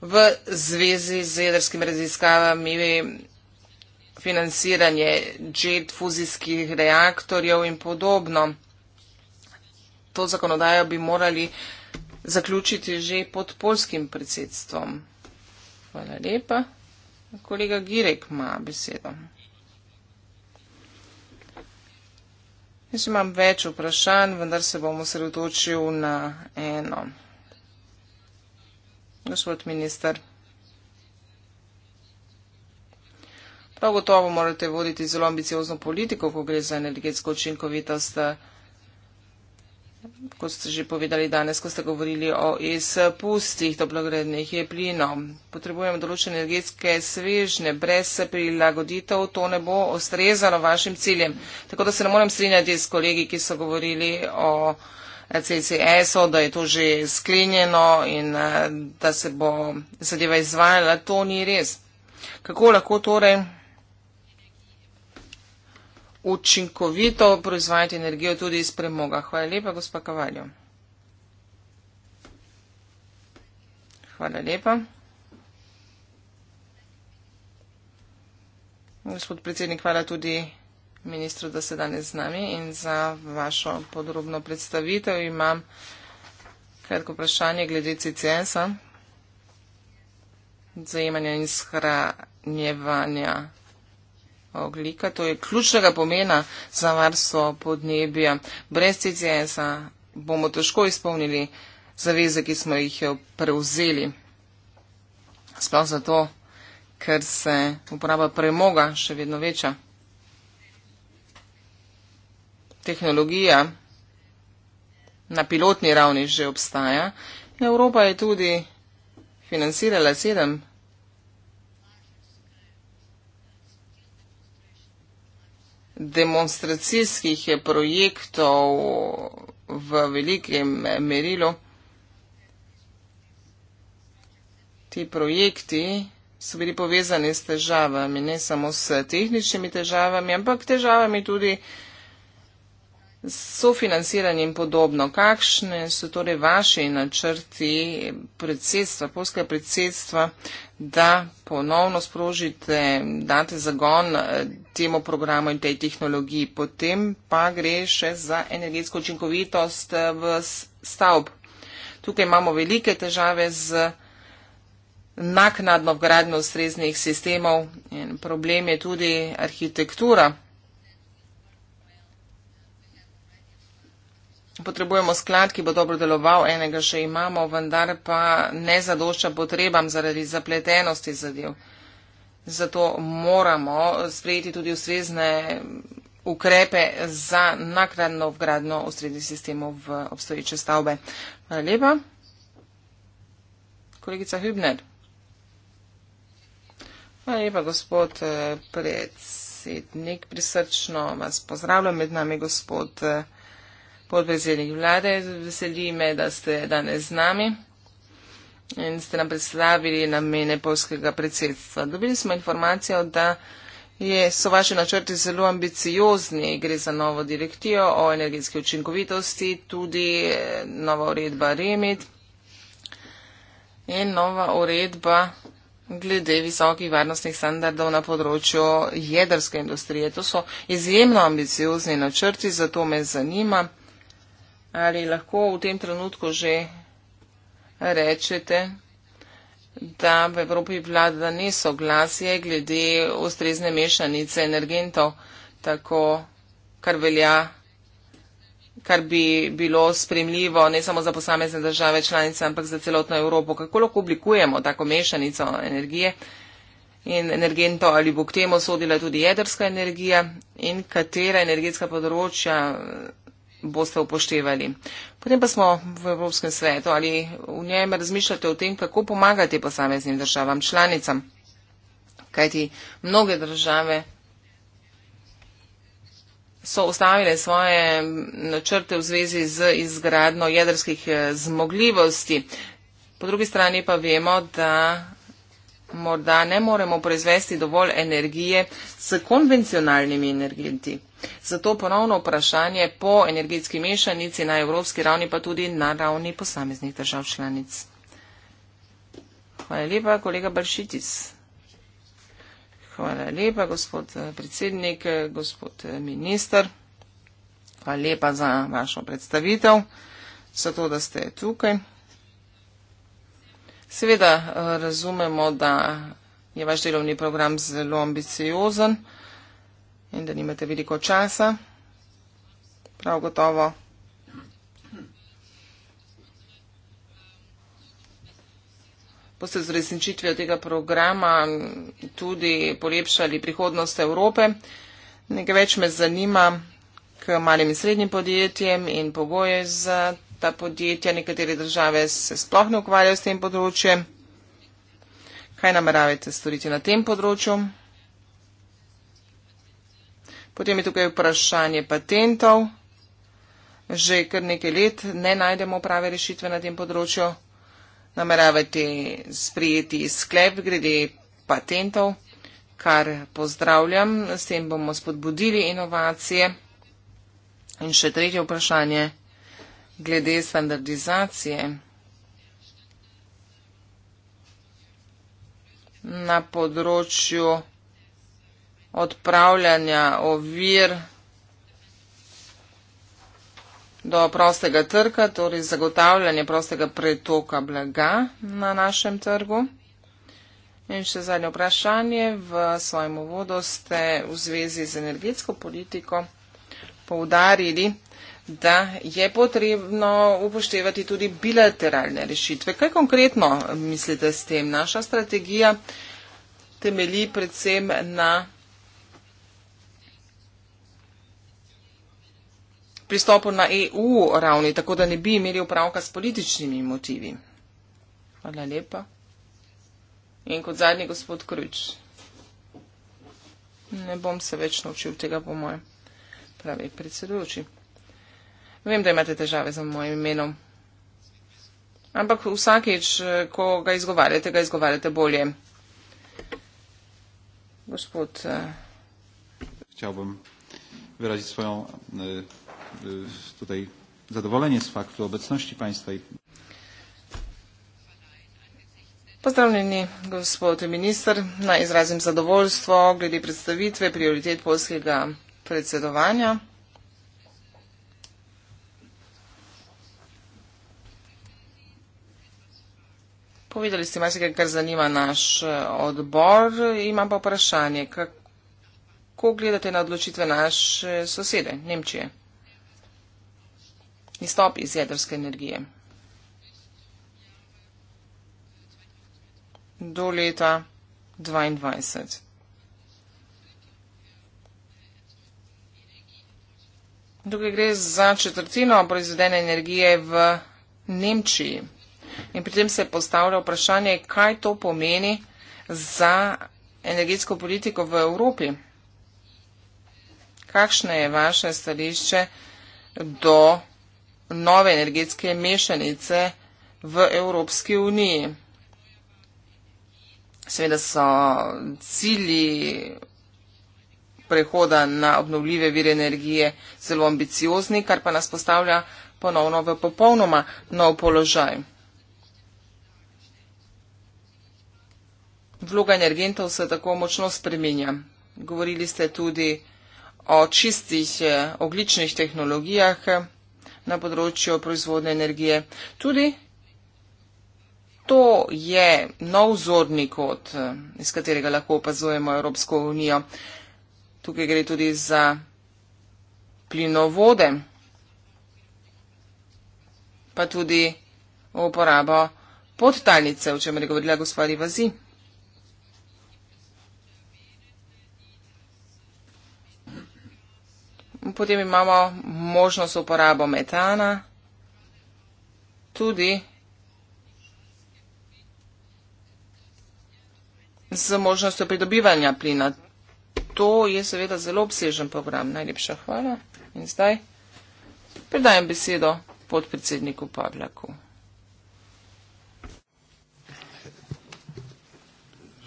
Speaker 1: v zvezi z jedrskimi raziskavami financiranje jet fuzijskih reaktorjev in podobno. To zakonodajo bi morali zaključiti že pod polskim predsedstvom. Hvala lepa. Kolega Girek ima besedo. Jaz imam več vprašanj, vendar se bom osredotočil na eno. Gospod minister, prav gotovo morate voditi zelo ambiciozno politiko, ko gre za energetsko učinkovitost kot ste že povedali danes, ko ste govorili o izpustih toplogrednih plinov. Potrebujemo določene energetske svežne, brez prilagoditev, to ne bo ustrezalo vašim ciljem. Tako da se ne morem strinjati s kolegi, ki so govorili o CCS-o, da je to že sklenjeno in eh, da se bo zadeva izvajala. To ni res. Kako lahko torej učinkovito proizvajati energijo tudi iz premoga. Hvala lepa, gospa Kavaljo. Hvala lepa. Gospod predsednik, hvala tudi ministru, da ste danes z nami in za vašo podrobno predstavitev. Imam kratko vprašanje glede CCS-a, zajemanja in shranjevanja oglika. To je ključnega pomena za varstvo podnebja. Brez CCS-a bomo težko izpolnili zaveze, ki smo jih prevzeli. Sploh zato, ker se uporaba premoga še vedno večja. Tehnologija na pilotni ravni že obstaja. Evropa je tudi financirala sedem demonstracijskih projektov v velikem merilu. Ti projekti so bili povezani s težavami, ne samo s tehničnimi težavami, ampak težavami tudi uh, s sofinanciranjem podobno. Kakšne so torej vaše načrti predsedstva, polskega predsedstva, da ponovno sprožite, date zagon eh, temu programu in tej tehnologiji? Potem pa gre še za energetsko učinkovitost eh, v stavb. Tukaj imamo velike težave z naknadno vgradnjo ustreznih sistemov in problem je tudi arhitektura Potrebujemo sklad, ki bo dobro deloval, enega še imamo, vendar pa ne zadošča potrebam zaradi zapletenosti zadev. Zato moramo sprejeti tudi ustrezne ukrepe za nakladno vgradno ustrednih sistemov v obstoječe stavbe. Hvala lepa. Kolegica Hübner. Hvala lepa, gospod eh, predsednik. Prisrčno vas pozdravljam med nami, gospod. Eh, podpredsednik vlade. Veseli me, da ste danes z nami in ste nam predstavili namene polskega predsedstva. Dobili smo informacijo, da je, so vaše načrti zelo ambiciozni. Gre za novo direktivo o energetski učinkovitosti, tudi eh, nova uredba REMIT in nova uredba glede visokih varnostnih standardov na področju jedrske industrije. To so izjemno ambiciozni načrti, zato me zanima ali lahko v tem trenutku že rečete, da v Evropi vlada nesoglasje glede ustrezne mešanice energentov, tako kar velja, kar bi bilo spremljivo ne samo za posamezne države članice, ampak za celotno Evropo. Kako lahko oblikujemo tako mešanico energije in energentov, ali bo k temu sodila tudi jedrska energija in katera energetska področja boste upoštevali. Potem pa smo v Evropskem svetu ali v njem razmišljate o tem, kako pomagati posameznim državam, članicam. Kajti mnoge države so ustavile svoje načrte v zvezi z izgradno jedrskih eh, zmogljivosti. Po drugi strani pa vemo, da morda ne moremo proizvesti dovolj energije s konvencionalnimi energenti. Zato ponovno vprašanje po energetski mešanici na evropski ravni, pa tudi na ravni posameznih držav članic. Hvala lepa, kolega Balšitis. Hvala lepa, gospod eh, predsednik, eh, gospod eh, minister. Hvala lepa za vašo predstavitev, za to, da ste tukaj. Seveda razumemo, da je vaš delovni program zelo ambiciozen in da nimate veliko časa. Prav gotovo. Boste z resničitvijo tega programa tudi polepšali prihodnost Evrope. Nekaj več me zanima k malim in srednjim podjetjem in pogoje za ta podjetja. Nekatere države se sploh ne ukvarjajo s tem področjem. Kaj nameravate storiti na tem področju? Potem je tukaj vprašanje patentov. Že kar nekaj let ne najdemo prave rešitve na tem področju. Nameravate sprijeti sklep glede patentov, kar pozdravljam. S tem bomo spodbudili inovacije. In še tretje vprašanje glede standardizacije. Na področju odpravljanja ovir do prostega trga, torej zagotavljanje prostega pretoka blaga na našem trgu. In še zadnje vprašanje. V svojem uvodu ste v zvezi z energetsko politiko poudarili, da je potrebno upoštevati tudi bilateralne rešitve. Kaj konkretno mislite s tem? Naša strategija temelji predvsem na. pristopu na EU ravni, tako da ne bi imeli upravka s političnimi motivi. Hvala lepa. In kot zadnji gospod Krič. Ne bom se več naučil tega po mojem pravi predsedujoči. Vem, da imate težave z mojim imenom. Ampak vsakeč, ko ga izgovarjate, ga izgovarjate bolje. Gospod.
Speaker 3: Htjel eh, bom veraziti svojo e, tutaj zadowolenie z faktu obecności Państwa.
Speaker 1: Pozdravljeni, gospod minister. Naj izrazim zadovoljstvo glede predstavitve prioritet polskega predsedovanja. Povedali ste marsikaj, kar zanima naš eh, odbor. Imam pa vprašanje, kako gledate na odločitve naše sosede, Nemčije? izstop iz jedrske energije. Do leta 2022. Tukaj gre za četrtino proizvedene energije v Nemčiji. In pri tem se postavlja vprašanje, kaj to pomeni za energetsko politiko v Evropi. Kakšno je vaše stališče do nove energetske mešanice v Evropski uniji. Seveda so cilji prehoda na obnovljive vire energije zelo ambiciozni, kar pa nas postavlja ponovno v popolnoma nov položaj. Vloga energentov se tako močno spreminja. Govorili ste tudi o čistih eh, ogličnih tehnologijah na področju proizvodne energije. Tudi to je nov vzornik, od, eh, iz katerega lahko opazujemo Evropsko unijo. Tukaj gre tudi za plinovode, pa tudi uporabo podtalnice, o čem je govorila gospodina Vazi. Potem imamo možnost uporabo metana, tudi z možnostjo pridobivanja plina. To je seveda zelo obsežen program. Najlepša hvala. In zdaj predajem besedo podpredsedniku Pavljaku.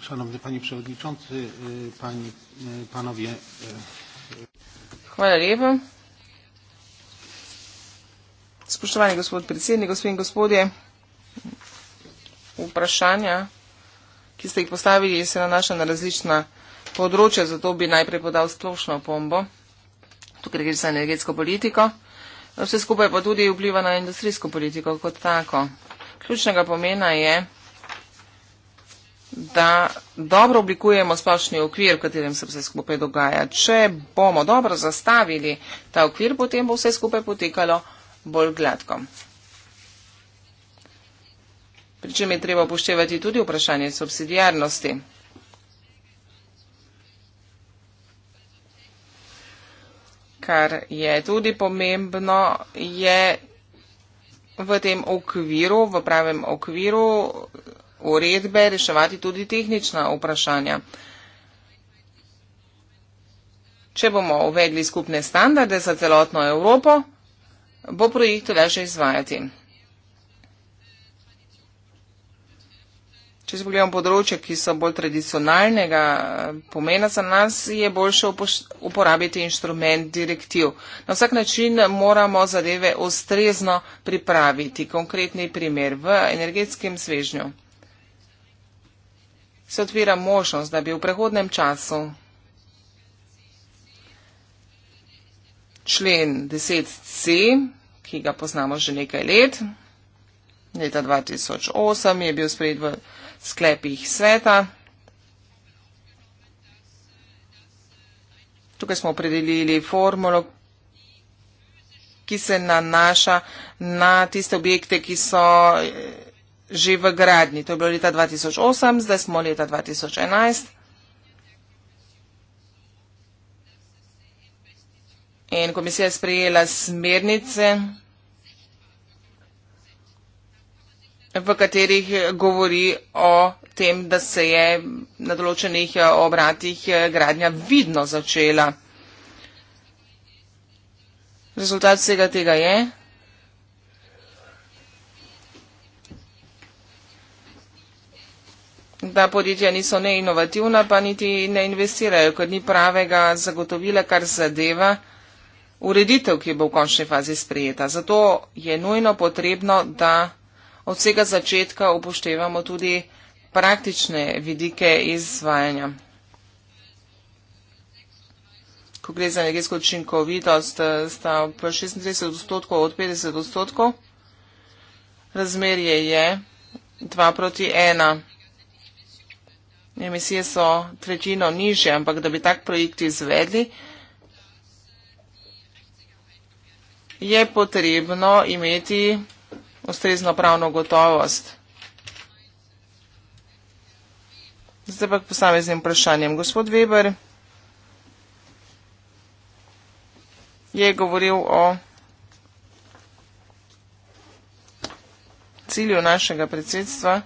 Speaker 3: Szanowny Panie Przewodniczący, pani, Panowie.
Speaker 1: Hvala lepa. Spoštovani gospod predsednik, gospod in gospodje, vprašanja, ki ste jih postavili, se nanaša na različna področja, zato bi najprej podal splošno pombo, tukaj gre za energetsko politiko, vse skupaj pa tudi vpliva na industrijsko politiko kot tako. Ključnega pomena je, da dobro oblikujemo splošni okvir, v katerem se vse skupaj dogaja. Če bomo dobro zastavili ta okvir, potem bo vse skupaj potekalo bolj gladko. Pričem je treba upoštevati tudi vprašanje subsidijarnosti. Kar je tudi pomembno, je v tem okviru, v pravem okviru uredbe reševati tudi tehnična vprašanja. Če bomo uvedli skupne standarde za celotno Evropo, bo projekt lažje izvajati. Če se pogledamo področje, ki so bolj tradicionalnega eh, pomena za nas, je boljše uporabiti inštrument direktiv. Na vsak način moramo zadeve ustrezno pripraviti. Konkretni primer v energetskem svežnju se odvira možnost, da bi v prehodnem času člen 10c, ki ga poznamo že nekaj let, leta 2008 je bil sprejet v sklepih sveta. Tukaj smo opredelili formulo, ki se nanaša na tiste objekte, ki so že v gradni. To je bilo leta 2008, zdaj smo leta 2011. In komisija je sprejela smernice, v katerih govori o tem, da se je na določenih eh, obratih eh, gradnja vidno začela. Rezultat vsega tega je, da podjetja niso neinovativna, pa niti ne investirajo, ker ni pravega zagotovila, kar zadeva ureditev, ki bo v končni fazi sprejeta. Zato je nujno potrebno, da od vsega začetka upoštevamo tudi praktične vidike izvajanja. Ko gre za energetsko učinkovitost, sta 36 odstotkov od 50 odstotkov. Razmerje je 2 proti 1 emisije so tretjino nižje, ampak da bi tak projekt izvedli, je potrebno imeti ustrezno pravno gotovost. Zdaj pa k posameznim vprašanjem. Gospod Weber je govoril o cilju našega predsedstva.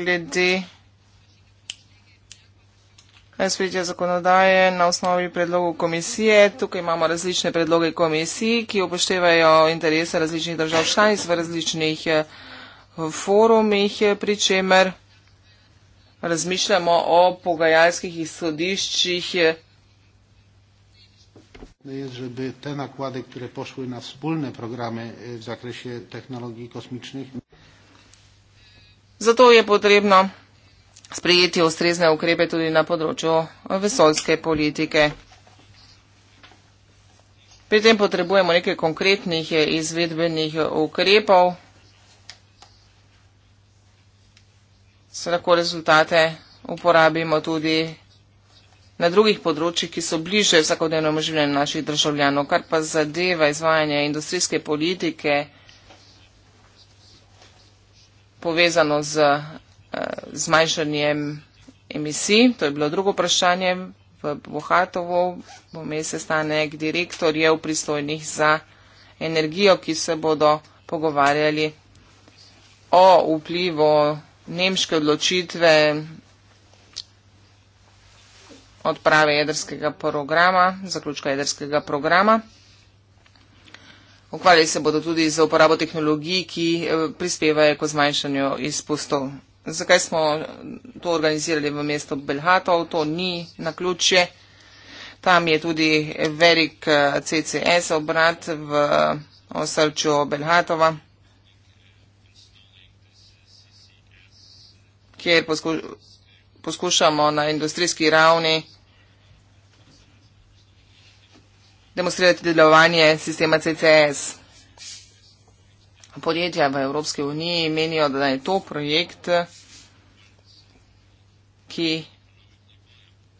Speaker 1: glede sprejetja zakonodaje na osnovi predlogov komisije. Tukaj imamo različne predloge komisij, ki upoštevajo interese različnih držav članic v različnih eh, forumih, eh, pri čemer razmišljamo o pogajalskih izhodiščih. Eh,
Speaker 3: Je, žeby te nakłady, ki pošli na spolne programe v zakresu tehnologij kosmičnih.
Speaker 1: Zato je potrebno sprejeti ustrezne ukrepe tudi na področju vesoljske politike. Pri tem potrebujemo nekaj konkretnih izvedbenih ukrepov. Se lahko rezultate uporabimo tudi na drugih področjih, ki so bliže vsakodnevno življenju naših državljanov. Kar pa zadeva izvajanje industrijske politike, povezano z eh, zmanjšanjem emisij? To je bilo drugo vprašanje. V Bohatovu bome sestanek direktorjev pristojnih za energijo, ki se bodo pogovarjali o vplivu nemške odločitve odprave jedrskega programa, zaključka jedrskega programa. Ukvarjali se bodo tudi z uporabo tehnologij, ki eh, prispevajo k zmanjšanju izpustov. Zakaj smo to organizirali v mestu Belhatov? To ni na ključje. Tam je tudi velik eh, CCS obrat v eh, osrčju Belhatova, kjer poskušamo na industrijski ravni demonstrirati delovanje sistema CCS. Podjetja v Evropske unije menijo, da je to projekt, ki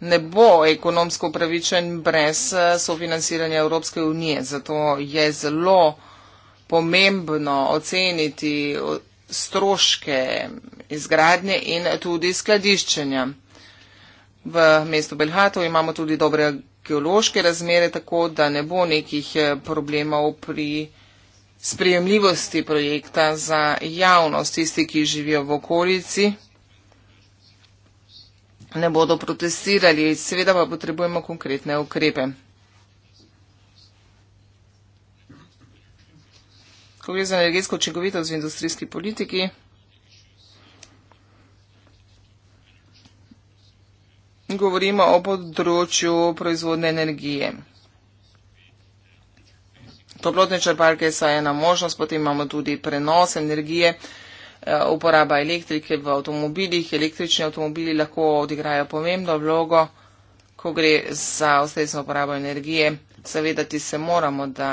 Speaker 1: ne bo ekonomsko pravičen brez eh, sofinansiranja Evropske unije. Zato je zelo pomembno oceniti stroške izgradnje in tudi skladiščenja. V mestu Belhato imamo tudi dobre geološke razmere, tako da ne bo nekih eh, problemov pri sprejemljivosti projekta za javnost, tisti, ki živijo v okolici. Ne bodo protestirali, seveda pa potrebujemo konkretne ukrepe. Ko gre za energetsko očegovitev z industrijski politiki, govorimo o področju proizvodne energije. Toplotne črpalke so ena možnost, potem imamo tudi prenos energije, eh, uporaba elektrike v avtomobilih. Električni avtomobili lahko odigrajo pomembno vlogo, ko gre za ustrezno uporabo energije. Zavedati se moramo, da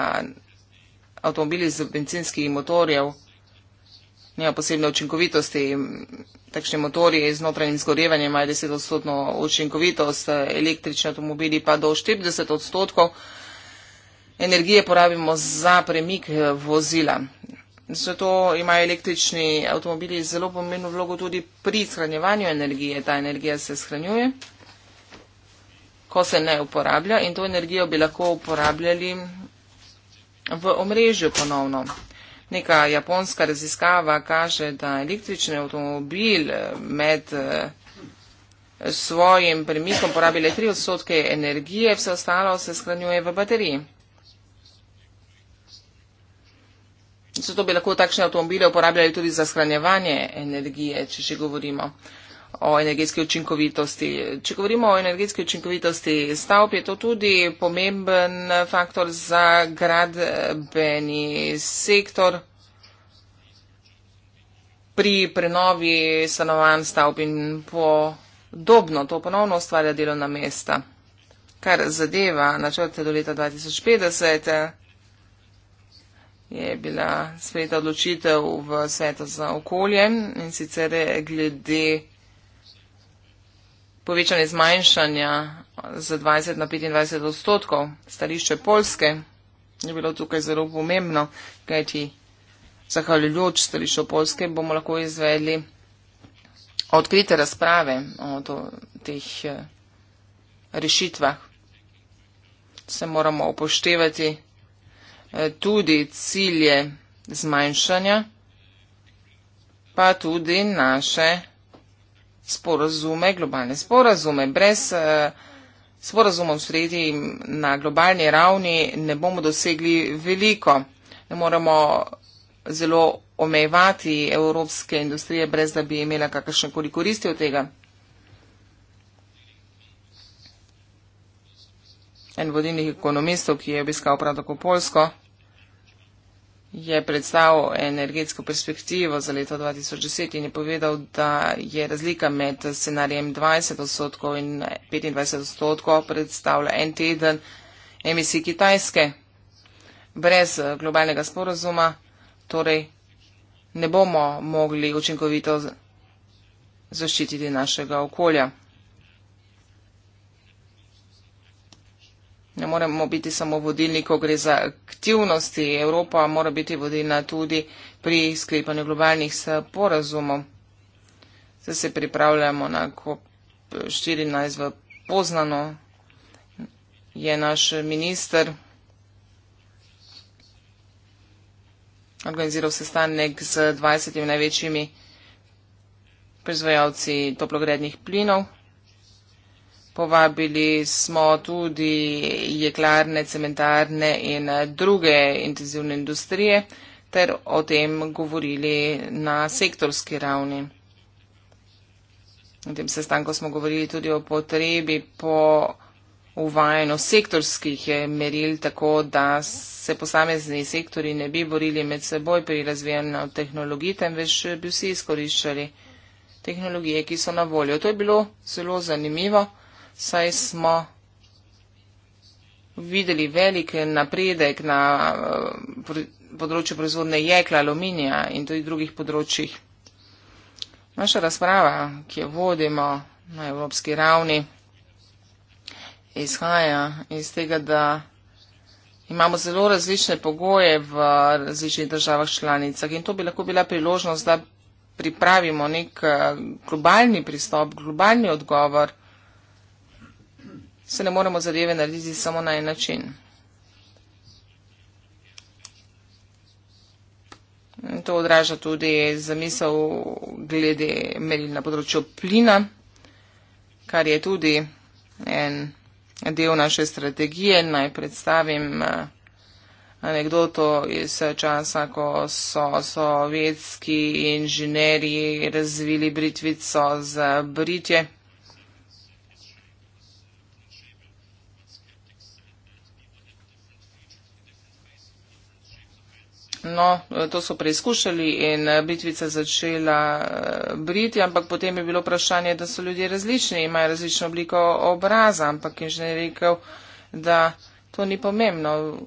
Speaker 1: avtomobili z benzinskimi motorjev nima posebne učinkovitosti. Takšni motori z notranjim zgorevanjem imajo 10 odstotno učinkovitost, električni avtomobili pa do 40 odstotkov energije porabimo za premik vozila. Zato imajo električni avtomobili zelo pomembno vlogo tudi pri shranjevanju energije. Ta energija se shranjuje, ko se ne uporablja in to energijo bi lahko uporabljali v omrežju ponovno neka japonska raziskava kaže, da električni avtomobil eh, med eh, svojim premikom porabi le 3 odstotke energije, vse ostalo se skranjuje v bateriji. Zato bi lahko takšne avtomobile uporabljali tudi za skranjevanje energije, če že govorimo o energetski učinkovitosti. Če govorimo o energetski učinkovitosti stavb, je to tudi pomemben faktor za gradbeni sektor pri prenovi stanovanj stavb in podobno. To ponovno ustvarja delovna mesta. Kar zadeva načrte do leta 2050, je bila sveta odločitev v svetu za okolje in sicer glede povečanje zmanjšanja za 20 na 25 odstotkov. Stališče Polske je bilo tukaj zelo pomembno, kajti zahvaljujoč stališču Polske bomo lahko izvedli odkrite razprave o to, teh eh, rešitvah. Se moramo upoštevati eh, tudi cilje zmanjšanja, pa tudi naše sporozume, globalne sporozume. Brez uh, eh, sporozumov sredi na globalni ravni ne bomo dosegli veliko. Ne moramo zelo omejevati evropske industrije, brez da bi imela kakršne koli koristi od tega. En vodilnih ekonomistov, ki je obiskal prav tako Polsko, je predstavil energetsko perspektivo za leto 2010 in je povedal, da je razlika med scenarijem 20 odstotkov in 25 odstotkov predstavlja en teden emisij Kitajske. Brez eh, globalnega sporozuma torej ne bomo mogli učinkovito zaščititi našega okolja. Ne moremo biti samo vodilni, ko gre za aktivnosti. Evropa mora biti vodilna tudi pri sklepanju globalnih sporazumov. Zdaj se pripravljamo na COP14 v Poznano. Je naš minister organiziral sestanek z 20 največjimi proizvajalci toplogrednih plinov. Povabili smo tudi jeklarne, cementarne in druge intenzivne industrije ter o tem govorili na sektorski ravni. Na tem sestanku smo govorili tudi o potrebi po uvajanju sektorskih meril, tako da se posamezni sektori ne bi borili med seboj pri razvijanju tehnologij, temveč bi vsi izkoriščali tehnologije, ki so na voljo. To je bilo zelo zanimivo saj smo videli velik napredek na eh, področju proizvodne jekla, aluminija in tudi drugih področjih. Naša razprava, ki jo vodimo na evropski ravni, izhaja iz tega, da imamo zelo različne pogoje v različnih državah članicah in to bi lahko bila priložnost, da pripravimo nek eh, globalni pristop, globalni odgovor se ne moremo zadeve narediti samo na en način. To odraža tudi zamisel glede meril na področju plina, kar je tudi en del naše strategije. Naj predstavim eh, anegdoto iz časa, ko so sovjetski inženerji razvili britvico za britje. No, to so preizkušali in eh, bitvica začela eh, briti, ampak potem je bilo vprašanje, da so ljudje različni, imajo različno obliko obraza, ampak inženir je rekel, da to ni pomembno.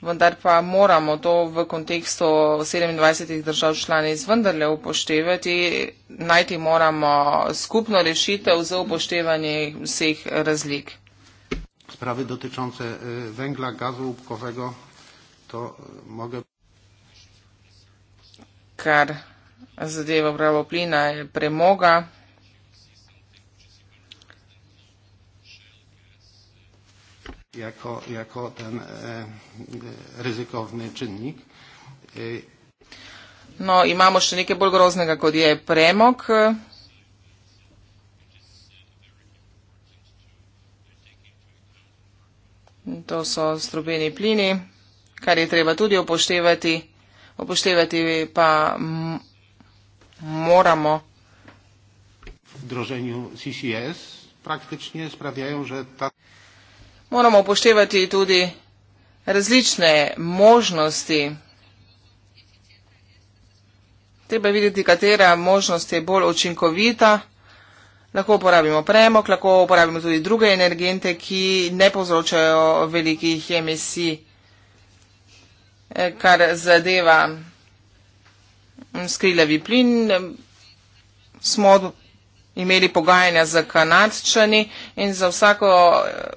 Speaker 1: Vendar pa moramo to v kontekstu 27 držav članic vendarle upoštevati, najti moramo skupno rešitev za upoštevanje vseh razlik.
Speaker 3: Sprave dotičance venkla, gazu upkovega to eh, mogel.
Speaker 1: Kar zadeva pravo plina je premoga.
Speaker 3: Jako, jako ten eh, rizikovni činnik. Eh,
Speaker 1: no, imamo še nekaj bolj groznega, kot je premog. To so strobeni plini kar je treba tudi upoštevati, upoštevati pa moramo. Združenju CCS praktično spravljajo, že ta. Moramo upoštevati tudi različne možnosti. Treba videti, katera možnost je bolj učinkovita. Lahko uporabimo premog, lahko uporabimo tudi druge energente, ki ne povzročajo velikih emisij. Eh, kar zadeva mm, skrilevi plin, smo imeli pogajanja z kanadčani in za vsako eh,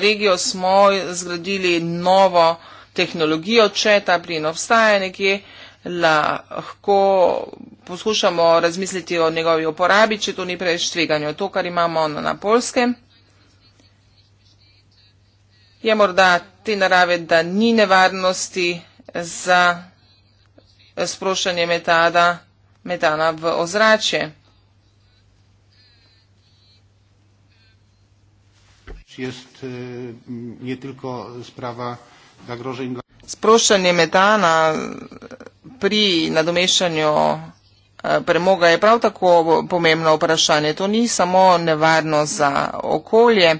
Speaker 1: regijo smo zgradili novo tehnologijo, če ta plin obstaja nekje, lahko poskušamo razmisliti o njegovi uporabi, če to ni preveč tveganje. To, kar imamo na polskem je morda te narave, da ni nevarnosti za sprošanje metada, metana v ozračje.
Speaker 3: Je e, tako sprava zagrožen.
Speaker 1: Sprošanje metana pri nadomešanju e, premoga je prav tako pomembno vprašanje. To ni samo nevarno za okolje.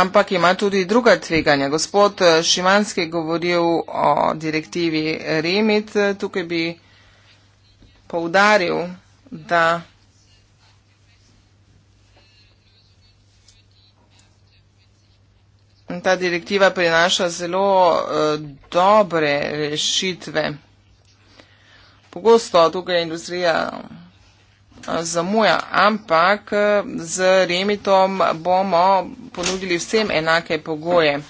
Speaker 1: ampak ima tudi druga tveganja. Gospod eh, Šimanski je govoril o direktivi REMIT. Tukaj bi poudaril, da ta direktiva prinaša zelo eh, dobre rešitve. Pogosto tukaj industrija zamuja, ampak eh, z Remitom bomo ponudili vsem enake pogoje.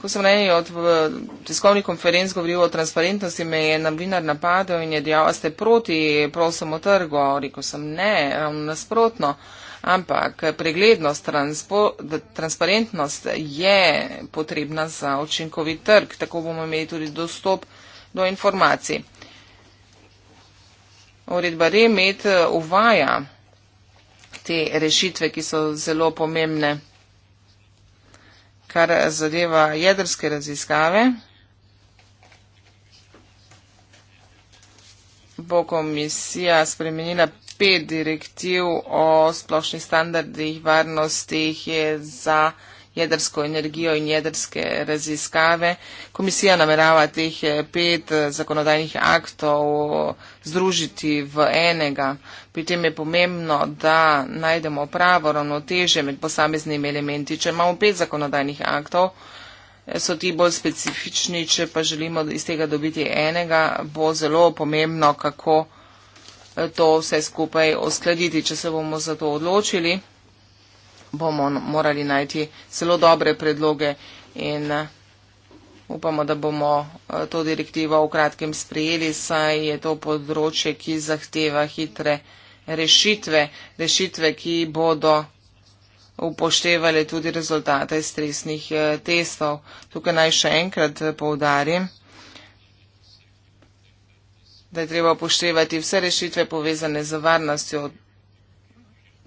Speaker 1: Ko sem na eni od tiskovnih konferenc govoril o transparentnosti, me je novinar napadel in je dejal, ste proti prosom o trgo. Rekl sem ne, nasprotno. Ampak preglednost, transparentnost je potrebna za učinkovit trg. Tako bomo imeli tudi dostop do informacij uredba REMET eh, uvaja te rešitve, ki so zelo pomembne, kar zadeva jedrske raziskave. Bo komisija spremenila pet direktiv o splošnih standardih varnosti, ki je za jedrsko energijo in jedrske raziskave. Komisija namerava teh eh, pet eh, zakonodajnih aktov eh, združiti v enega. Pri tem je pomembno, da najdemo pravo ravnoteže med posameznimi elementi. Če imamo pet zakonodajnih aktov, so ti bolj specifični, če pa želimo iz tega dobiti enega, bo zelo pomembno, kako to vse skupaj uskladiti, če se bomo za to odločili bomo morali najti zelo dobre predloge in eh, upamo, da bomo eh, to direktivo v kratkem sprejeli, saj je to področje, ki zahteva hitre rešitve, rešitve, ki bodo upoštevali tudi rezultate stresnih eh, testov. Tukaj naj še enkrat poudarim, da je treba upoštevati vse rešitve povezane z varnostjo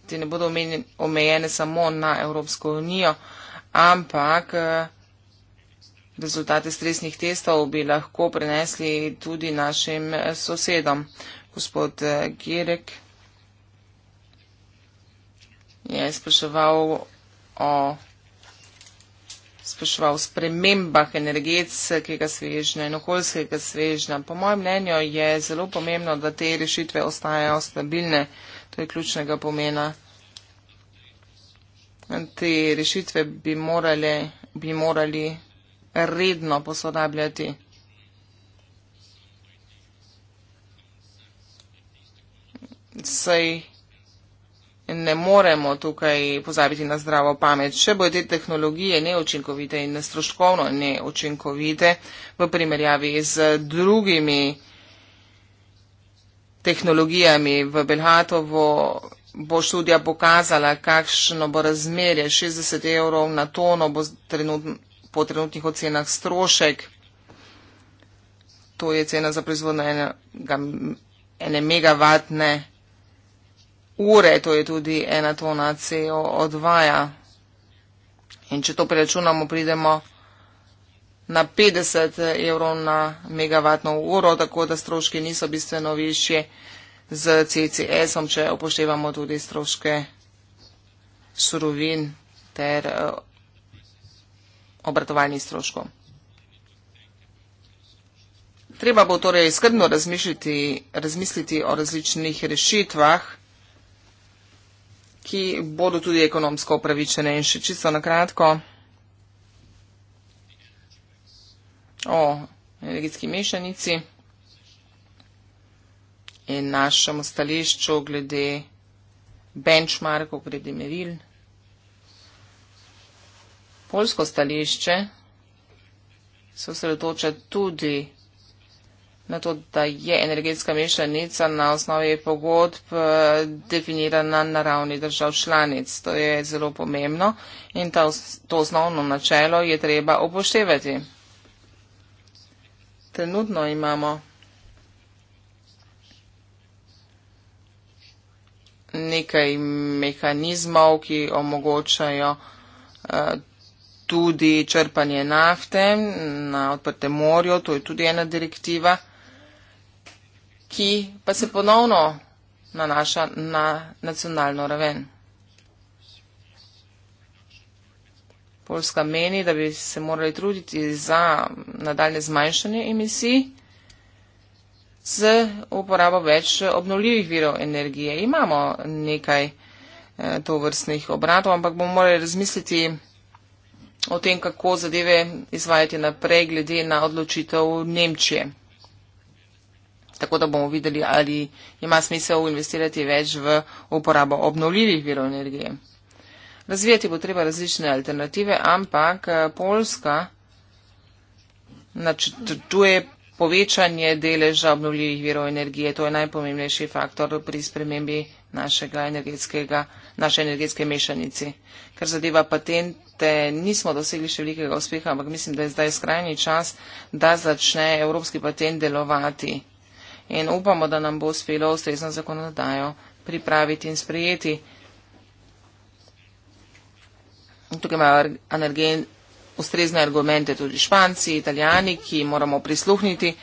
Speaker 1: te ne bodo omenjen, omejene samo na Evropsko unijo, ampak eh, rezultate stresnih testov bi lahko prenesli tudi našim eh, sosedom. Gospod eh, Girek je spraševal o spraševal spremembah energetskega svežnja in okoljskega svežnja. Po mojem mnenju je zelo pomembno, da te rešitve ostajajo stabilne. To je ključnega pomena. Te rešitve bi morali, bi morali redno posodabljati. Saj ne moremo tukaj pozabiti na zdravo pamet. Če bodo te tehnologije neočinkovite in stroškovno neočinkovite v primerjavi z drugimi tehnologijami, tehnologijami v Belhatovo, bo študija pokazala, kakšno bo razmerje 60 evrov na tono bo trenut, po trenutnih ocenah strošek. To je cena za proizvodno enega, ene megavatne ure, to je tudi ena tona CO2. In če to preračunamo, pridemo na 50 eh, evrov na megavatno uro, tako da stroški niso bistveno višje z CCS-om, če upoštevamo tudi stroške surovin ter eh, obratovalnih stroškov. Treba bo torej skrbno razmisliti o različnih rešitvah, ki bodo tudi ekonomsko upravičene in še čisto nakratko. o energetski mešanici in našemu stališču glede benchmarkov, glede meril. Polsko stališče se osredotoča tudi na to, da je energetska mešanica na osnovi pogodb eh, definirana na ravni držav članic. To je zelo pomembno in to, to osnovno načelo je treba upoštevati trenutno imamo nekaj mehanizmov, ki omogočajo eh, tudi črpanje nafte na odprtem morju, to je tudi ena direktiva, ki pa se ponovno nanaša na nacionalno raven. Poljska meni, da bi se morali truditi za nadaljne zmanjšanje emisij z uporabo več obnovljivih virov energije. Imamo nekaj eh, to vrstnih obratov, ampak bomo morali razmisliti o tem, kako zadeve izvajati naprej glede na odločitev Nemčije. Tako da bomo videli, ali ima smisel investirati več v uporabo obnovljivih virov energije. Razvijati bo treba različne alternative, ampak eh, Poljska načrtuje povečanje deleža obnovljivih virov energije. To je najpomembnejši faktor pri spremembi našega energetskega, naše energetske mešanici. Kar zadeva patente, nismo dosegli še velikega uspeha, ampak mislim, da je zdaj skrajni čas, da začne evropski patent delovati. In upamo, da nam bo uspelo ustrezno zakonodajo pripraviti in sprejeti tukaj imajo energen, ustrezne argumente tudi španci, italijani, ki moramo prisluhniti,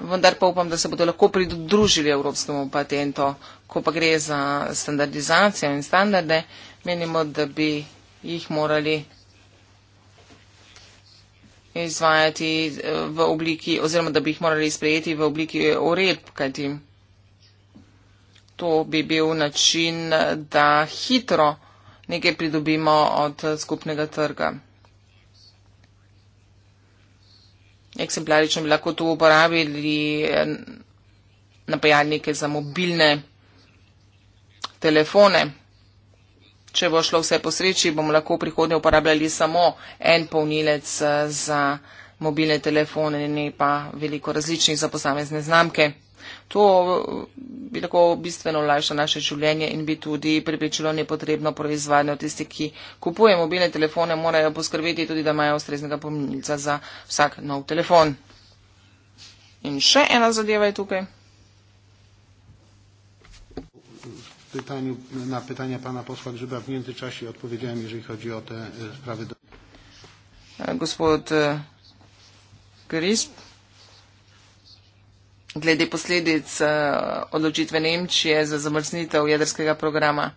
Speaker 1: vendar pa upam, da se bodo lahko pridružili evropskemu patentu. Ko pa gre za standardizacijo in standarde, menimo, da bi jih morali izvajati eh, v obliki oziroma da bi jih morali sprejeti v obliki ureb, kajti to bi bil način, da hitro nekaj pridobimo od skupnega trga. Eksemplarično bi lahko to uporabili eh, napajalnike za mobilne telefone. Če bo šlo vse po sreči, bomo lahko v prihodnje uporabljali samo en polnilec eh, za mobilne telefone, ne pa veliko različnih za posamezne znamke. To eh, bi tako bistveno olajšalo naše življenje in bi tudi pripričalo nepotrebno proizvodnjo. Tisti, ki kupuje mobilne telefone, morajo poskrbeti tudi, da imajo ustreznega pomnilca za vsak nov telefon. In še ena zadeva je tukaj.
Speaker 3: Pytaniu, na pytania pana posła Grzyba w międzyczasie
Speaker 1: odpowiedziałem, jeżeli chodzi o te e, sprawy. Gospod e, Grzyb glede posledic uh, odločitve Nemčije za zamrznitev jedrskega programa.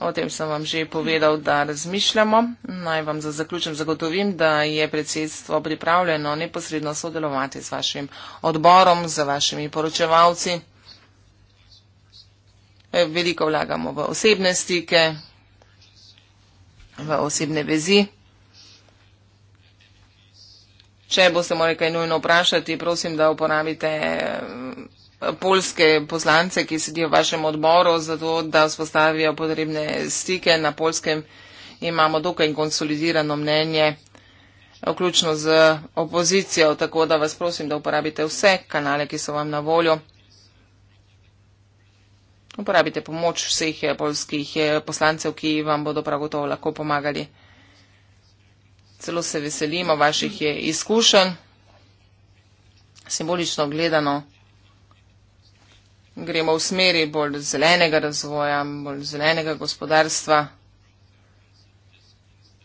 Speaker 1: O tem sem vam že povedal, da razmišljamo. Naj vam za zaključek zagotovim, da je predsedstvo pripravljeno neposredno sodelovati z vašim odborom, z vašimi poročevalci. Eh, veliko vlagamo v osebne stike, v osebne vezi. Če boste morali kaj nujno vprašati, prosim, da uporabite eh, polske poslance, ki sedijo v vašem odboru, zato da vzpostavijo potrebne stike na polskem. Imamo dokaj konsolidirano mnenje, vključno z opozicijo, tako da vas prosim, da uporabite vse kanale, ki so vam na voljo. Uporabite pomoč vseh eh, polskih eh, poslancev, ki vam bodo prav gotovo lahko pomagali celo se veselimo vaših izkušenj. Simbolično gledano gremo v smeri bolj zelenega razvoja, bolj zelenega gospodarstva,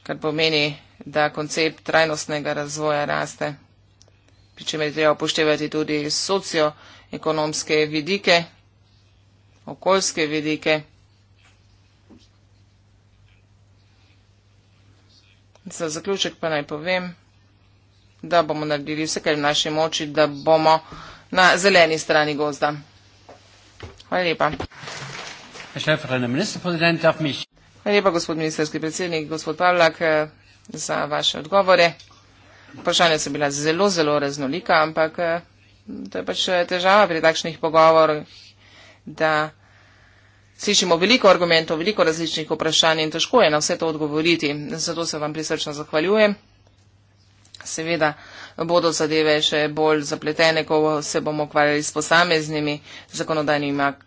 Speaker 1: kar pomeni, da koncept trajnostnega razvoja raste, pri čemer je treba upoštevati tudi socioekonomske vidike, okoljske vidike. Za zaključek pa naj povem, da bomo naredili vse, kar je v naši moči, da bomo na zeleni strani gozda. Hvala lepa. Hvala lepa, gospod ministerski predsednik, gospod Pavlak, eh, za vaše odgovore. Vprašanja so bila zelo, zelo raznolika, ampak eh, to je pač eh, težava pri takšnih pogovorih, da slišimo veliko argumentov, veliko različnih vprašanj in težko je na vse to odgovoriti. Zato se vam prisrčno zahvaljujem. Seveda bodo zadeve še bolj zapletene, ko se bomo ukvarjali s posameznimi zakonodajnimi akti.